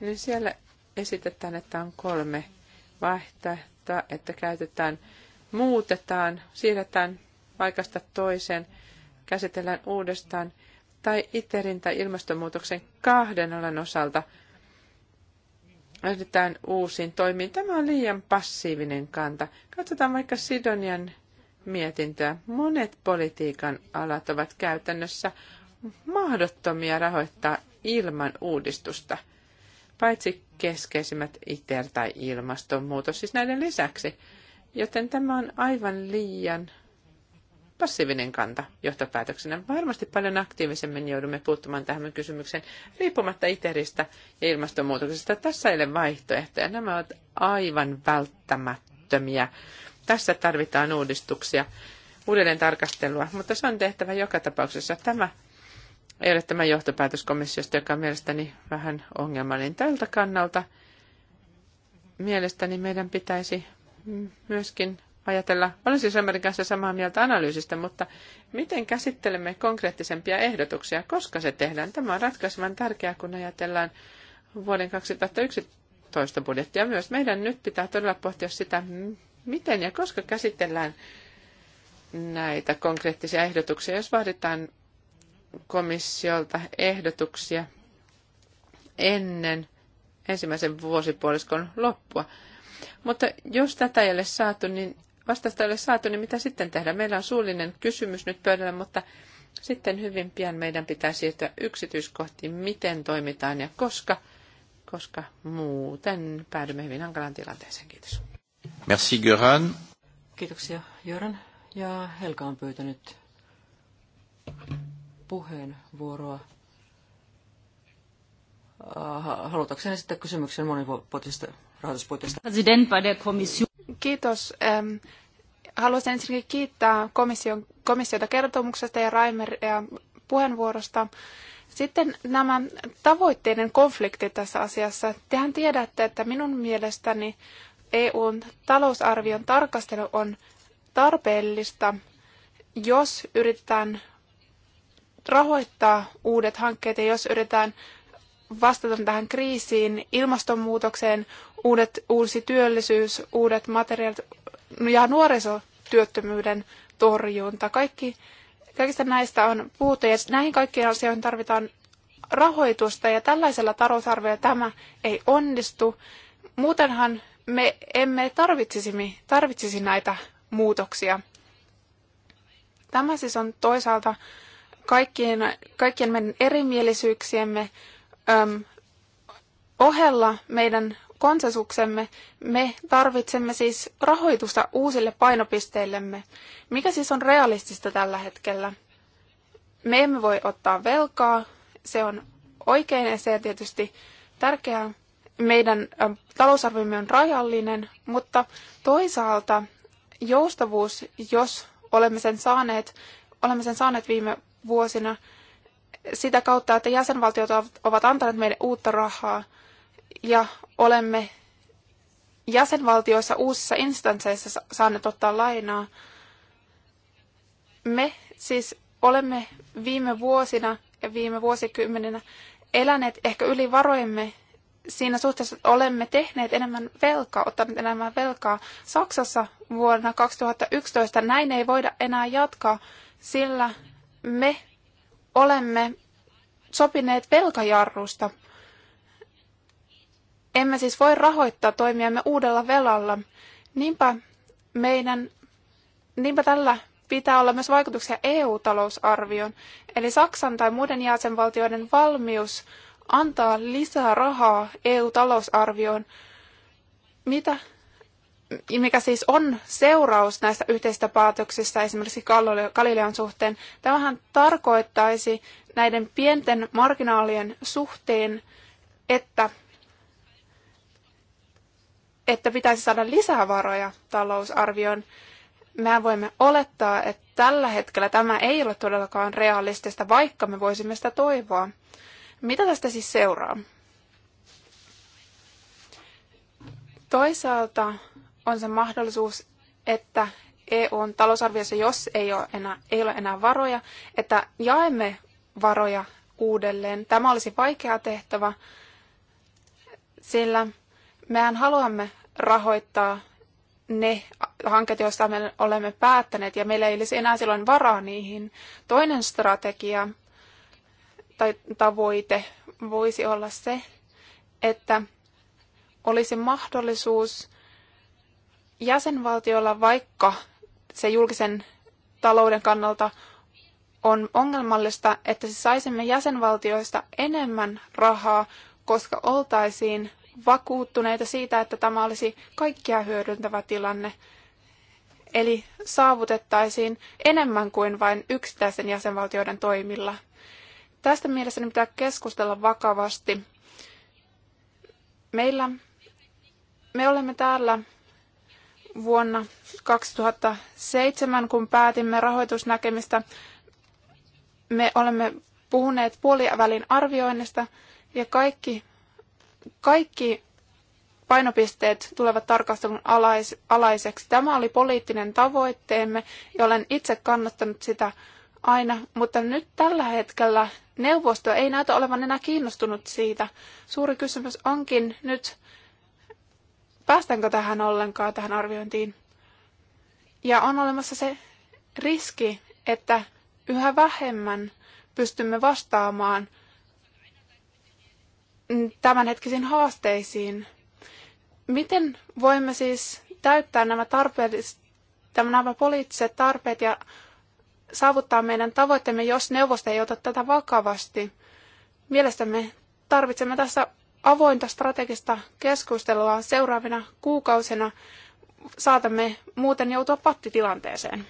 niin siellä esitetään, että on kolme vaihtoehtoa, että käytetään, muutetaan, siirretään paikasta toiseen, käsitellään uudestaan, tai ITERin tai ilmastonmuutoksen kahden alan osalta lähdetään uusiin toimiin. Tämä on liian passiivinen kanta. Katsotaan vaikka Sidonian mietintöä. Monet politiikan alat ovat käytännössä mahdottomia rahoittaa ilman uudistusta, paitsi keskeisimmät ITER tai ilmastonmuutos, siis näiden lisäksi. Joten tämä on aivan liian passiivinen kanta johtopäätöksenä. Varmasti paljon aktiivisemmin joudumme puuttumaan tähän kysymykseen riippumatta ITERistä ja ilmastonmuutoksesta. Tässä ei ole vaihtoehtoja. Nämä ovat aivan välttämättömiä. Tässä tarvitaan uudistuksia, uudelleen tarkastelua, mutta se on tehtävä joka tapauksessa. Tämä ei ole tämä johtopäätös komissiosta, joka on mielestäni vähän ongelmallinen tältä kannalta. Mielestäni meidän pitäisi myöskin ajatella, olen siis Amerikan kanssa samaa mieltä analyysistä, mutta miten käsittelemme konkreettisempia ehdotuksia, koska se tehdään? Tämä on ratkaisevan tärkeää, kun ajatellaan vuoden 2011 budjettia myös. Meidän nyt pitää todella pohtia sitä, miten ja koska käsitellään näitä konkreettisia ehdotuksia, jos vaaditaan komissiolta ehdotuksia ennen ensimmäisen vuosipuoliskon loppua. Mutta jos tätä ei ole saatu, niin vastausta ei ole saatu, niin mitä sitten tehdä? Meillä on suullinen kysymys nyt pöydällä, mutta sitten hyvin pian meidän pitää siirtyä yksityiskohtiin, miten toimitaan ja koska, koska muuten päädymme hyvin hankalaan tilanteeseen. Kiitos. Merci, Göran. Kiitoksia, Göran. Ja Helka on pyytänyt puheenvuoroa. Äh, Halutaanko esittää kysymyksen monivuotisesta rahoituspuitteesta? Kiitos. Ähm, haluaisin ensinnäkin kiittää komission, komissiota kertomuksesta ja Raimeria puheenvuorosta. Sitten nämä tavoitteiden konfliktit tässä asiassa. Tehän tiedätte, että minun mielestäni EUn talousarvion tarkastelu on tarpeellista, jos yritetään rahoittaa uudet hankkeet ja jos yritetään vastata tähän kriisiin, ilmastonmuutokseen, uudet, uusi työllisyys, uudet materiaalit ja nuorisotyöttömyyden torjunta. Kaikki, kaikista näistä on puhuttu ja näihin kaikkiin asioihin tarvitaan rahoitusta ja tällaisella talousarviolla tämä ei onnistu. Muutenhan me emme tarvitsisi, tarvitsisi näitä muutoksia. Tämä siis on toisaalta kaikkien, kaikkien meidän erimielisyyksiemme äm, ohella meidän konsensuksemme, me tarvitsemme siis rahoitusta uusille painopisteillemme. Mikä siis on realistista tällä hetkellä? Me emme voi ottaa velkaa, se on oikein ja se on tietysti tärkeää. Meidän talousarviomme on rajallinen, mutta toisaalta joustavuus, jos olemme sen saaneet, olemme sen saaneet viime vuosina sitä kautta, että jäsenvaltiot ovat antaneet meille uutta rahaa ja olemme jäsenvaltioissa uusissa instansseissa saaneet ottaa lainaa. Me siis olemme viime vuosina ja viime vuosikymmeninä eläneet ehkä yli varojemme siinä suhteessa, että olemme tehneet enemmän velkaa, ottaneet enemmän velkaa. Saksassa vuonna 2011 näin ei voida enää jatkaa, sillä me olemme sopineet velkajarrusta. Emme siis voi rahoittaa toimiamme uudella velalla. Niinpä meidän, niinpä tällä pitää olla myös vaikutuksia EU-talousarvioon. Eli Saksan tai muiden jäsenvaltioiden valmius antaa lisää rahaa EU-talousarvioon. Mitä mikä siis on seuraus näistä yhteisistä päätöksistä esimerkiksi Galilean suhteen. Tämähän tarkoittaisi näiden pienten marginaalien suhteen, että, että pitäisi saada lisää varoja talousarvioon. Mä voimme olettaa, että tällä hetkellä tämä ei ole todellakaan realistista, vaikka me voisimme sitä toivoa. Mitä tästä siis seuraa? Toisaalta on se mahdollisuus, että EUn talousarviossa, jos ei ole enää, ei ole enää varoja, että jaemme varoja uudelleen. Tämä olisi vaikea tehtävä, sillä mehän haluamme rahoittaa ne hankkeet, joista me olemme päättäneet, ja meillä ei olisi enää silloin varaa niihin. Toinen strategia tai tavoite voisi olla se, että olisi mahdollisuus jäsenvaltiolla, vaikka se julkisen talouden kannalta on ongelmallista, että siis saisimme jäsenvaltioista enemmän rahaa, koska oltaisiin vakuuttuneita siitä, että tämä olisi kaikkia hyödyntävä tilanne. Eli saavutettaisiin enemmän kuin vain yksittäisen jäsenvaltioiden toimilla. Tästä mielestäni pitää keskustella vakavasti. Meillä, me olemme täällä vuonna 2007, kun päätimme rahoitusnäkemistä. Me olemme puhuneet puolivälin arvioinnista ja kaikki, kaikki painopisteet tulevat tarkastelun alais, alaiseksi. Tämä oli poliittinen tavoitteemme ja olen itse kannattanut sitä aina, mutta nyt tällä hetkellä neuvosto ei näytä olevan enää kiinnostunut siitä. Suuri kysymys onkin nyt, päästäänkö tähän ollenkaan, tähän arviointiin. Ja on olemassa se riski, että yhä vähemmän pystymme vastaamaan tämänhetkisiin haasteisiin. Miten voimme siis täyttää nämä, tarpeellis- nämä poliittiset tarpeet ja saavuttaa meidän tavoitteemme, jos neuvosto ei ota tätä vakavasti? Mielestämme tarvitsemme tässä avointa strategista keskustelua seuraavina kuukausina saatamme muuten joutua pattitilanteeseen.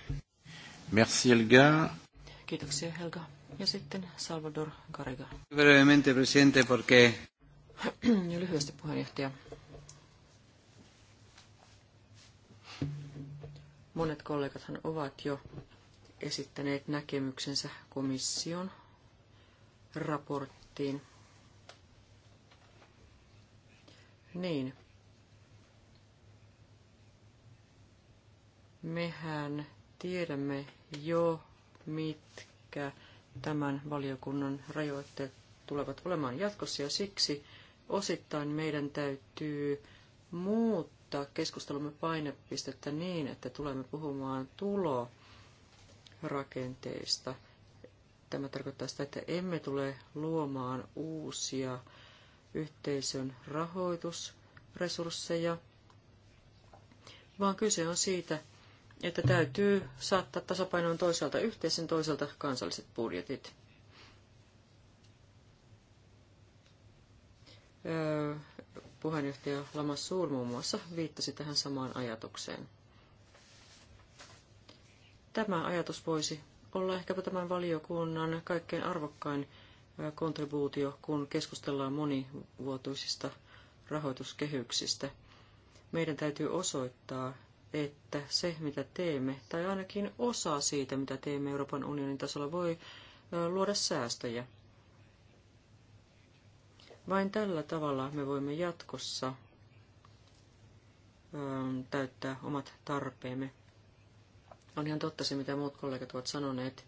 Merci Helga. Kiitoksia Helga. Ja sitten Salvador Garriga. Brevemente, presidente, porque... Niin lyhyesti puheenjohtaja. Monet kollegathan ovat jo esittäneet näkemyksensä komission raporttiin. Niin. Mehän tiedämme jo, mitkä tämän valiokunnan rajoitteet tulevat olemaan jatkossa ja siksi osittain meidän täytyy muuttaa keskustelumme painepistettä niin, että tulemme puhumaan tulorakenteista. Tämä tarkoittaa sitä, että emme tule luomaan uusia yhteisön rahoitusresursseja, vaan kyse on siitä, että täytyy saattaa tasapainoon toisaalta yhteisen, toisaalta kansalliset budjetit. Puheenjohtaja Suur muun muassa viittasi tähän samaan ajatukseen. Tämä ajatus voisi olla ehkäpä tämän valiokunnan kaikkein arvokkain kontribuutio, kun keskustellaan monivuotuisista rahoituskehyksistä. Meidän täytyy osoittaa, että se mitä teemme, tai ainakin osa siitä mitä teemme Euroopan unionin tasolla, voi luoda säästöjä. Vain tällä tavalla me voimme jatkossa täyttää omat tarpeemme. On ihan totta se, mitä muut kollegat ovat sanoneet.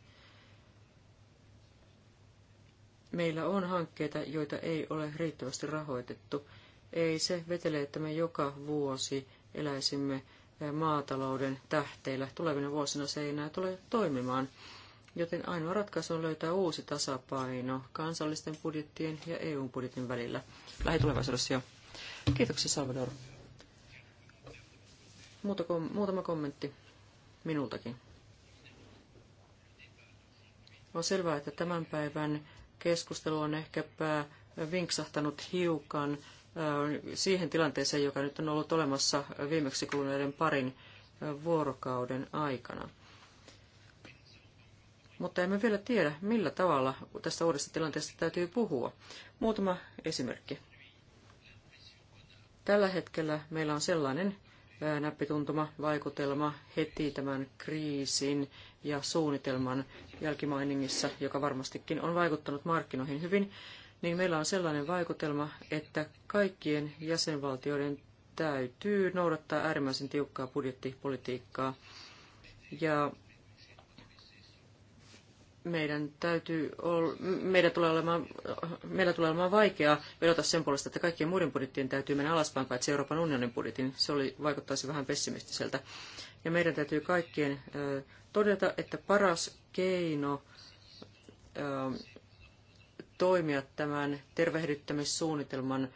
meillä on hankkeita, joita ei ole riittävästi rahoitettu. Ei se vetele, että me joka vuosi eläisimme eh, maatalouden tähteillä. Tulevina vuosina se ei enää tule toimimaan. Joten ainoa ratkaisu on löytää uusi tasapaino kansallisten budjettien ja EU-budjetin välillä. Lähitulevaisuudessa jo. Kiitoksia Salvador. muutama kommentti minultakin. On selvää, että tämän päivän keskustelu on ehkäpä vinksahtanut hiukan siihen tilanteeseen, joka nyt on ollut olemassa viimeksi kuluneiden parin vuorokauden aikana. Mutta emme vielä tiedä, millä tavalla tästä uudesta tilanteesta täytyy puhua. Muutama esimerkki. Tällä hetkellä meillä on sellainen näppituntuma, vaikutelma heti tämän kriisin ja suunnitelman jälkimainingissa, joka varmastikin on vaikuttanut markkinoihin hyvin, niin meillä on sellainen vaikutelma, että kaikkien jäsenvaltioiden täytyy noudattaa äärimmäisen tiukkaa budjettipolitiikkaa. Ja meidän, täytyy ol, meidän tulee olemaan, meillä tulee olemaan vaikeaa vedota sen puolesta, että kaikkien muiden budjettien täytyy mennä alaspäin, paitsi Euroopan unionin budjetin. Se oli, vaikuttaisi vähän pessimistiseltä. Ja meidän täytyy kaikkien todeta, että paras keino toimia tämän tervehdyttämissuunnitelman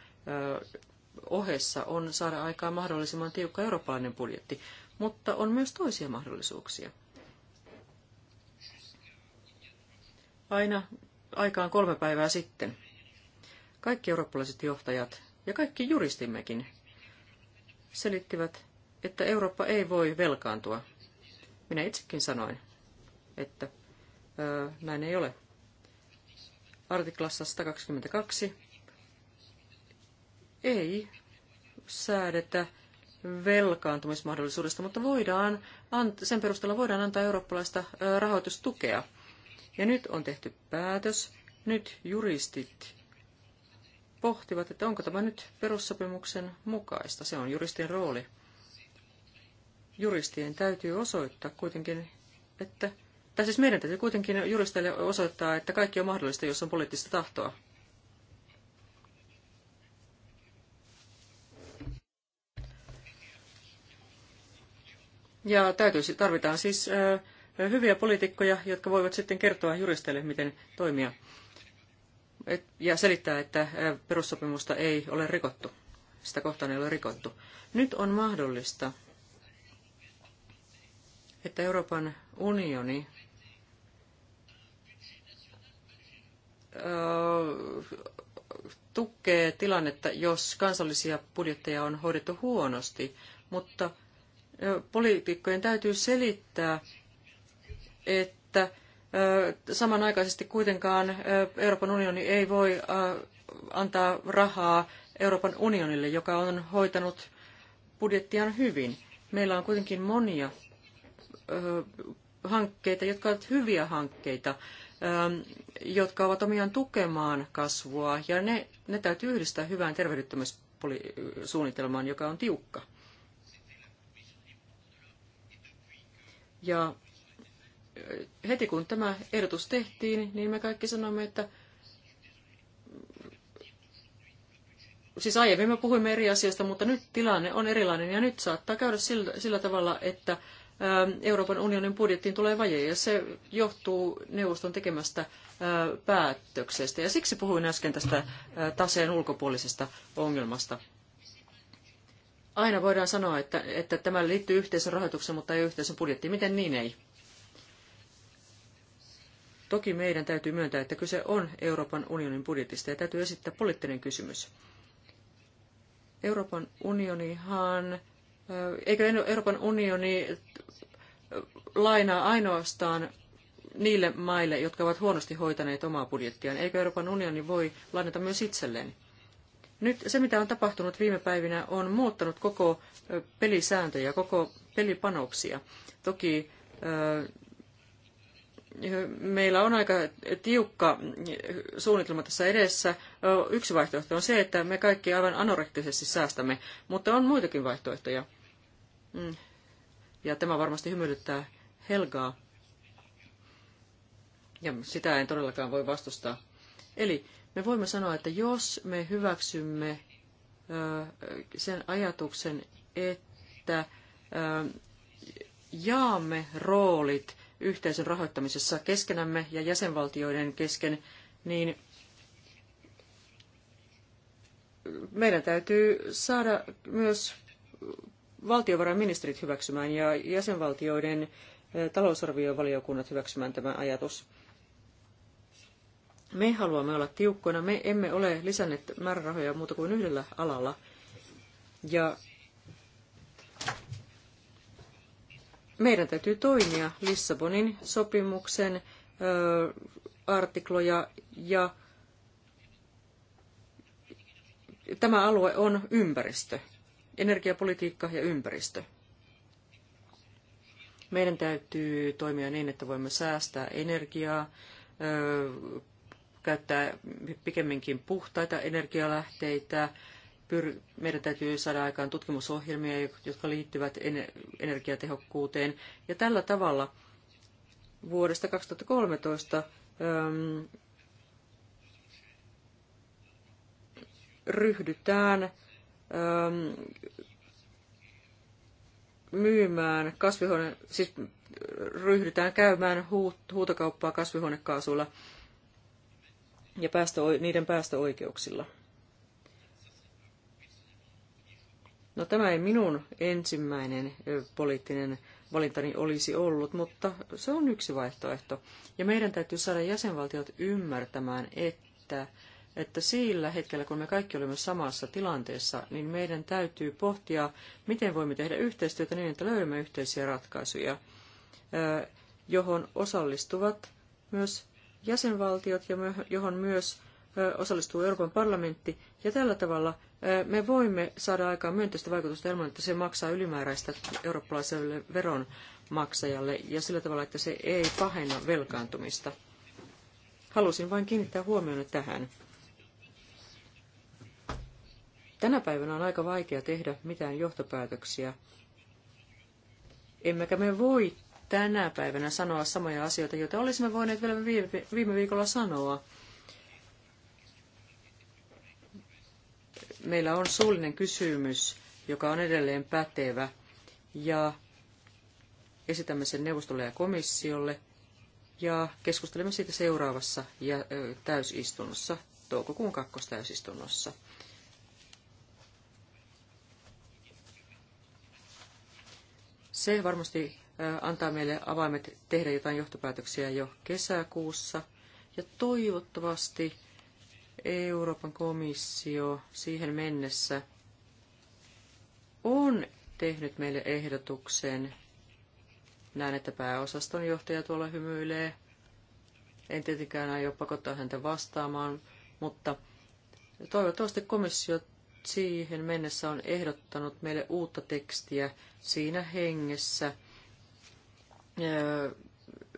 ohessa on saada aikaan mahdollisimman tiukka eurooppalainen budjetti, mutta on myös toisia mahdollisuuksia. Aina aikaan kolme päivää sitten kaikki eurooppalaiset johtajat ja kaikki juristimmekin selittivät että Eurooppa ei voi velkaantua. Minä itsekin sanoin, että ö, näin ei ole. Artiklassa 122 ei säädetä velkaantumismahdollisuudesta, mutta voidaan, sen perusteella voidaan antaa eurooppalaista rahoitustukea. Ja nyt on tehty päätös, nyt juristit pohtivat, että onko tämä nyt perussopimuksen mukaista. Se on juristin rooli juristien täytyy osoittaa kuitenkin, että, tai siis meidän täytyy kuitenkin juristeille osoittaa, että kaikki on mahdollista, jos on poliittista tahtoa. Ja täytyy, tarvitaan siis hyviä poliitikkoja, jotka voivat sitten kertoa juristeille, miten toimia ja selittää, että perussopimusta ei ole rikottu. Sitä kohtaan ei ole rikottu. Nyt on mahdollista että Euroopan unioni tukee tilannetta, jos kansallisia budjetteja on hoidettu huonosti, mutta poliitikkojen täytyy selittää, että samanaikaisesti kuitenkaan Euroopan unioni ei voi antaa rahaa Euroopan unionille, joka on hoitanut budjettiaan hyvin. Meillä on kuitenkin monia hankkeita, jotka ovat hyviä hankkeita, jotka ovat omiaan tukemaan kasvua, ja ne, ne täytyy yhdistää hyvään tervehdyttämissuunnitelmaan, joka on tiukka. Ja heti kun tämä ehdotus tehtiin, niin me kaikki sanoimme, että siis aiemmin me puhuimme eri asioista, mutta nyt tilanne on erilainen ja nyt saattaa käydä sillä, sillä tavalla, että Euroopan unionin budjettiin tulee vaje, ja se johtuu neuvoston tekemästä päätöksestä. Ja siksi puhuin äsken tästä taseen ulkopuolisesta ongelmasta. Aina voidaan sanoa, että, että tämä liittyy yhteisön rahoitukseen, mutta ei yhteisön budjettiin. Miten niin ei? Toki meidän täytyy myöntää, että kyse on Euroopan unionin budjetista ja täytyy esittää poliittinen kysymys. Euroopan unionihan, eikö Euroopan unioni lainaa ainoastaan niille maille, jotka ovat huonosti hoitaneet omaa budjettiaan. Eikö Euroopan unioni voi lainata myös itselleen? Nyt se, mitä on tapahtunut viime päivinä, on muuttanut koko pelisääntöjä, koko pelipanoksia. Toki meillä on aika tiukka suunnitelma tässä edessä. Yksi vaihtoehto on se, että me kaikki aivan anorektisesti säästämme, mutta on muitakin vaihtoehtoja. Mm. Ja tämä varmasti hymyilyttää Helgaa. Ja sitä en todellakaan voi vastustaa. Eli me voimme sanoa, että jos me hyväksymme sen ajatuksen, että jaamme roolit yhteisön rahoittamisessa keskenämme ja jäsenvaltioiden kesken, niin meidän täytyy saada myös valtiovarainministerit hyväksymään ja jäsenvaltioiden talousarviovaliokunnat hyväksymään tämä ajatus. Me haluamme olla tiukkoina. Me emme ole lisänneet määrärahoja muuta kuin yhdellä alalla. Ja meidän täytyy toimia Lissabonin sopimuksen ö, artikloja ja tämä alue on ympäristö energiapolitiikka ja ympäristö. Meidän täytyy toimia niin, että voimme säästää energiaa, käyttää pikemminkin puhtaita energialähteitä. meidän täytyy saada aikaan tutkimusohjelmia, jotka liittyvät energiatehokkuuteen. Ja tällä tavalla vuodesta 2013 ryhdytään Ähm, myymään kasvihuone, siis ryhdytään käymään huutokauppaa kasvihuonekaasulla ja päästö, niiden päästöoikeuksilla. No tämä ei minun ensimmäinen poliittinen valintani olisi ollut, mutta se on yksi vaihtoehto. Ja meidän täytyy saada jäsenvaltiot ymmärtämään, että että sillä hetkellä, kun me kaikki olemme samassa tilanteessa, niin meidän täytyy pohtia, miten voimme tehdä yhteistyötä niin, että löydämme yhteisiä ratkaisuja, johon osallistuvat myös jäsenvaltiot ja johon myös osallistuu Euroopan parlamentti. Ja tällä tavalla me voimme saada aikaan myönteistä vaikutusta ilman, että se maksaa ylimääräistä eurooppalaiselle veronmaksajalle ja sillä tavalla, että se ei pahenna velkaantumista. Halusin vain kiinnittää huomioon tähän. Tänä päivänä on aika vaikea tehdä mitään johtopäätöksiä. Emmekä me voi tänä päivänä sanoa samoja asioita, joita olisimme voineet vielä viime viikolla sanoa. Meillä on suullinen kysymys, joka on edelleen pätevä, ja esitämme sen neuvostolle ja komissiolle, ja keskustelemme siitä seuraavassa täysistunnossa, toukokuun kakkostäysistunnossa. Se varmasti antaa meille avaimet tehdä jotain johtopäätöksiä jo kesäkuussa. Ja toivottavasti Euroopan komissio siihen mennessä on tehnyt meille ehdotuksen. Näen, että pääosaston johtaja tuolla hymyilee. En tietenkään aio pakottaa häntä vastaamaan, mutta toivottavasti komissio siihen mennessä on ehdottanut meille uutta tekstiä siinä hengessä,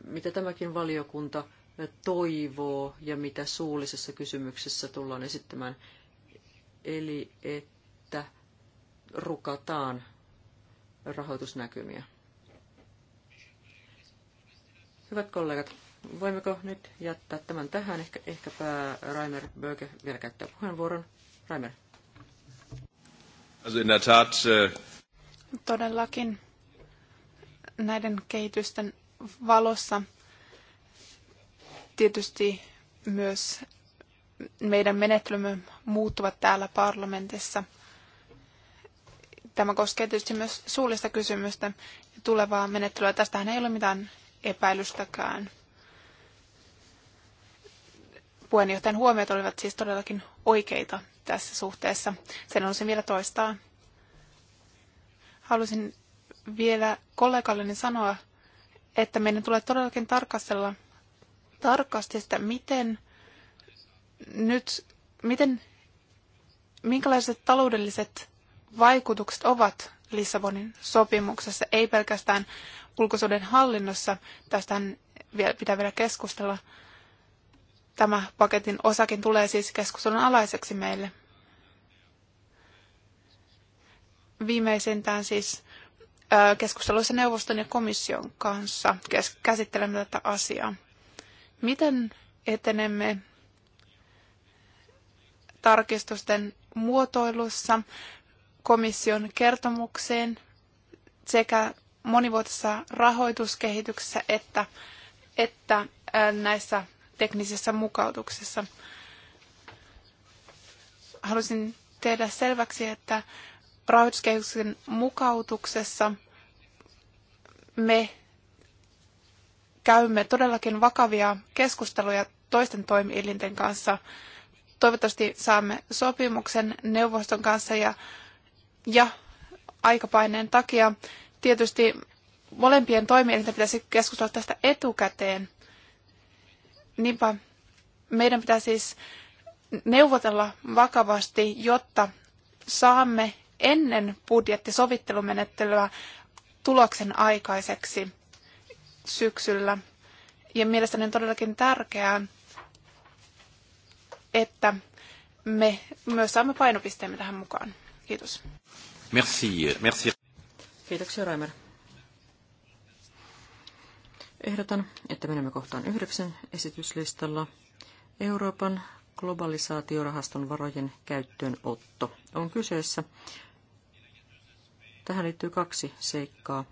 mitä tämäkin valiokunta toivoo ja mitä suullisessa kysymyksessä tullaan esittämään. Eli että rukataan rahoitusnäkymiä. Hyvät kollegat, voimmeko nyt jättää tämän tähän? Ehkä, ehkäpä Raimer Böke vielä käyttää puheenvuoron. Raimer. Also in der Tat, äh, Todellakin näiden kehitysten valossa tietysti myös meidän menettelymme muuttuvat täällä parlamentissa. Tämä koskee tietysti myös suullista kysymystä ja tulevaa menettelyä. Tästähän ei ole mitään epäilystäkään. Puheenjohtajan huomiot olivat siis todellakin oikeita tässä suhteessa. Sen se vielä toistaa. Haluaisin vielä kollegalleni sanoa, että meidän tulee todellakin tarkastella tarkasti sitä, miten nyt, miten, minkälaiset taloudelliset vaikutukset ovat Lissabonin sopimuksessa, ei pelkästään ulkosuuden hallinnossa. Tästähän pitää vielä keskustella. Tämä paketin osakin tulee siis keskustelun alaiseksi meille. viimeisintään siis keskusteluissa neuvoston ja komission kanssa käsittelemme tätä asiaa. Miten etenemme tarkistusten muotoilussa komission kertomukseen sekä monivuotisessa rahoituskehityksessä että, että näissä teknisissä mukautuksissa. Haluaisin tehdä selväksi, että rahoituskehyksen mukautuksessa me käymme todellakin vakavia keskusteluja toisten toimielinten kanssa. Toivottavasti saamme sopimuksen neuvoston kanssa ja, ja aikapaineen takia tietysti molempien toimielinten pitäisi keskustella tästä etukäteen. Niinpä meidän pitää siis neuvotella vakavasti, jotta saamme ennen budjettisovittelumenettelyä tuloksen aikaiseksi syksyllä. Ja mielestäni on todellakin tärkeää, että me myös saamme painopisteemme tähän mukaan. Kiitos. Merci. Merci. Kiitoksia, Raimer. Ehdotan, että menemme kohtaan yhdeksän esityslistalla. Euroopan globalisaatiorahaston varojen käyttöönotto on kyseessä. Tähän liittyy kaksi seikkaa.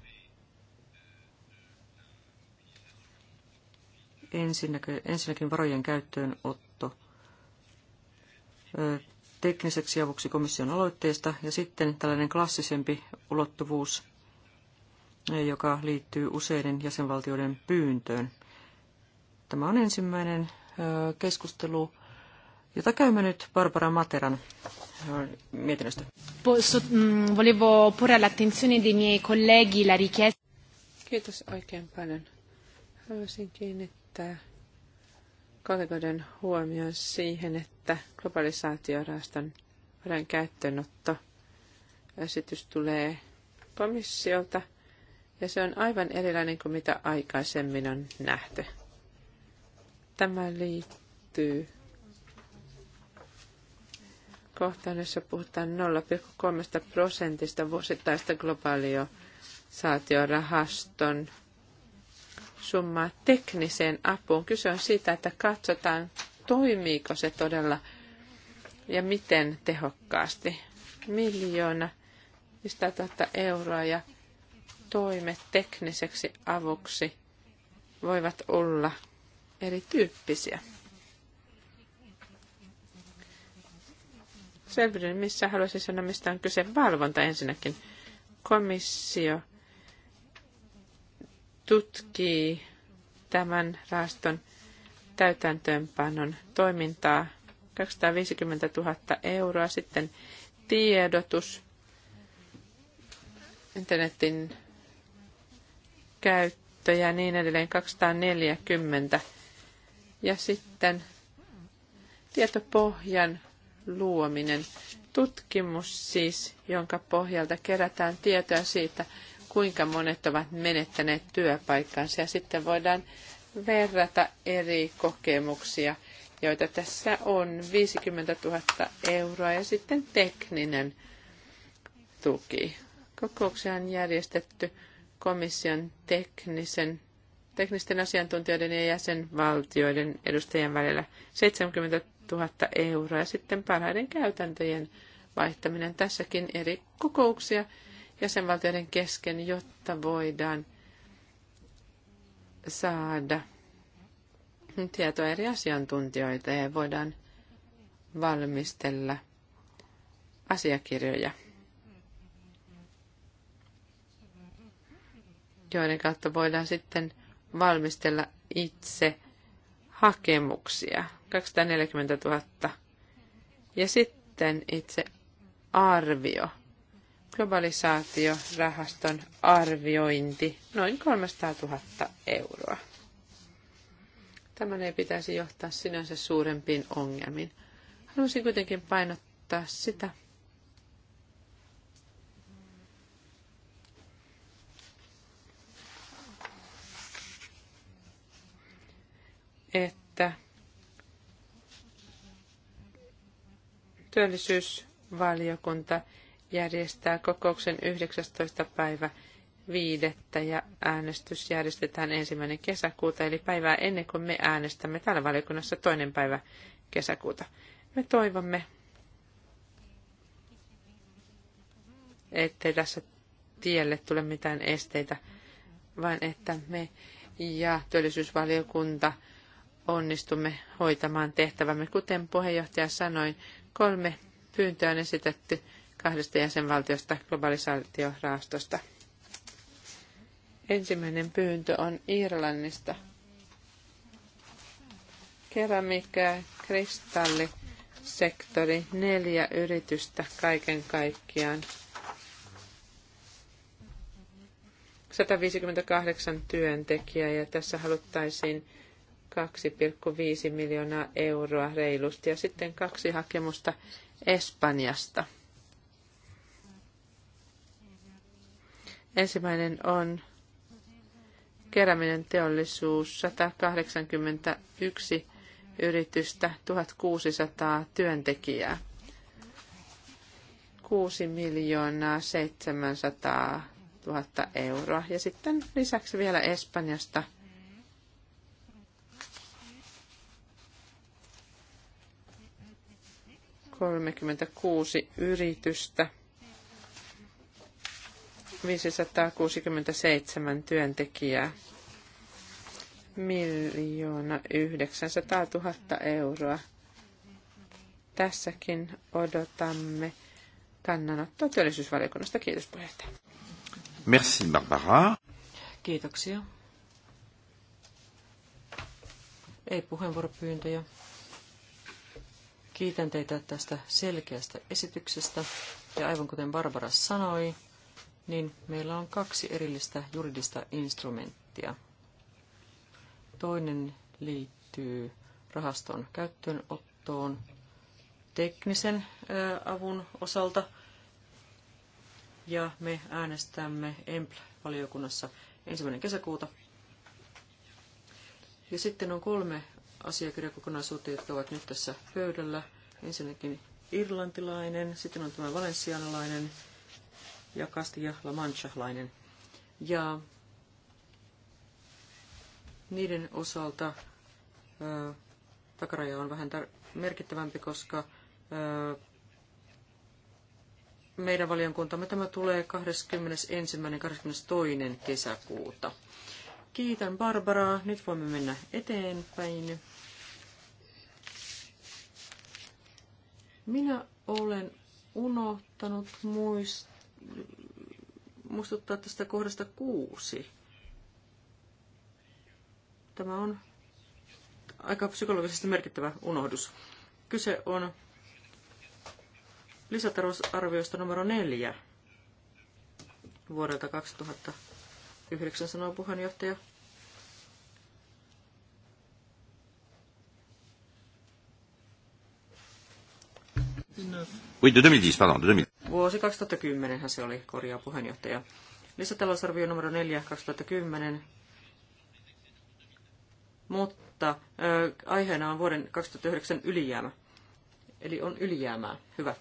Ensinnäkin, ensinnäkin varojen käyttöönotto tekniseksi avuksi komission aloitteesta ja sitten tällainen klassisempi ulottuvuus, joka liittyy useiden jäsenvaltioiden pyyntöön. Tämä on ensimmäinen keskustelu jota käymme nyt Barbara Materan äh, mietinnöstä. Mm, volevo porre all'attenzione dei miei colleghi la richiesta. Kiitos oikein paljon. Haluaisin kiinnittää kollegoiden huomioon siihen, että globalisaatioraston varan käyttöönotto esitys tulee komissiolta ja se on aivan erilainen kuin mitä aikaisemmin on nähty. Tämä liittyy kohtaan, jossa puhutaan 0,3 prosentista vuosittaista globalisaatiorahaston summaa tekniseen apuun. Kyse on siitä, että katsotaan, toimiiko se todella ja miten tehokkaasti. Miljoona 500 000 euroa ja toimet tekniseksi avuksi voivat olla erityyppisiä. selvyyden, missä haluaisin sanoa, mistä on kyse valvonta ensinnäkin. Komissio tutkii tämän rahaston täytäntöönpanon toimintaa 250 000 euroa. Sitten tiedotus, internetin käyttö ja niin edelleen 240. Ja sitten tietopohjan luominen. Tutkimus siis, jonka pohjalta kerätään tietoa siitä, kuinka monet ovat menettäneet työpaikkansa ja sitten voidaan verrata eri kokemuksia, joita tässä on 50 000 euroa ja sitten tekninen tuki. Kokouksia on järjestetty komission teknisen, teknisten asiantuntijoiden ja jäsenvaltioiden edustajien välillä 70 000 euroa. Ja sitten parhaiden käytäntöjen vaihtaminen tässäkin eri kokouksia jäsenvaltioiden kesken, jotta voidaan saada tietoa eri asiantuntijoita ja voidaan valmistella asiakirjoja, joiden kautta voidaan sitten valmistella itse hakemuksia 240 000. Ja sitten itse arvio. Globalisaatiorahaston arviointi, noin 300 000 euroa. Tämän ei pitäisi johtaa sinänsä suurempiin ongelmiin. Haluaisin kuitenkin painottaa sitä, että Työllisyysvaliokunta järjestää kokouksen 19. päivä viidettä ja äänestys järjestetään ensimmäinen kesäkuuta, eli päivää ennen kuin me äänestämme täällä valiokunnassa toinen päivä kesäkuuta. Me toivomme, ettei tässä tielle tule mitään esteitä, vaan että me ja työllisyysvaliokunta onnistumme hoitamaan tehtävämme. Kuten puheenjohtaja sanoi, Kolme pyyntöä on esitetty kahdesta jäsenvaltiosta globalisaatiorahastosta. Ensimmäinen pyyntö on Irlannista. Keramiikka ja kristallisektori, neljä yritystä kaiken kaikkiaan. 158 työntekijää ja tässä haluttaisiin 2,5 miljoonaa euroa reilusti ja sitten kaksi hakemusta Espanjasta. Ensimmäinen on keräminen teollisuus 181 yritystä 1600 työntekijää. 6 miljoonaa 700 000 euroa. Ja sitten lisäksi vielä Espanjasta – 36 yritystä, 567 työntekijää, miljoona 900 000 euroa. Tässäkin odotamme kannanottoa työllisyysvaliokunnasta. Kiitos puheenjohtaja. Merci Barbara. Kiitoksia. Ei puheenvuoropyyntöjä. Kiitän teitä tästä selkeästä esityksestä. Ja aivan kuten Barbara sanoi, niin meillä on kaksi erillistä juridista instrumenttia. Toinen liittyy rahaston käyttöönottoon teknisen avun osalta. Ja me äänestämme EMPL-valiokunnassa ensimmäinen kesäkuuta. Ja sitten on kolme asiakirjakokonaisuuteen, jotka ovat nyt tässä pöydällä. Ensinnäkin irlantilainen, sitten on tämä valensianalainen ja Castilla La Manchalainen. Ja niiden osalta ö, takaraja on vähän merkittävämpi, koska ö, meidän valiokuntamme tämä tulee 21.–22. kesäkuuta. Kiitän Barbaraa. Nyt voimme mennä eteenpäin. Minä olen unohtanut muist... muistuttaa tästä kohdasta kuusi. Tämä on aika psykologisesti merkittävä unohdus. Kyse on lisätalousarviosta numero neljä vuodelta 2000. Yhdeksän sanoo puheenjohtaja. Oui, de 2010, pardon, de 2010. Vuosi 2010 hän se oli, korjaa puheenjohtaja. Lisätalousarvio numero 4 2010. Mutta äh, aiheena on vuoden 2009 ylijäämä. Eli on ylijäämää. Hyvä.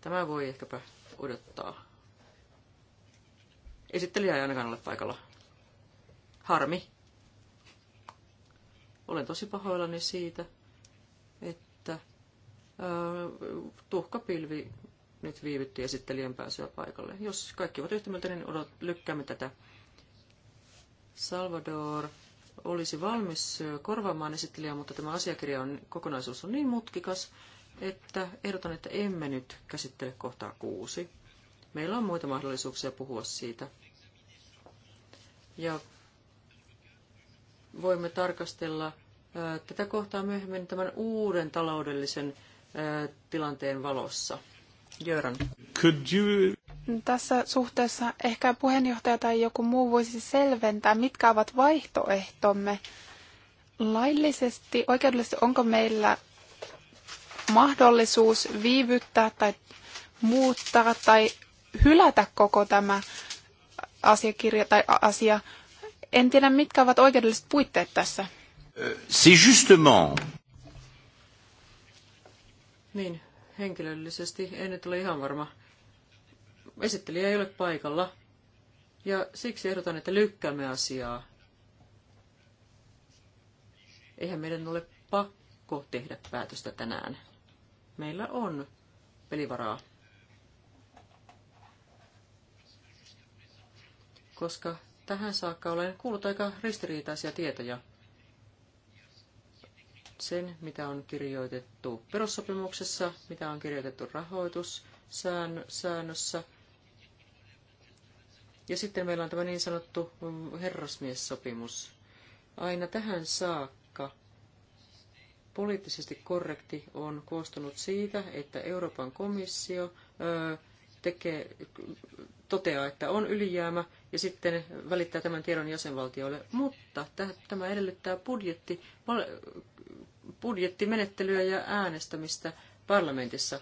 Tämä voi ehkäpä odottaa. Esittelijä ei ainakaan ole paikalla. Harmi. Olen tosi pahoillani siitä, että äh, tuhkapilvi nyt viivytti esittelijän pääsyä paikalle. Jos kaikki ovat yhtä mieltä, niin odot, lykkäämme tätä. Salvador olisi valmis korvaamaan esittelijää, mutta tämä asiakirja on, kokonaisuus on niin mutkikas, että ehdotan, että emme nyt käsittele kohtaa kuusi. Meillä on muita mahdollisuuksia puhua siitä ja voimme tarkastella tätä kohtaa myöhemmin tämän uuden taloudellisen tilanteen valossa. Jöran. Could you... Tässä suhteessa ehkä puheenjohtaja tai joku muu voisi selventää, mitkä ovat vaihtoehtomme laillisesti, oikeudellisesti, onko meillä mahdollisuus viivyttää tai muuttaa tai hylätä koko tämä asiakirja tai asia. En tiedä, mitkä ovat oikeudelliset puitteet tässä. Euh, c'est justement. Niin, henkilöllisesti en nyt ole ihan varma. Esittelijä ei ole paikalla. Ja siksi ehdotan, että lykkäämme asiaa. Eihän meidän ole pakko tehdä päätöstä tänään. Meillä on pelivaraa. koska tähän saakka olen kuullut aika ristiriitaisia tietoja. Sen, mitä on kirjoitettu perussopimuksessa, mitä on kirjoitettu rahoitussäännössä. Ja sitten meillä on tämä niin sanottu herrasmiessopimus. Aina tähän saakka poliittisesti korrekti on koostunut siitä, että Euroopan komissio tekee, toteaa, että on ylijäämä ja sitten välittää tämän tiedon jäsenvaltioille. Mutta tämä edellyttää budjetti, budjettimenettelyä ja äänestämistä parlamentissa.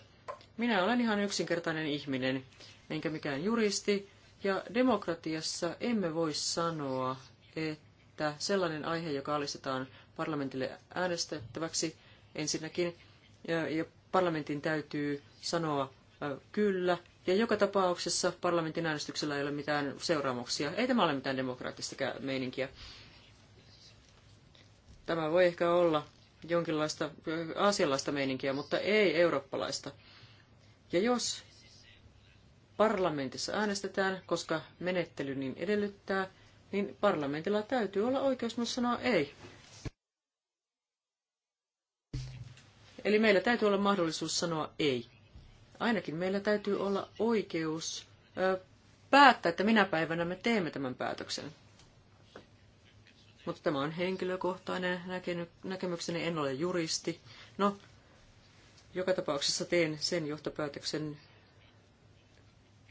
Minä olen ihan yksinkertainen ihminen, enkä mikään juristi, ja demokratiassa emme voi sanoa, että sellainen aihe, joka alistetaan parlamentille äänestettäväksi ensinnäkin, ja parlamentin täytyy sanoa kyllä ja joka tapauksessa parlamentin äänestyksellä ei ole mitään seuraamuksia. Ei tämä ole mitään demokraattista meininkiä. Tämä voi ehkä olla jonkinlaista äh, asialaista meininkiä, mutta ei eurooppalaista. Ja jos parlamentissa äänestetään, koska menettely niin edellyttää, niin parlamentilla täytyy olla oikeus myös sanoa ei. Eli meillä täytyy olla mahdollisuus sanoa ei ainakin meillä täytyy olla oikeus päättää, että minä päivänä me teemme tämän päätöksen. Mutta tämä on henkilökohtainen näkemykseni, en ole juristi. No, joka tapauksessa teen sen johtopäätöksen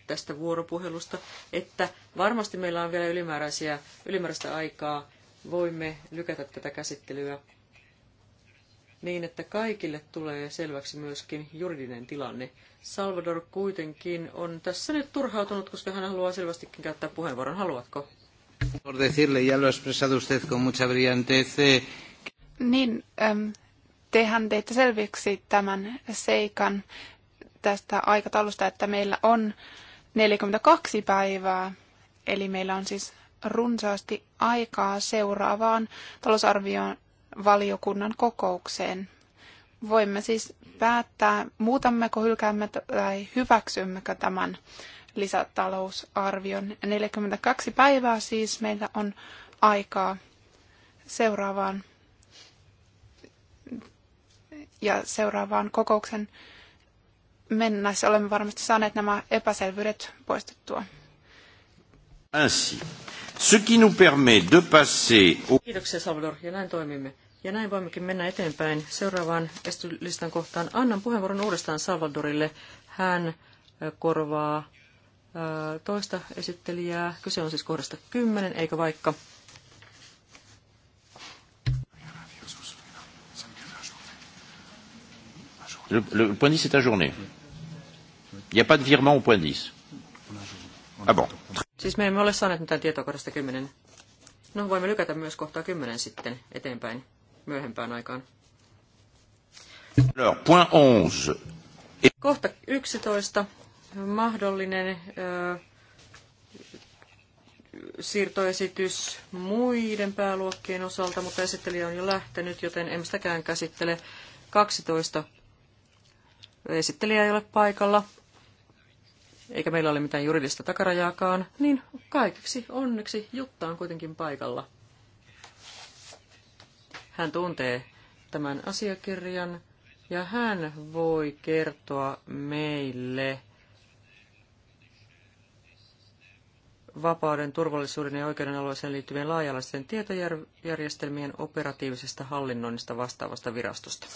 tästä vuoropuhelusta, että varmasti meillä on vielä ylimääräisiä, ylimääräistä aikaa, voimme lykätä tätä käsittelyä niin että kaikille tulee selväksi myöskin juridinen tilanne. Salvador kuitenkin on tässä nyt turhautunut, koska hän haluaa selvästikin käyttää puheenvuoron. Haluatko? Por decirle, ya lo expresado usted con mucha brillantez. Eh, niin, ähm, tehän teitte selviksi tämän seikan tästä aikataulusta, että meillä on 42 päivää, eli meillä on siis runsaasti aikaa seuraavaan talousarvioon valiokunnan kokoukseen. Voimme siis päättää, muutammeko, hylkäämme tai hyväksymmekö tämän lisätalousarvion. 42 päivää siis meillä on aikaa seuraavaan ja seuraavaan kokouksen mennessä olemme varmasti saaneet nämä epäselvyydet poistettua. Ainsi. Ce qui nous permet de passer au... Kiitoksia Salvador, ja näin toimimme. Ja näin voimmekin mennä eteenpäin seuraavaan estylistan kohtaan. Annan puheenvuoron uudestaan Salvadorille. Hän korvaa toista esittelijää. Kyse on siis kohdasta 10, eikä vaikka? Le, le point 10 est ajourné. Il n'y a pas de virement au point 10. Ah bon. Siis me emme ole saaneet mitään tietoa kohdasta 10. No voimme lykätä myös kohtaa 10 sitten eteenpäin myöhempään aikaan. point 11. Kohta 11. Mahdollinen ö, siirtoesitys muiden pääluokkien osalta, mutta esittelijä on jo lähtenyt, joten en sitäkään käsittele. 12. Esittelijä ei ole paikalla, eikä meillä ole mitään juridista takarajaakaan, niin kaikeksi onneksi Jutta on kuitenkin paikalla. Hän tuntee tämän asiakirjan ja hän voi kertoa meille vapauden, turvallisuuden ja oikeuden alueeseen liittyvien laajalaisten tietojärjestelmien operatiivisesta hallinnoinnista vastaavasta virastosta.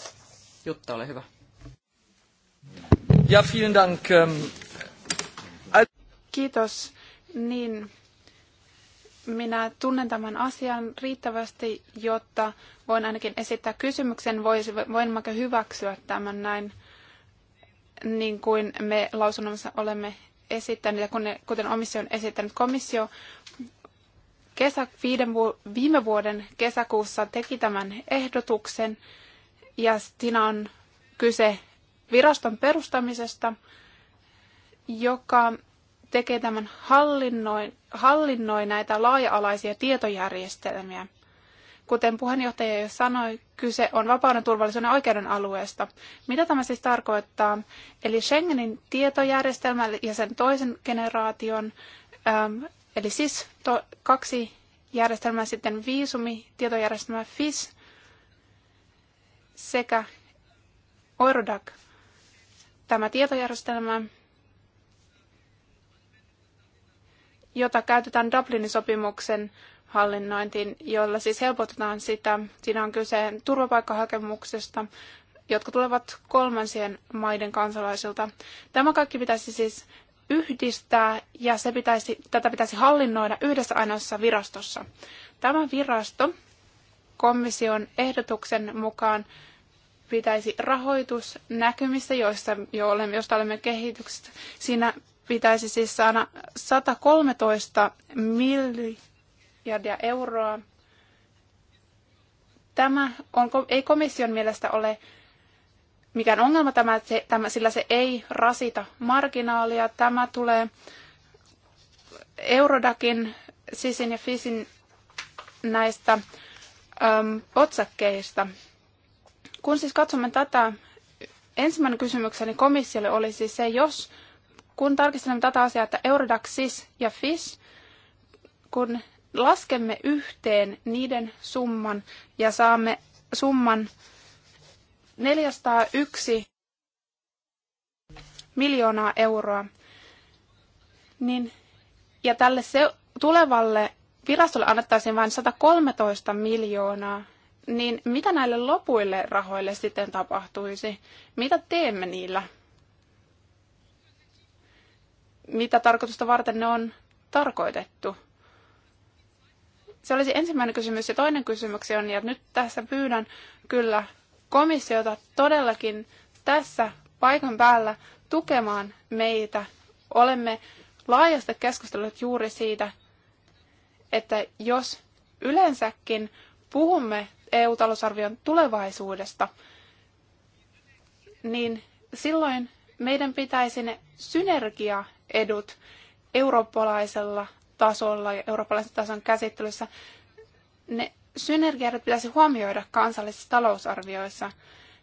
Jutta, ole hyvä. Ja, vielen dank. Ähm, Kiitos. Niin, minä tunnen tämän asian riittävästi, jotta voin ainakin esittää kysymyksen, voimmeko hyväksyä tämän näin, niin kuin me lausunnossa olemme esittäneet, ja kun kuten komissio on esittänyt. Komissio kesä, viiden vu, viime vuoden kesäkuussa teki tämän ehdotuksen, ja siinä on kyse viraston perustamisesta, joka tekee tämän, hallinnoi, hallinnoi näitä laaja-alaisia tietojärjestelmiä. Kuten puheenjohtaja jo sanoi, kyse on vapauden, turvallisuuden oikeuden alueesta. Mitä tämä siis tarkoittaa? Eli Schengenin tietojärjestelmä ja sen toisen generaation, ähm, eli siis to, kaksi järjestelmää sitten viisumi, tietojärjestelmä FIS sekä Eurodac. Tämä tietojärjestelmä jota käytetään Dublinin sopimuksen hallinnointiin, jolla siis helpotetaan sitä. Siinä on kyse turvapaikkahakemuksesta, jotka tulevat kolmansien maiden kansalaisilta. Tämä kaikki pitäisi siis yhdistää ja se pitäisi, tätä pitäisi hallinnoida yhdessä ainoassa virastossa. Tämä virasto komission ehdotuksen mukaan pitäisi rahoitusnäkymissä, joista, jo olemme, joista olemme siinä pitäisi siis saada 113 miljardia euroa. Tämä on, ei komission mielestä ole mikään ongelma, tämä, se, tämä, sillä se ei rasita marginaalia. Tämä tulee Eurodakin, Sisin ja Fisin näistä äm, otsakkeista. Kun siis katsomme tätä, ensimmäinen kysymykseni komissiolle olisi se, jos kun tarkistelemme tätä asiaa, että Eurodax, SIS ja FIS, kun laskemme yhteen niiden summan ja saamme summan 401 miljoonaa euroa, niin, ja tälle se, tulevalle virastolle annettaisiin vain 113 miljoonaa, niin mitä näille lopuille rahoille sitten tapahtuisi? Mitä teemme niillä? mitä tarkoitusta varten ne on tarkoitettu. Se olisi ensimmäinen kysymys. Ja toinen kysymys on, ja nyt tässä pyydän kyllä komissiota todellakin tässä paikan päällä tukemaan meitä. Olemme laajasti keskustelleet juuri siitä, että jos yleensäkin puhumme EU-talousarvion tulevaisuudesta, niin silloin meidän pitäisi ne synergia edut eurooppalaisella tasolla ja eurooppalaisen tason käsittelyssä, ne synergiat pitäisi huomioida kansallisissa talousarvioissa.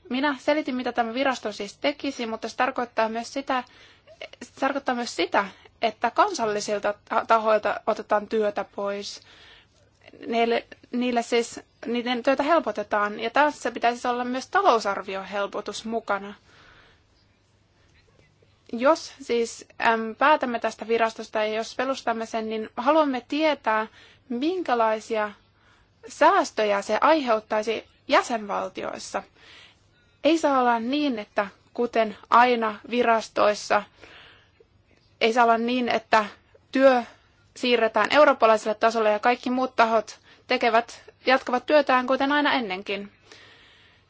Minä selitin, mitä tämä virasto siis tekisi, mutta se tarkoittaa myös sitä, se tarkoittaa myös sitä että kansallisilta tahoilta otetaan työtä pois. Niille, niille siis, niiden työtä helpotetaan, ja tässä pitäisi olla myös talousarviohelpotus mukana. Jos siis äm, päätämme tästä virastosta ja jos pelustamme sen, niin haluamme tietää, minkälaisia säästöjä se aiheuttaisi jäsenvaltioissa. Ei saa olla niin, että kuten aina virastoissa, ei saa olla niin, että työ siirretään eurooppalaiselle tasolle ja kaikki muut tahot tekevät, jatkavat työtään kuten aina ennenkin.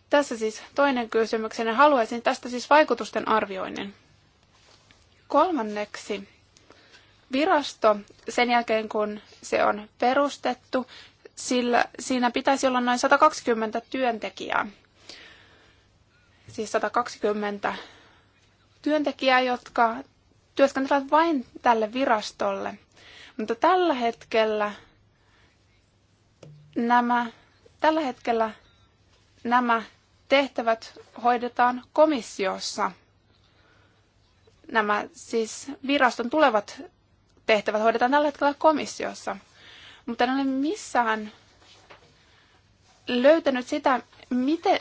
Tässä siis toinen kysymykseni. Haluaisin tästä siis vaikutusten arvioinnin. Kolmanneksi, virasto sen jälkeen kun se on perustettu, sillä siinä pitäisi olla noin 120 työntekijää. Siis 120 työntekijää, jotka työskentelevät vain tälle virastolle. Mutta tällä hetkellä nämä, tällä hetkellä nämä tehtävät hoidetaan komissiossa – Nämä siis viraston tulevat tehtävät hoidetaan tällä hetkellä komissiossa. Mutta en ole missään löytänyt sitä, miten,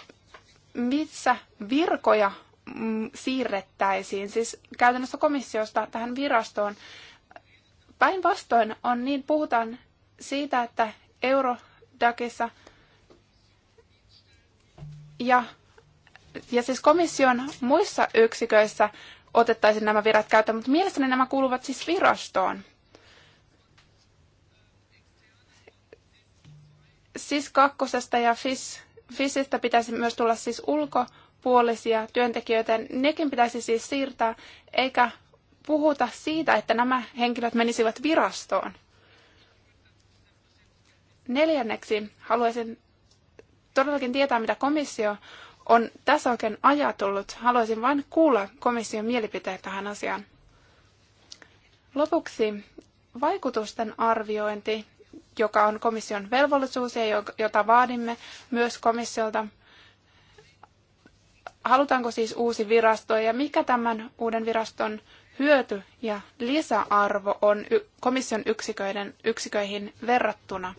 missä virkoja mm, siirrettäisiin, siis käytännössä komissiosta tähän virastoon. Päinvastoin on niin, puhutaan siitä, että Eurodacissa ja, ja siis komission muissa yksiköissä otettaisiin nämä virat käyttöön, mutta mielestäni nämä kuuluvat siis virastoon. Siis kakkosesta ja FIS, FISistä pitäisi myös tulla siis ulkopuolisia työntekijöitä. Nekin pitäisi siis siirtää, eikä puhuta siitä, että nämä henkilöt menisivät virastoon. Neljänneksi haluaisin todellakin tietää, mitä komissio on tässä oikein ajatellut. Haluaisin vain kuulla komission mielipiteen tähän asiaan. Lopuksi vaikutusten arviointi, joka on komission velvollisuus ja jota vaadimme myös komissiolta. Halutaanko siis uusi virasto ja mikä tämän uuden viraston hyöty ja lisäarvo on komission yksiköiden, yksiköihin verrattuna?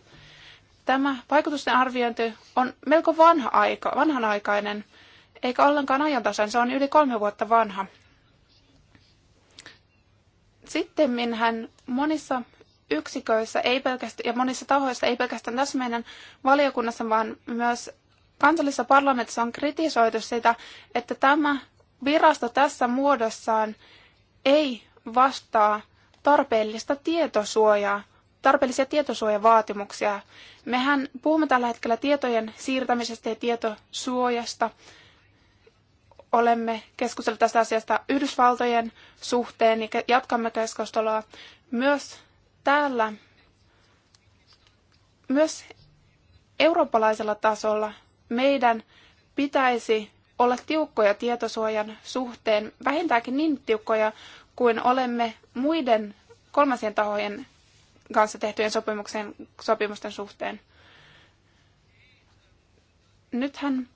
Tämä vaikutusten arviointi on melko vanha aika, vanhanaikainen, eikä ollenkaan ajantasan, Se on yli kolme vuotta vanha. Sitten hän monissa yksiköissä ei pelkästään, ja monissa tahoissa, ei pelkästään tässä meidän valiokunnassa, vaan myös kansallisessa parlamentissa on kritisoitu sitä, että tämä virasto tässä muodossaan ei vastaa tarpeellista tietosuojaa tarpeellisia tietosuojavaatimuksia. Mehän puhumme tällä hetkellä tietojen siirtämisestä ja tietosuojasta. Olemme keskustelleet tästä asiasta Yhdysvaltojen suhteen ja jatkamme keskustelua myös täällä, myös eurooppalaisella tasolla meidän pitäisi olla tiukkoja tietosuojan suhteen, vähintäänkin niin tiukkoja kuin olemme muiden kolmansien tahojen kanssa tehtyjen sopimuksen, sopimusten suhteen. Nythän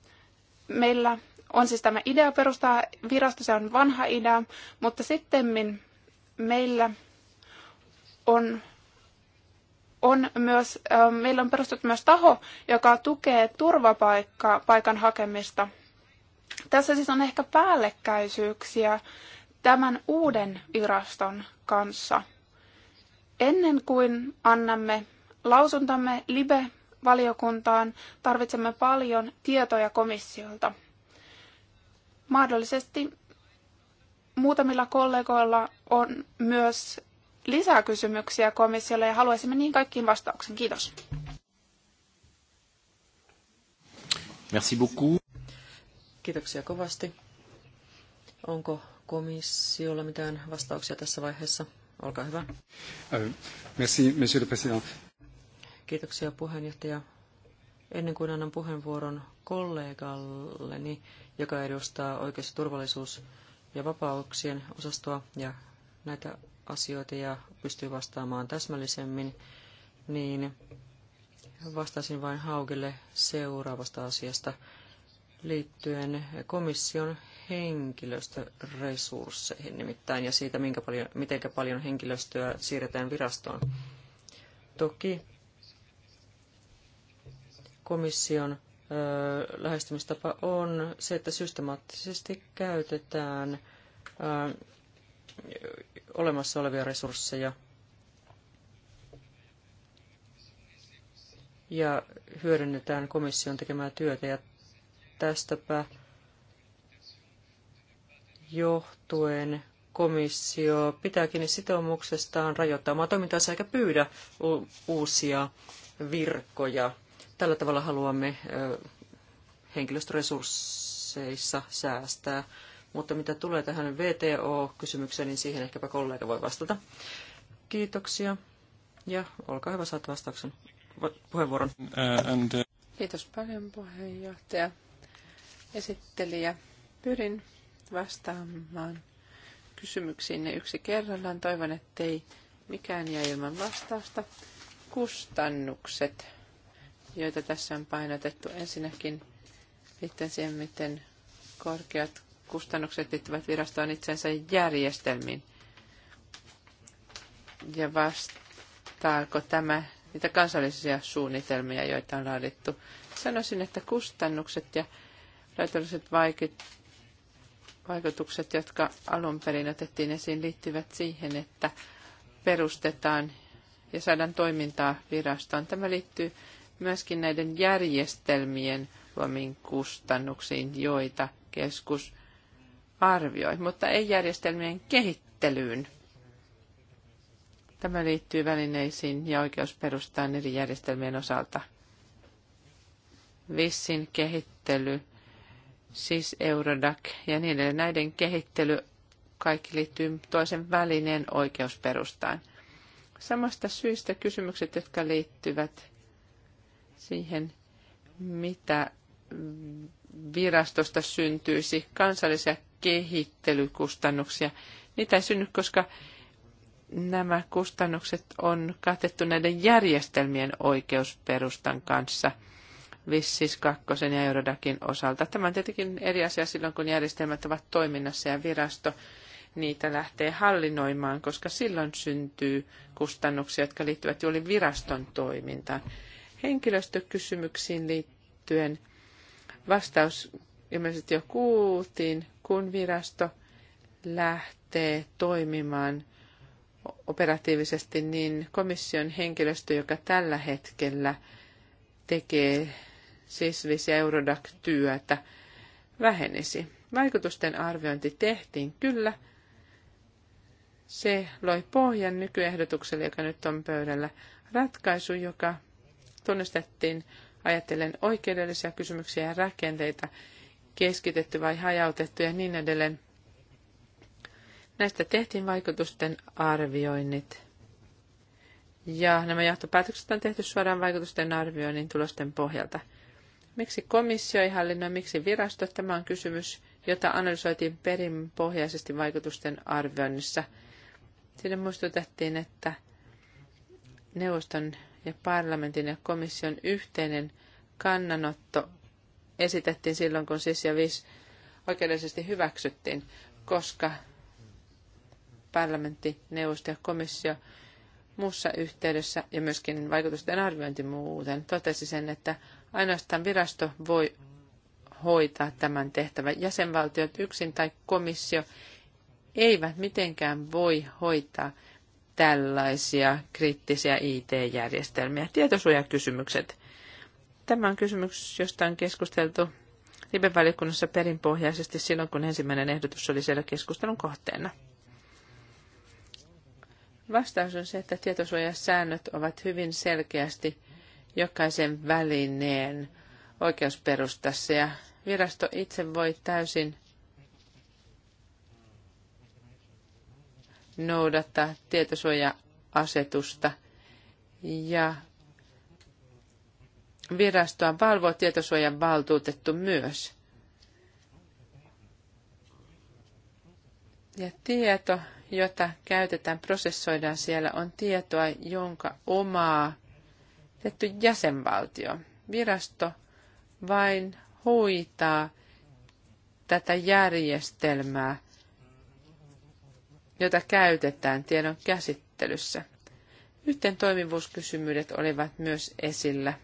meillä on siis tämä idea perustaa virasto, se on vanha idea, mutta sitten meillä on, on myös, meillä on perustettu myös taho, joka tukee turvapaikan hakemista. Tässä siis on ehkä päällekkäisyyksiä tämän uuden viraston kanssa. Ennen kuin annamme lausuntamme LIBE-valiokuntaan, tarvitsemme paljon tietoja komissiolta. Mahdollisesti muutamilla kollegoilla on myös lisää kysymyksiä komissiolle ja haluaisimme niin kaikkiin vastauksen. Kiitos. Merci beaucoup. Kiitoksia kovasti. Onko komissiolla mitään vastauksia tässä vaiheessa? Olkaa hyvä. Euh, merci, monsieur le président. Kiitoksia puheenjohtaja. Ennen kuin annan puheenvuoron kollegalleni, joka edustaa oikeus- turvallisuus- ja vapauksien osastoa ja näitä asioita ja pystyy vastaamaan täsmällisemmin, niin vastasin vain Haugille seuraavasta asiasta liittyen komission henkilöstöresursseihin nimittäin ja siitä, minkä paljon, miten paljon henkilöstöä siirretään virastoon. Toki komission ö, lähestymistapa on se, että systemaattisesti käytetään ö, olemassa olevia resursseja ja hyödynnetään komission tekemää työtä. Ja tästäpä johtuen komissio pitääkin sitoumuksestaan rajoittaa toimintaansa eikä pyydä uusia virkoja. Tällä tavalla haluamme henkilöstöresursseissa säästää. Mutta mitä tulee tähän VTO-kysymykseen, niin siihen ehkäpä kollega voi vastata. Kiitoksia. Ja olkaa hyvä, saat vastauksen puheenvuoron. Äh, äh, Kiitos paljon puheenjohtaja. Esittelijä, pyrin vastaamaan kysymyksiinne yksi kerrallaan. Toivon, ettei mikään jää ilman vastausta. Kustannukset, joita tässä on painotettu ensinnäkin liittyen siihen, miten korkeat kustannukset liittyvät virastoon itsensä järjestelmiin. Ja vastaako tämä niitä kansallisia suunnitelmia, joita on laadittu. Sanoisin, että kustannukset ja rajoitukset vaikutukset, jotka alun perin otettiin esiin, liittyvät siihen, että perustetaan ja saadaan toimintaa virastoon. Tämä liittyy myöskin näiden järjestelmien luomiin kustannuksiin, joita keskus arvioi, mutta ei järjestelmien kehittelyyn. Tämä liittyy välineisiin ja oikeusperustaan eri järjestelmien osalta. Vissin kehittely siis Eurodac ja niin edelleen. Näiden kehittely kaikki liittyy toisen välineen oikeusperustaan. Samasta syystä kysymykset, jotka liittyvät siihen, mitä virastosta syntyisi kansallisia kehittelykustannuksia. Niitä ei synny, koska nämä kustannukset on katettu näiden järjestelmien oikeusperustan kanssa – Vissis kakkosen ja Eurodakin osalta. Tämä on tietenkin eri asia silloin, kun järjestelmät ovat toiminnassa ja virasto niitä lähtee hallinnoimaan, koska silloin syntyy kustannuksia, jotka liittyvät juuri viraston toimintaan. Henkilöstökysymyksiin liittyen vastaus ilmeisesti jo kuultiin, kun virasto lähtee toimimaan operatiivisesti, niin komission henkilöstö, joka tällä hetkellä tekee SISVIS ja Eurodac-työtä vähenisi. Vaikutusten arviointi tehtiin kyllä. Se loi pohjan nykyehdotukselle, joka nyt on pöydällä. Ratkaisu, joka tunnistettiin ajatellen oikeudellisia kysymyksiä ja rakenteita, keskitetty vai hajautettu ja niin edelleen. Näistä tehtiin vaikutusten arvioinnit. Ja nämä johtopäätökset on tehty suoraan vaikutusten arvioinnin tulosten pohjalta – Miksi komissio ei hallinnoi, miksi virasto? Tämä on kysymys, jota analysoitiin perinpohjaisesti vaikutusten arvioinnissa. Siinä muistutettiin, että neuvoston ja parlamentin ja komission yhteinen kannanotto esitettiin silloin, kun SIS ja VIS oikeudellisesti hyväksyttiin, koska parlamentti, neuvosto ja komissio muussa yhteydessä ja myöskin vaikutusten arviointi muuten totesi sen, että Ainoastaan virasto voi hoitaa tämän tehtävän. Jäsenvaltiot yksin tai komissio eivät mitenkään voi hoitaa tällaisia kriittisiä IT-järjestelmiä. Tietosuojakysymykset. Tämä on kysymys, josta on keskusteltu live-valiokunnassa perinpohjaisesti silloin, kun ensimmäinen ehdotus oli siellä keskustelun kohteena. Vastaus on se, että tietosuojasäännöt ovat hyvin selkeästi jokaisen välineen oikeusperustassa ja virasto itse voi täysin noudattaa tietosuoja-asetusta ja virastoa valvoo tietosuojan valtuutettu myös. Ja tieto, jota käytetään, prosessoidaan siellä, on tietoa, jonka omaa tietty jäsenvaltio. Virasto vain hoitaa tätä järjestelmää, jota käytetään tiedon käsittelyssä. Yhteen toimivuuskysymykset olivat myös esillä.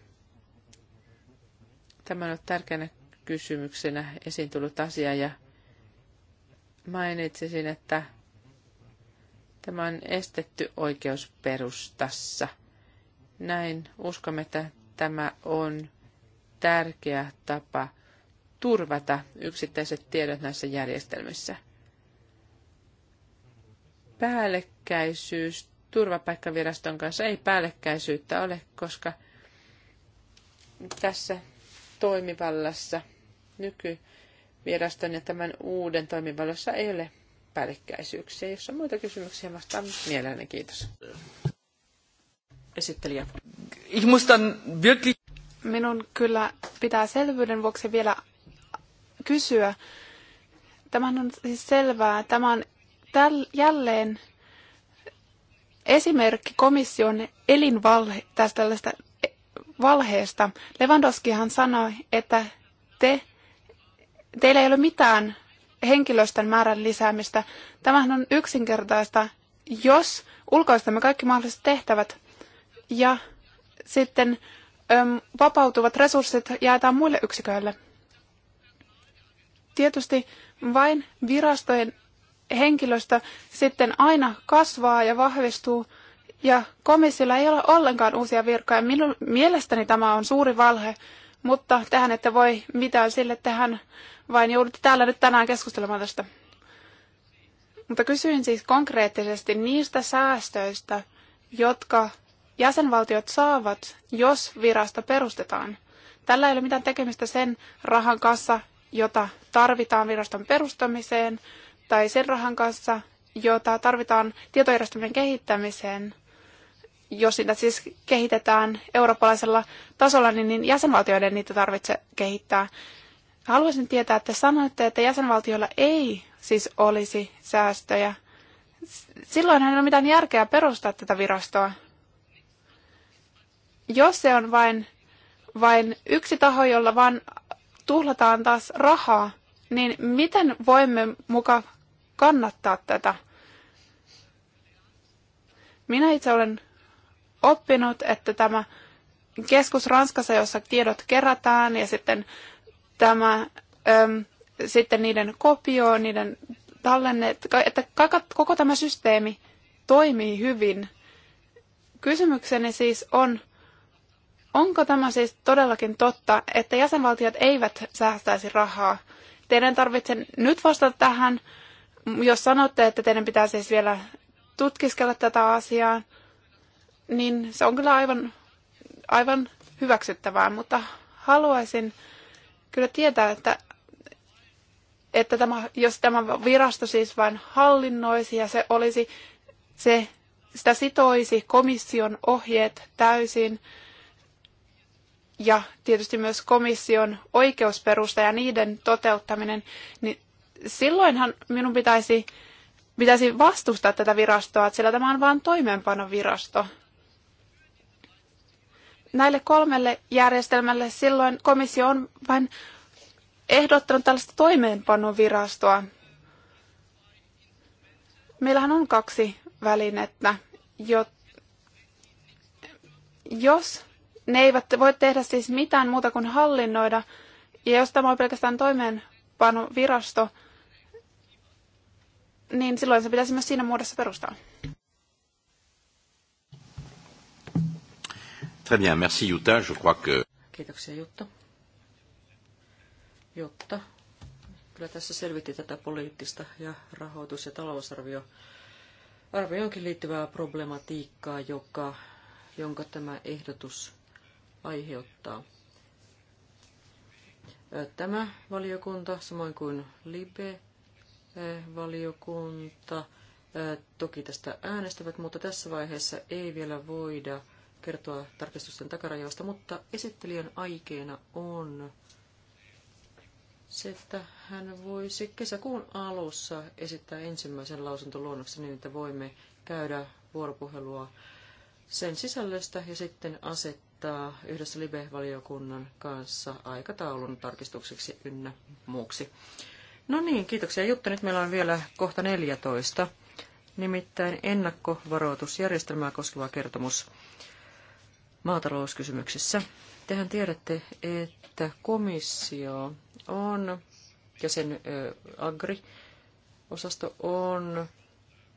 Tämä on ollut tärkeänä kysymyksenä esiin tullut asia ja mainitsisin, että tämä on estetty oikeusperustassa – näin uskomme, että tämä on tärkeä tapa turvata yksittäiset tiedot näissä järjestelmissä. Päällekkäisyys turvapaikkaviraston kanssa ei päällekkäisyyttä ole, koska tässä toimivallassa nykyviraston ja tämän uuden toimivallassa ei ole päällekkäisyyksiä. Jos on muita kysymyksiä, vastaan mielelläni. Kiitos esittelijä. Ich muss dann wirklich... Minun kyllä pitää selvyyden vuoksi vielä kysyä. Tämä on siis selvää. Tämä on täl, jälleen esimerkki komission elinvalhe tästä tällaista e- valheesta. Lewandowskihan sanoi, että te, teillä ei ole mitään henkilöstön määrän lisäämistä. Tämähän on yksinkertaista, jos ulkoistamme kaikki mahdolliset tehtävät ja sitten vapautuvat resurssit jaetaan muille yksiköille. Tietysti vain virastojen henkilöstö sitten aina kasvaa ja vahvistuu, ja komissiolla ei ole ollenkaan uusia virkoja. Minun mielestäni tämä on suuri valhe, mutta tähän ette voi mitään sille tähän, vain joudutte täällä nyt tänään keskustelemaan tästä. Mutta kysyin siis konkreettisesti niistä säästöistä, jotka jäsenvaltiot saavat, jos virasto perustetaan. Tällä ei ole mitään tekemistä sen rahan kanssa, jota tarvitaan viraston perustamiseen, tai sen rahan kanssa, jota tarvitaan tietojärjestelmien kehittämiseen. Jos niitä siis kehitetään eurooppalaisella tasolla, niin, niin jäsenvaltioiden niitä tarvitse kehittää. Haluaisin tietää, että sanoitte, että jäsenvaltioilla ei siis olisi säästöjä. Silloin ei ole mitään järkeä perustaa tätä virastoa. Jos se on vain, vain yksi taho, jolla vaan tuhlataan taas rahaa, niin miten voimme muka kannattaa tätä? Minä itse olen oppinut, että tämä keskus Ranskassa, jossa tiedot kerätään ja sitten, tämä, äm, sitten niiden kopio, niiden tallenne, että koko tämä systeemi toimii hyvin. Kysymykseni siis on, Onko tämä siis todellakin totta, että jäsenvaltiot eivät säästäisi rahaa? Teidän tarvitsen nyt vastata tähän, jos sanotte, että teidän pitää siis vielä tutkiskella tätä asiaa, niin se on kyllä aivan, aivan hyväksyttävää, mutta haluaisin kyllä tietää, että, että tämä, jos tämä virasto siis vain hallinnoisi ja se olisi, se, sitä sitoisi komission ohjeet täysin, ja tietysti myös komission oikeusperusta ja niiden toteuttaminen, niin silloinhan minun pitäisi, pitäisi vastustaa tätä virastoa, sillä tämä on vain toimeenpanovirasto. Näille kolmelle järjestelmälle silloin komissio on vain ehdottanut tällaista toimeenpanovirastoa. Meillähän on kaksi välinettä, jo, jos ne eivät voi tehdä siis mitään muuta kuin hallinnoida. Ja jos tämä on pelkästään virasto, niin silloin se pitäisi myös siinä muodossa perustaa. Très bien, merci Jutta. Je crois que... Kiitoksia Jutta. Jutta, kyllä tässä selvitti tätä poliittista ja rahoitus- ja talousarvio arvioonkin liittyvää problematiikkaa, joka, jonka tämä ehdotus aiheuttaa. Tämä valiokunta, samoin kuin LIBE-valiokunta, toki tästä äänestävät, mutta tässä vaiheessa ei vielä voida kertoa tarkistusten takarajoista, mutta esittelijän aikeena on se, että hän voisi kesäkuun alussa esittää ensimmäisen lausuntoluonnoksen niin, että voimme käydä vuoropuhelua sen sisällöstä ja sitten asettaa yhdessä live-valiokunnan kanssa aikataulun tarkistukseksi ynnä muuksi. No niin, kiitoksia Jutta. Nyt meillä on vielä kohta 14, nimittäin ennakkovaroitusjärjestelmää koskeva kertomus maatalouskysymyksissä. Tehän tiedätte, että komissio on ja sen agri-osasto on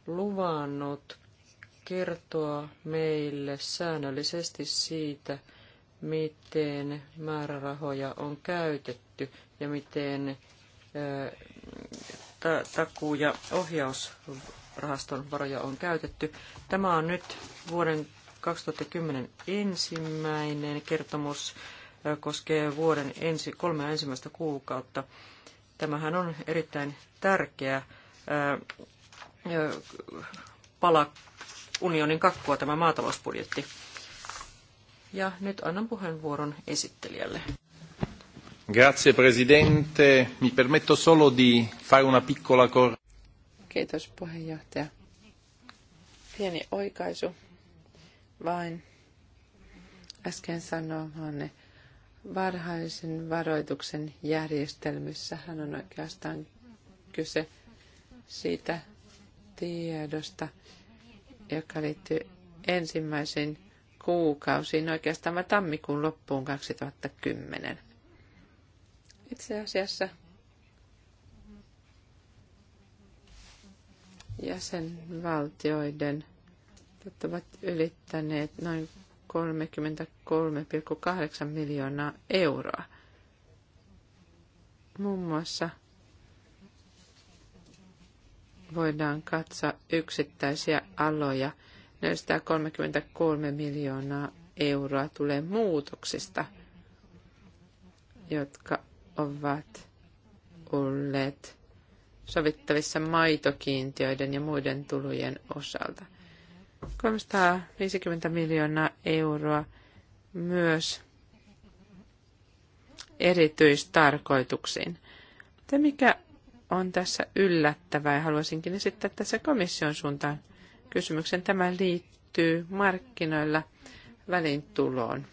luvannut kertoa meille säännöllisesti siitä, miten määrärahoja on käytetty ja miten ta- takuu- ja ohjausrahaston varoja on käytetty. Tämä on nyt vuoden 2010 ensimmäinen kertomus, koskee vuoden ensi, kolme ensimmäistä kuukautta. Tämähän on erittäin tärkeä pala unionin kakkua tämä maatalousbudjetti. Ja nyt annan puheenvuoron esittelijälle. Grazie Presidente. Mi permetto solo di fare una piccola cor- Kiitos puheenjohtaja. Pieni oikaisu vain äsken sanomaanne varhaisen varoituksen järjestelmissä hän on oikeastaan kyse siitä tiedosta, joka liittyy ensimmäisiin kuukausiin, oikeastaan tammikuun loppuun 2010. Itse asiassa jäsenvaltioiden ovat ylittäneet noin 33,8 miljoonaa euroa. Muun muassa voidaan katsoa yksittäisiä aloja. 433 miljoonaa euroa tulee muutoksista, jotka ovat olleet sovittavissa maitokiintiöiden ja muiden tulujen osalta. 350 miljoonaa euroa myös erityistarkoituksiin. Te mikä on tässä yllättävää ja haluaisinkin esittää tässä komission suuntaan kysymyksen. Tämä liittyy markkinoilla välintuloon.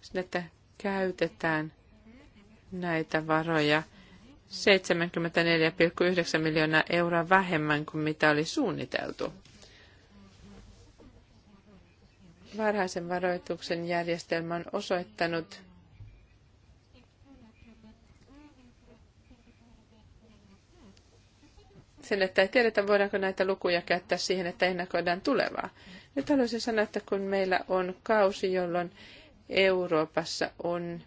Sinne, että käytetään näitä varoja 74,9 miljoonaa euroa vähemmän kuin mitä oli suunniteltu. Varhaisen varoituksen järjestelmä on osoittanut sen, että ei tiedetä, voidaanko näitä lukuja käyttää siihen, että ennakoidaan tulevaa. Nyt haluaisin sanoa, että kun meillä on kausi, jolloin Euroopassa on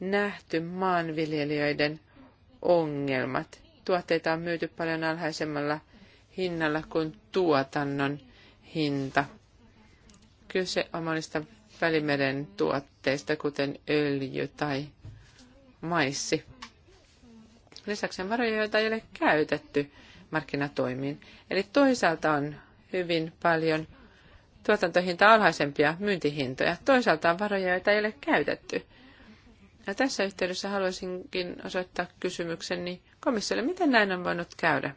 nähty maanviljelijöiden ongelmat. Tuotteita on myyty paljon alhaisemmalla hinnalla kuin tuotannon hinta. Kyse on monista välimeren tuotteista, kuten öljy tai maissi. Lisäksi on varoja, joita ei ole käytetty markkinatoimiin. Eli toisaalta on hyvin paljon tuotantohinta alhaisempia myyntihintoja. Toisaalta on varoja, joita ei ole käytetty. Ja tässä yhteydessä haluaisinkin osoittaa kysymykseni komissiolle, miten näin on voinut käydä?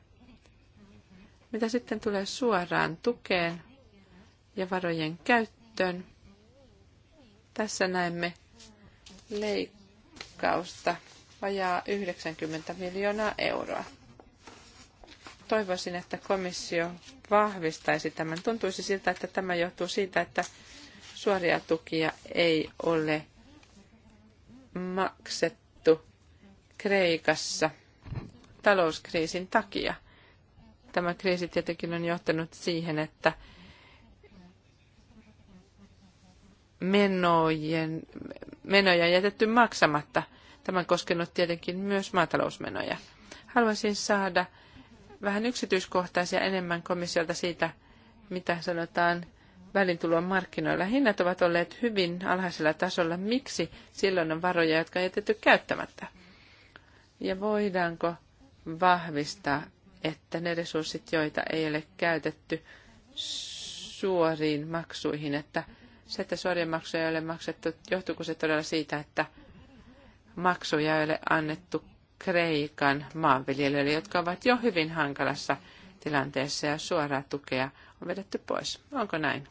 Mitä sitten tulee suoraan tukeen ja varojen käyttöön? Tässä näemme leikkausta vajaa 90 miljoonaa euroa toivoisin, että komissio vahvistaisi tämän. Tuntuisi siltä, että tämä johtuu siitä, että suoria tukia ei ole maksettu Kreikassa talouskriisin takia. Tämä kriisi tietenkin on johtanut siihen, että menojen, menoja on jätetty maksamatta. Tämä on koskenut tietenkin myös maatalousmenoja. Haluaisin saada vähän yksityiskohtaisia enemmän komissiolta siitä, mitä sanotaan välintulon markkinoilla. Hinnat ovat olleet hyvin alhaisella tasolla. Miksi silloin on varoja, jotka on jätetty käyttämättä? Ja voidaanko vahvistaa, että ne resurssit, joita ei ole käytetty suoriin maksuihin, että se, että suoria maksuja ei ole maksettu, johtuuko se todella siitä, että maksuja ei ole annettu Kreikan maanviljelijöille, jotka ovat jo hyvin hankalassa tilanteessa ja suoraa tukea on vedetty pois. Onko näin?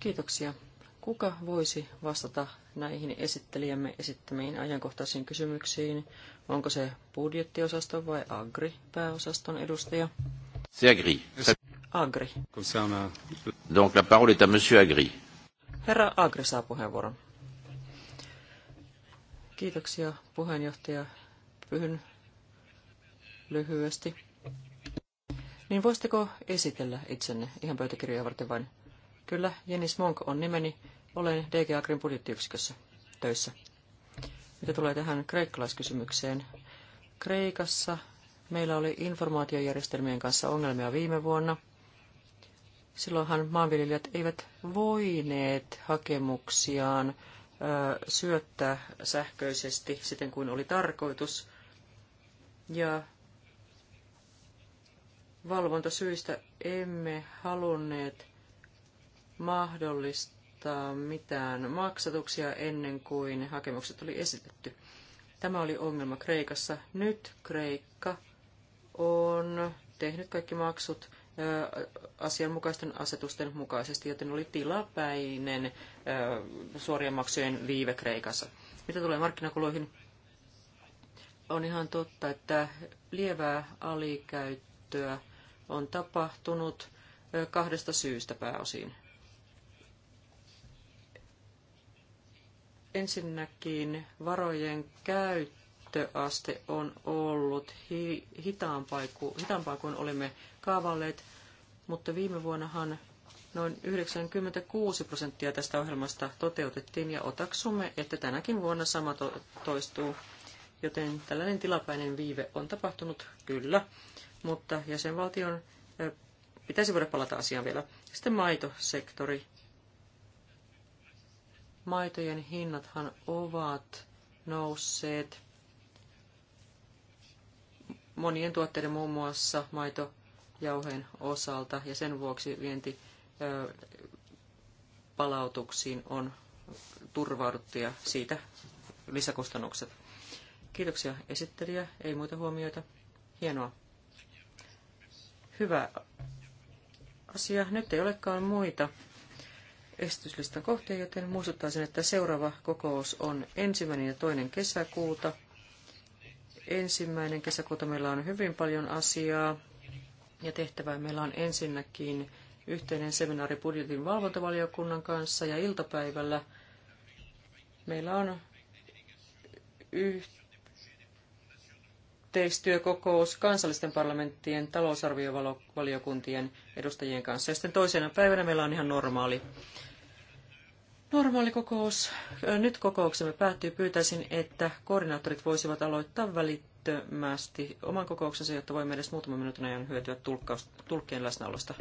Kiitoksia. Kuka voisi vastata näihin esittelijämme esittämiin ajankohtaisiin kysymyksiin? Onko se budjettiosaston vai Agri-pääosaston edustaja? Se Agri. Agri. Donc la parole est à monsieur Agri. Herra Agri saa puheenvuoron. Kiitoksia puheenjohtaja Pyhyn lyhyesti. Niin voisitteko esitellä itsenne ihan pöytäkirjoja varten vain? Kyllä, Jenis Monk on nimeni. Olen DG Agrin budjettiyksikössä töissä. Mitä tulee tähän kreikkalaiskysymykseen? Kreikassa meillä oli informaatiojärjestelmien kanssa ongelmia viime vuonna. Silloinhan maanviljelijät eivät voineet hakemuksiaan syöttää sähköisesti siten kuin oli tarkoitus. Ja valvontasyistä emme halunneet mahdollistaa mitään maksatuksia ennen kuin hakemukset oli esitetty. Tämä oli ongelma Kreikassa. Nyt Kreikka on tehnyt kaikki maksut asianmukaisten asetusten mukaisesti, joten oli tilapäinen suorien maksujen viive Kreikassa. Mitä tulee markkinakuluihin? On ihan totta, että lievää alikäyttöä on tapahtunut kahdesta syystä pääosin. Ensinnäkin varojen käyttö lähtöaste on ollut hi- hitaampaa kuin olimme kaavalleet, mutta viime vuonnahan noin 96 prosenttia tästä ohjelmasta toteutettiin ja otaksumme, että tänäkin vuonna sama to- toistuu, joten tällainen tilapäinen viive on tapahtunut kyllä, mutta jäsenvaltion pitäisi voida palata asiaan vielä. Sitten maitosektori. Maitojen hinnathan ovat nousseet monien tuotteiden, muun muassa maitojauheen osalta, ja sen vuoksi vienti palautuksiin on turvauduttu ja siitä lisäkustannukset. Kiitoksia esittelijä, ei muita huomioita. Hienoa. Hyvä asia. Nyt ei olekaan muita esityslistan kohtia, joten muistuttaisin, että seuraava kokous on ensimmäinen ja toinen kesäkuuta ensimmäinen kesäkuuta meillä on hyvin paljon asiaa ja tehtävää. Meillä on ensinnäkin yhteinen seminaari budjetin valvontavaliokunnan kanssa ja iltapäivällä meillä on yhteistyökokous kansallisten parlamenttien talousarviovaliokuntien edustajien kanssa. Ja sitten toisena päivänä meillä on ihan normaali Normaali kokous, nyt kokouksemme päättyy. Pyytäisin, että koordinaattorit voisivat aloittaa välittömästi oman kokouksensa, jotta voimme edes muutaman minuutin ajan hyötyä tulkkaus, tulkkien läsnäolosta.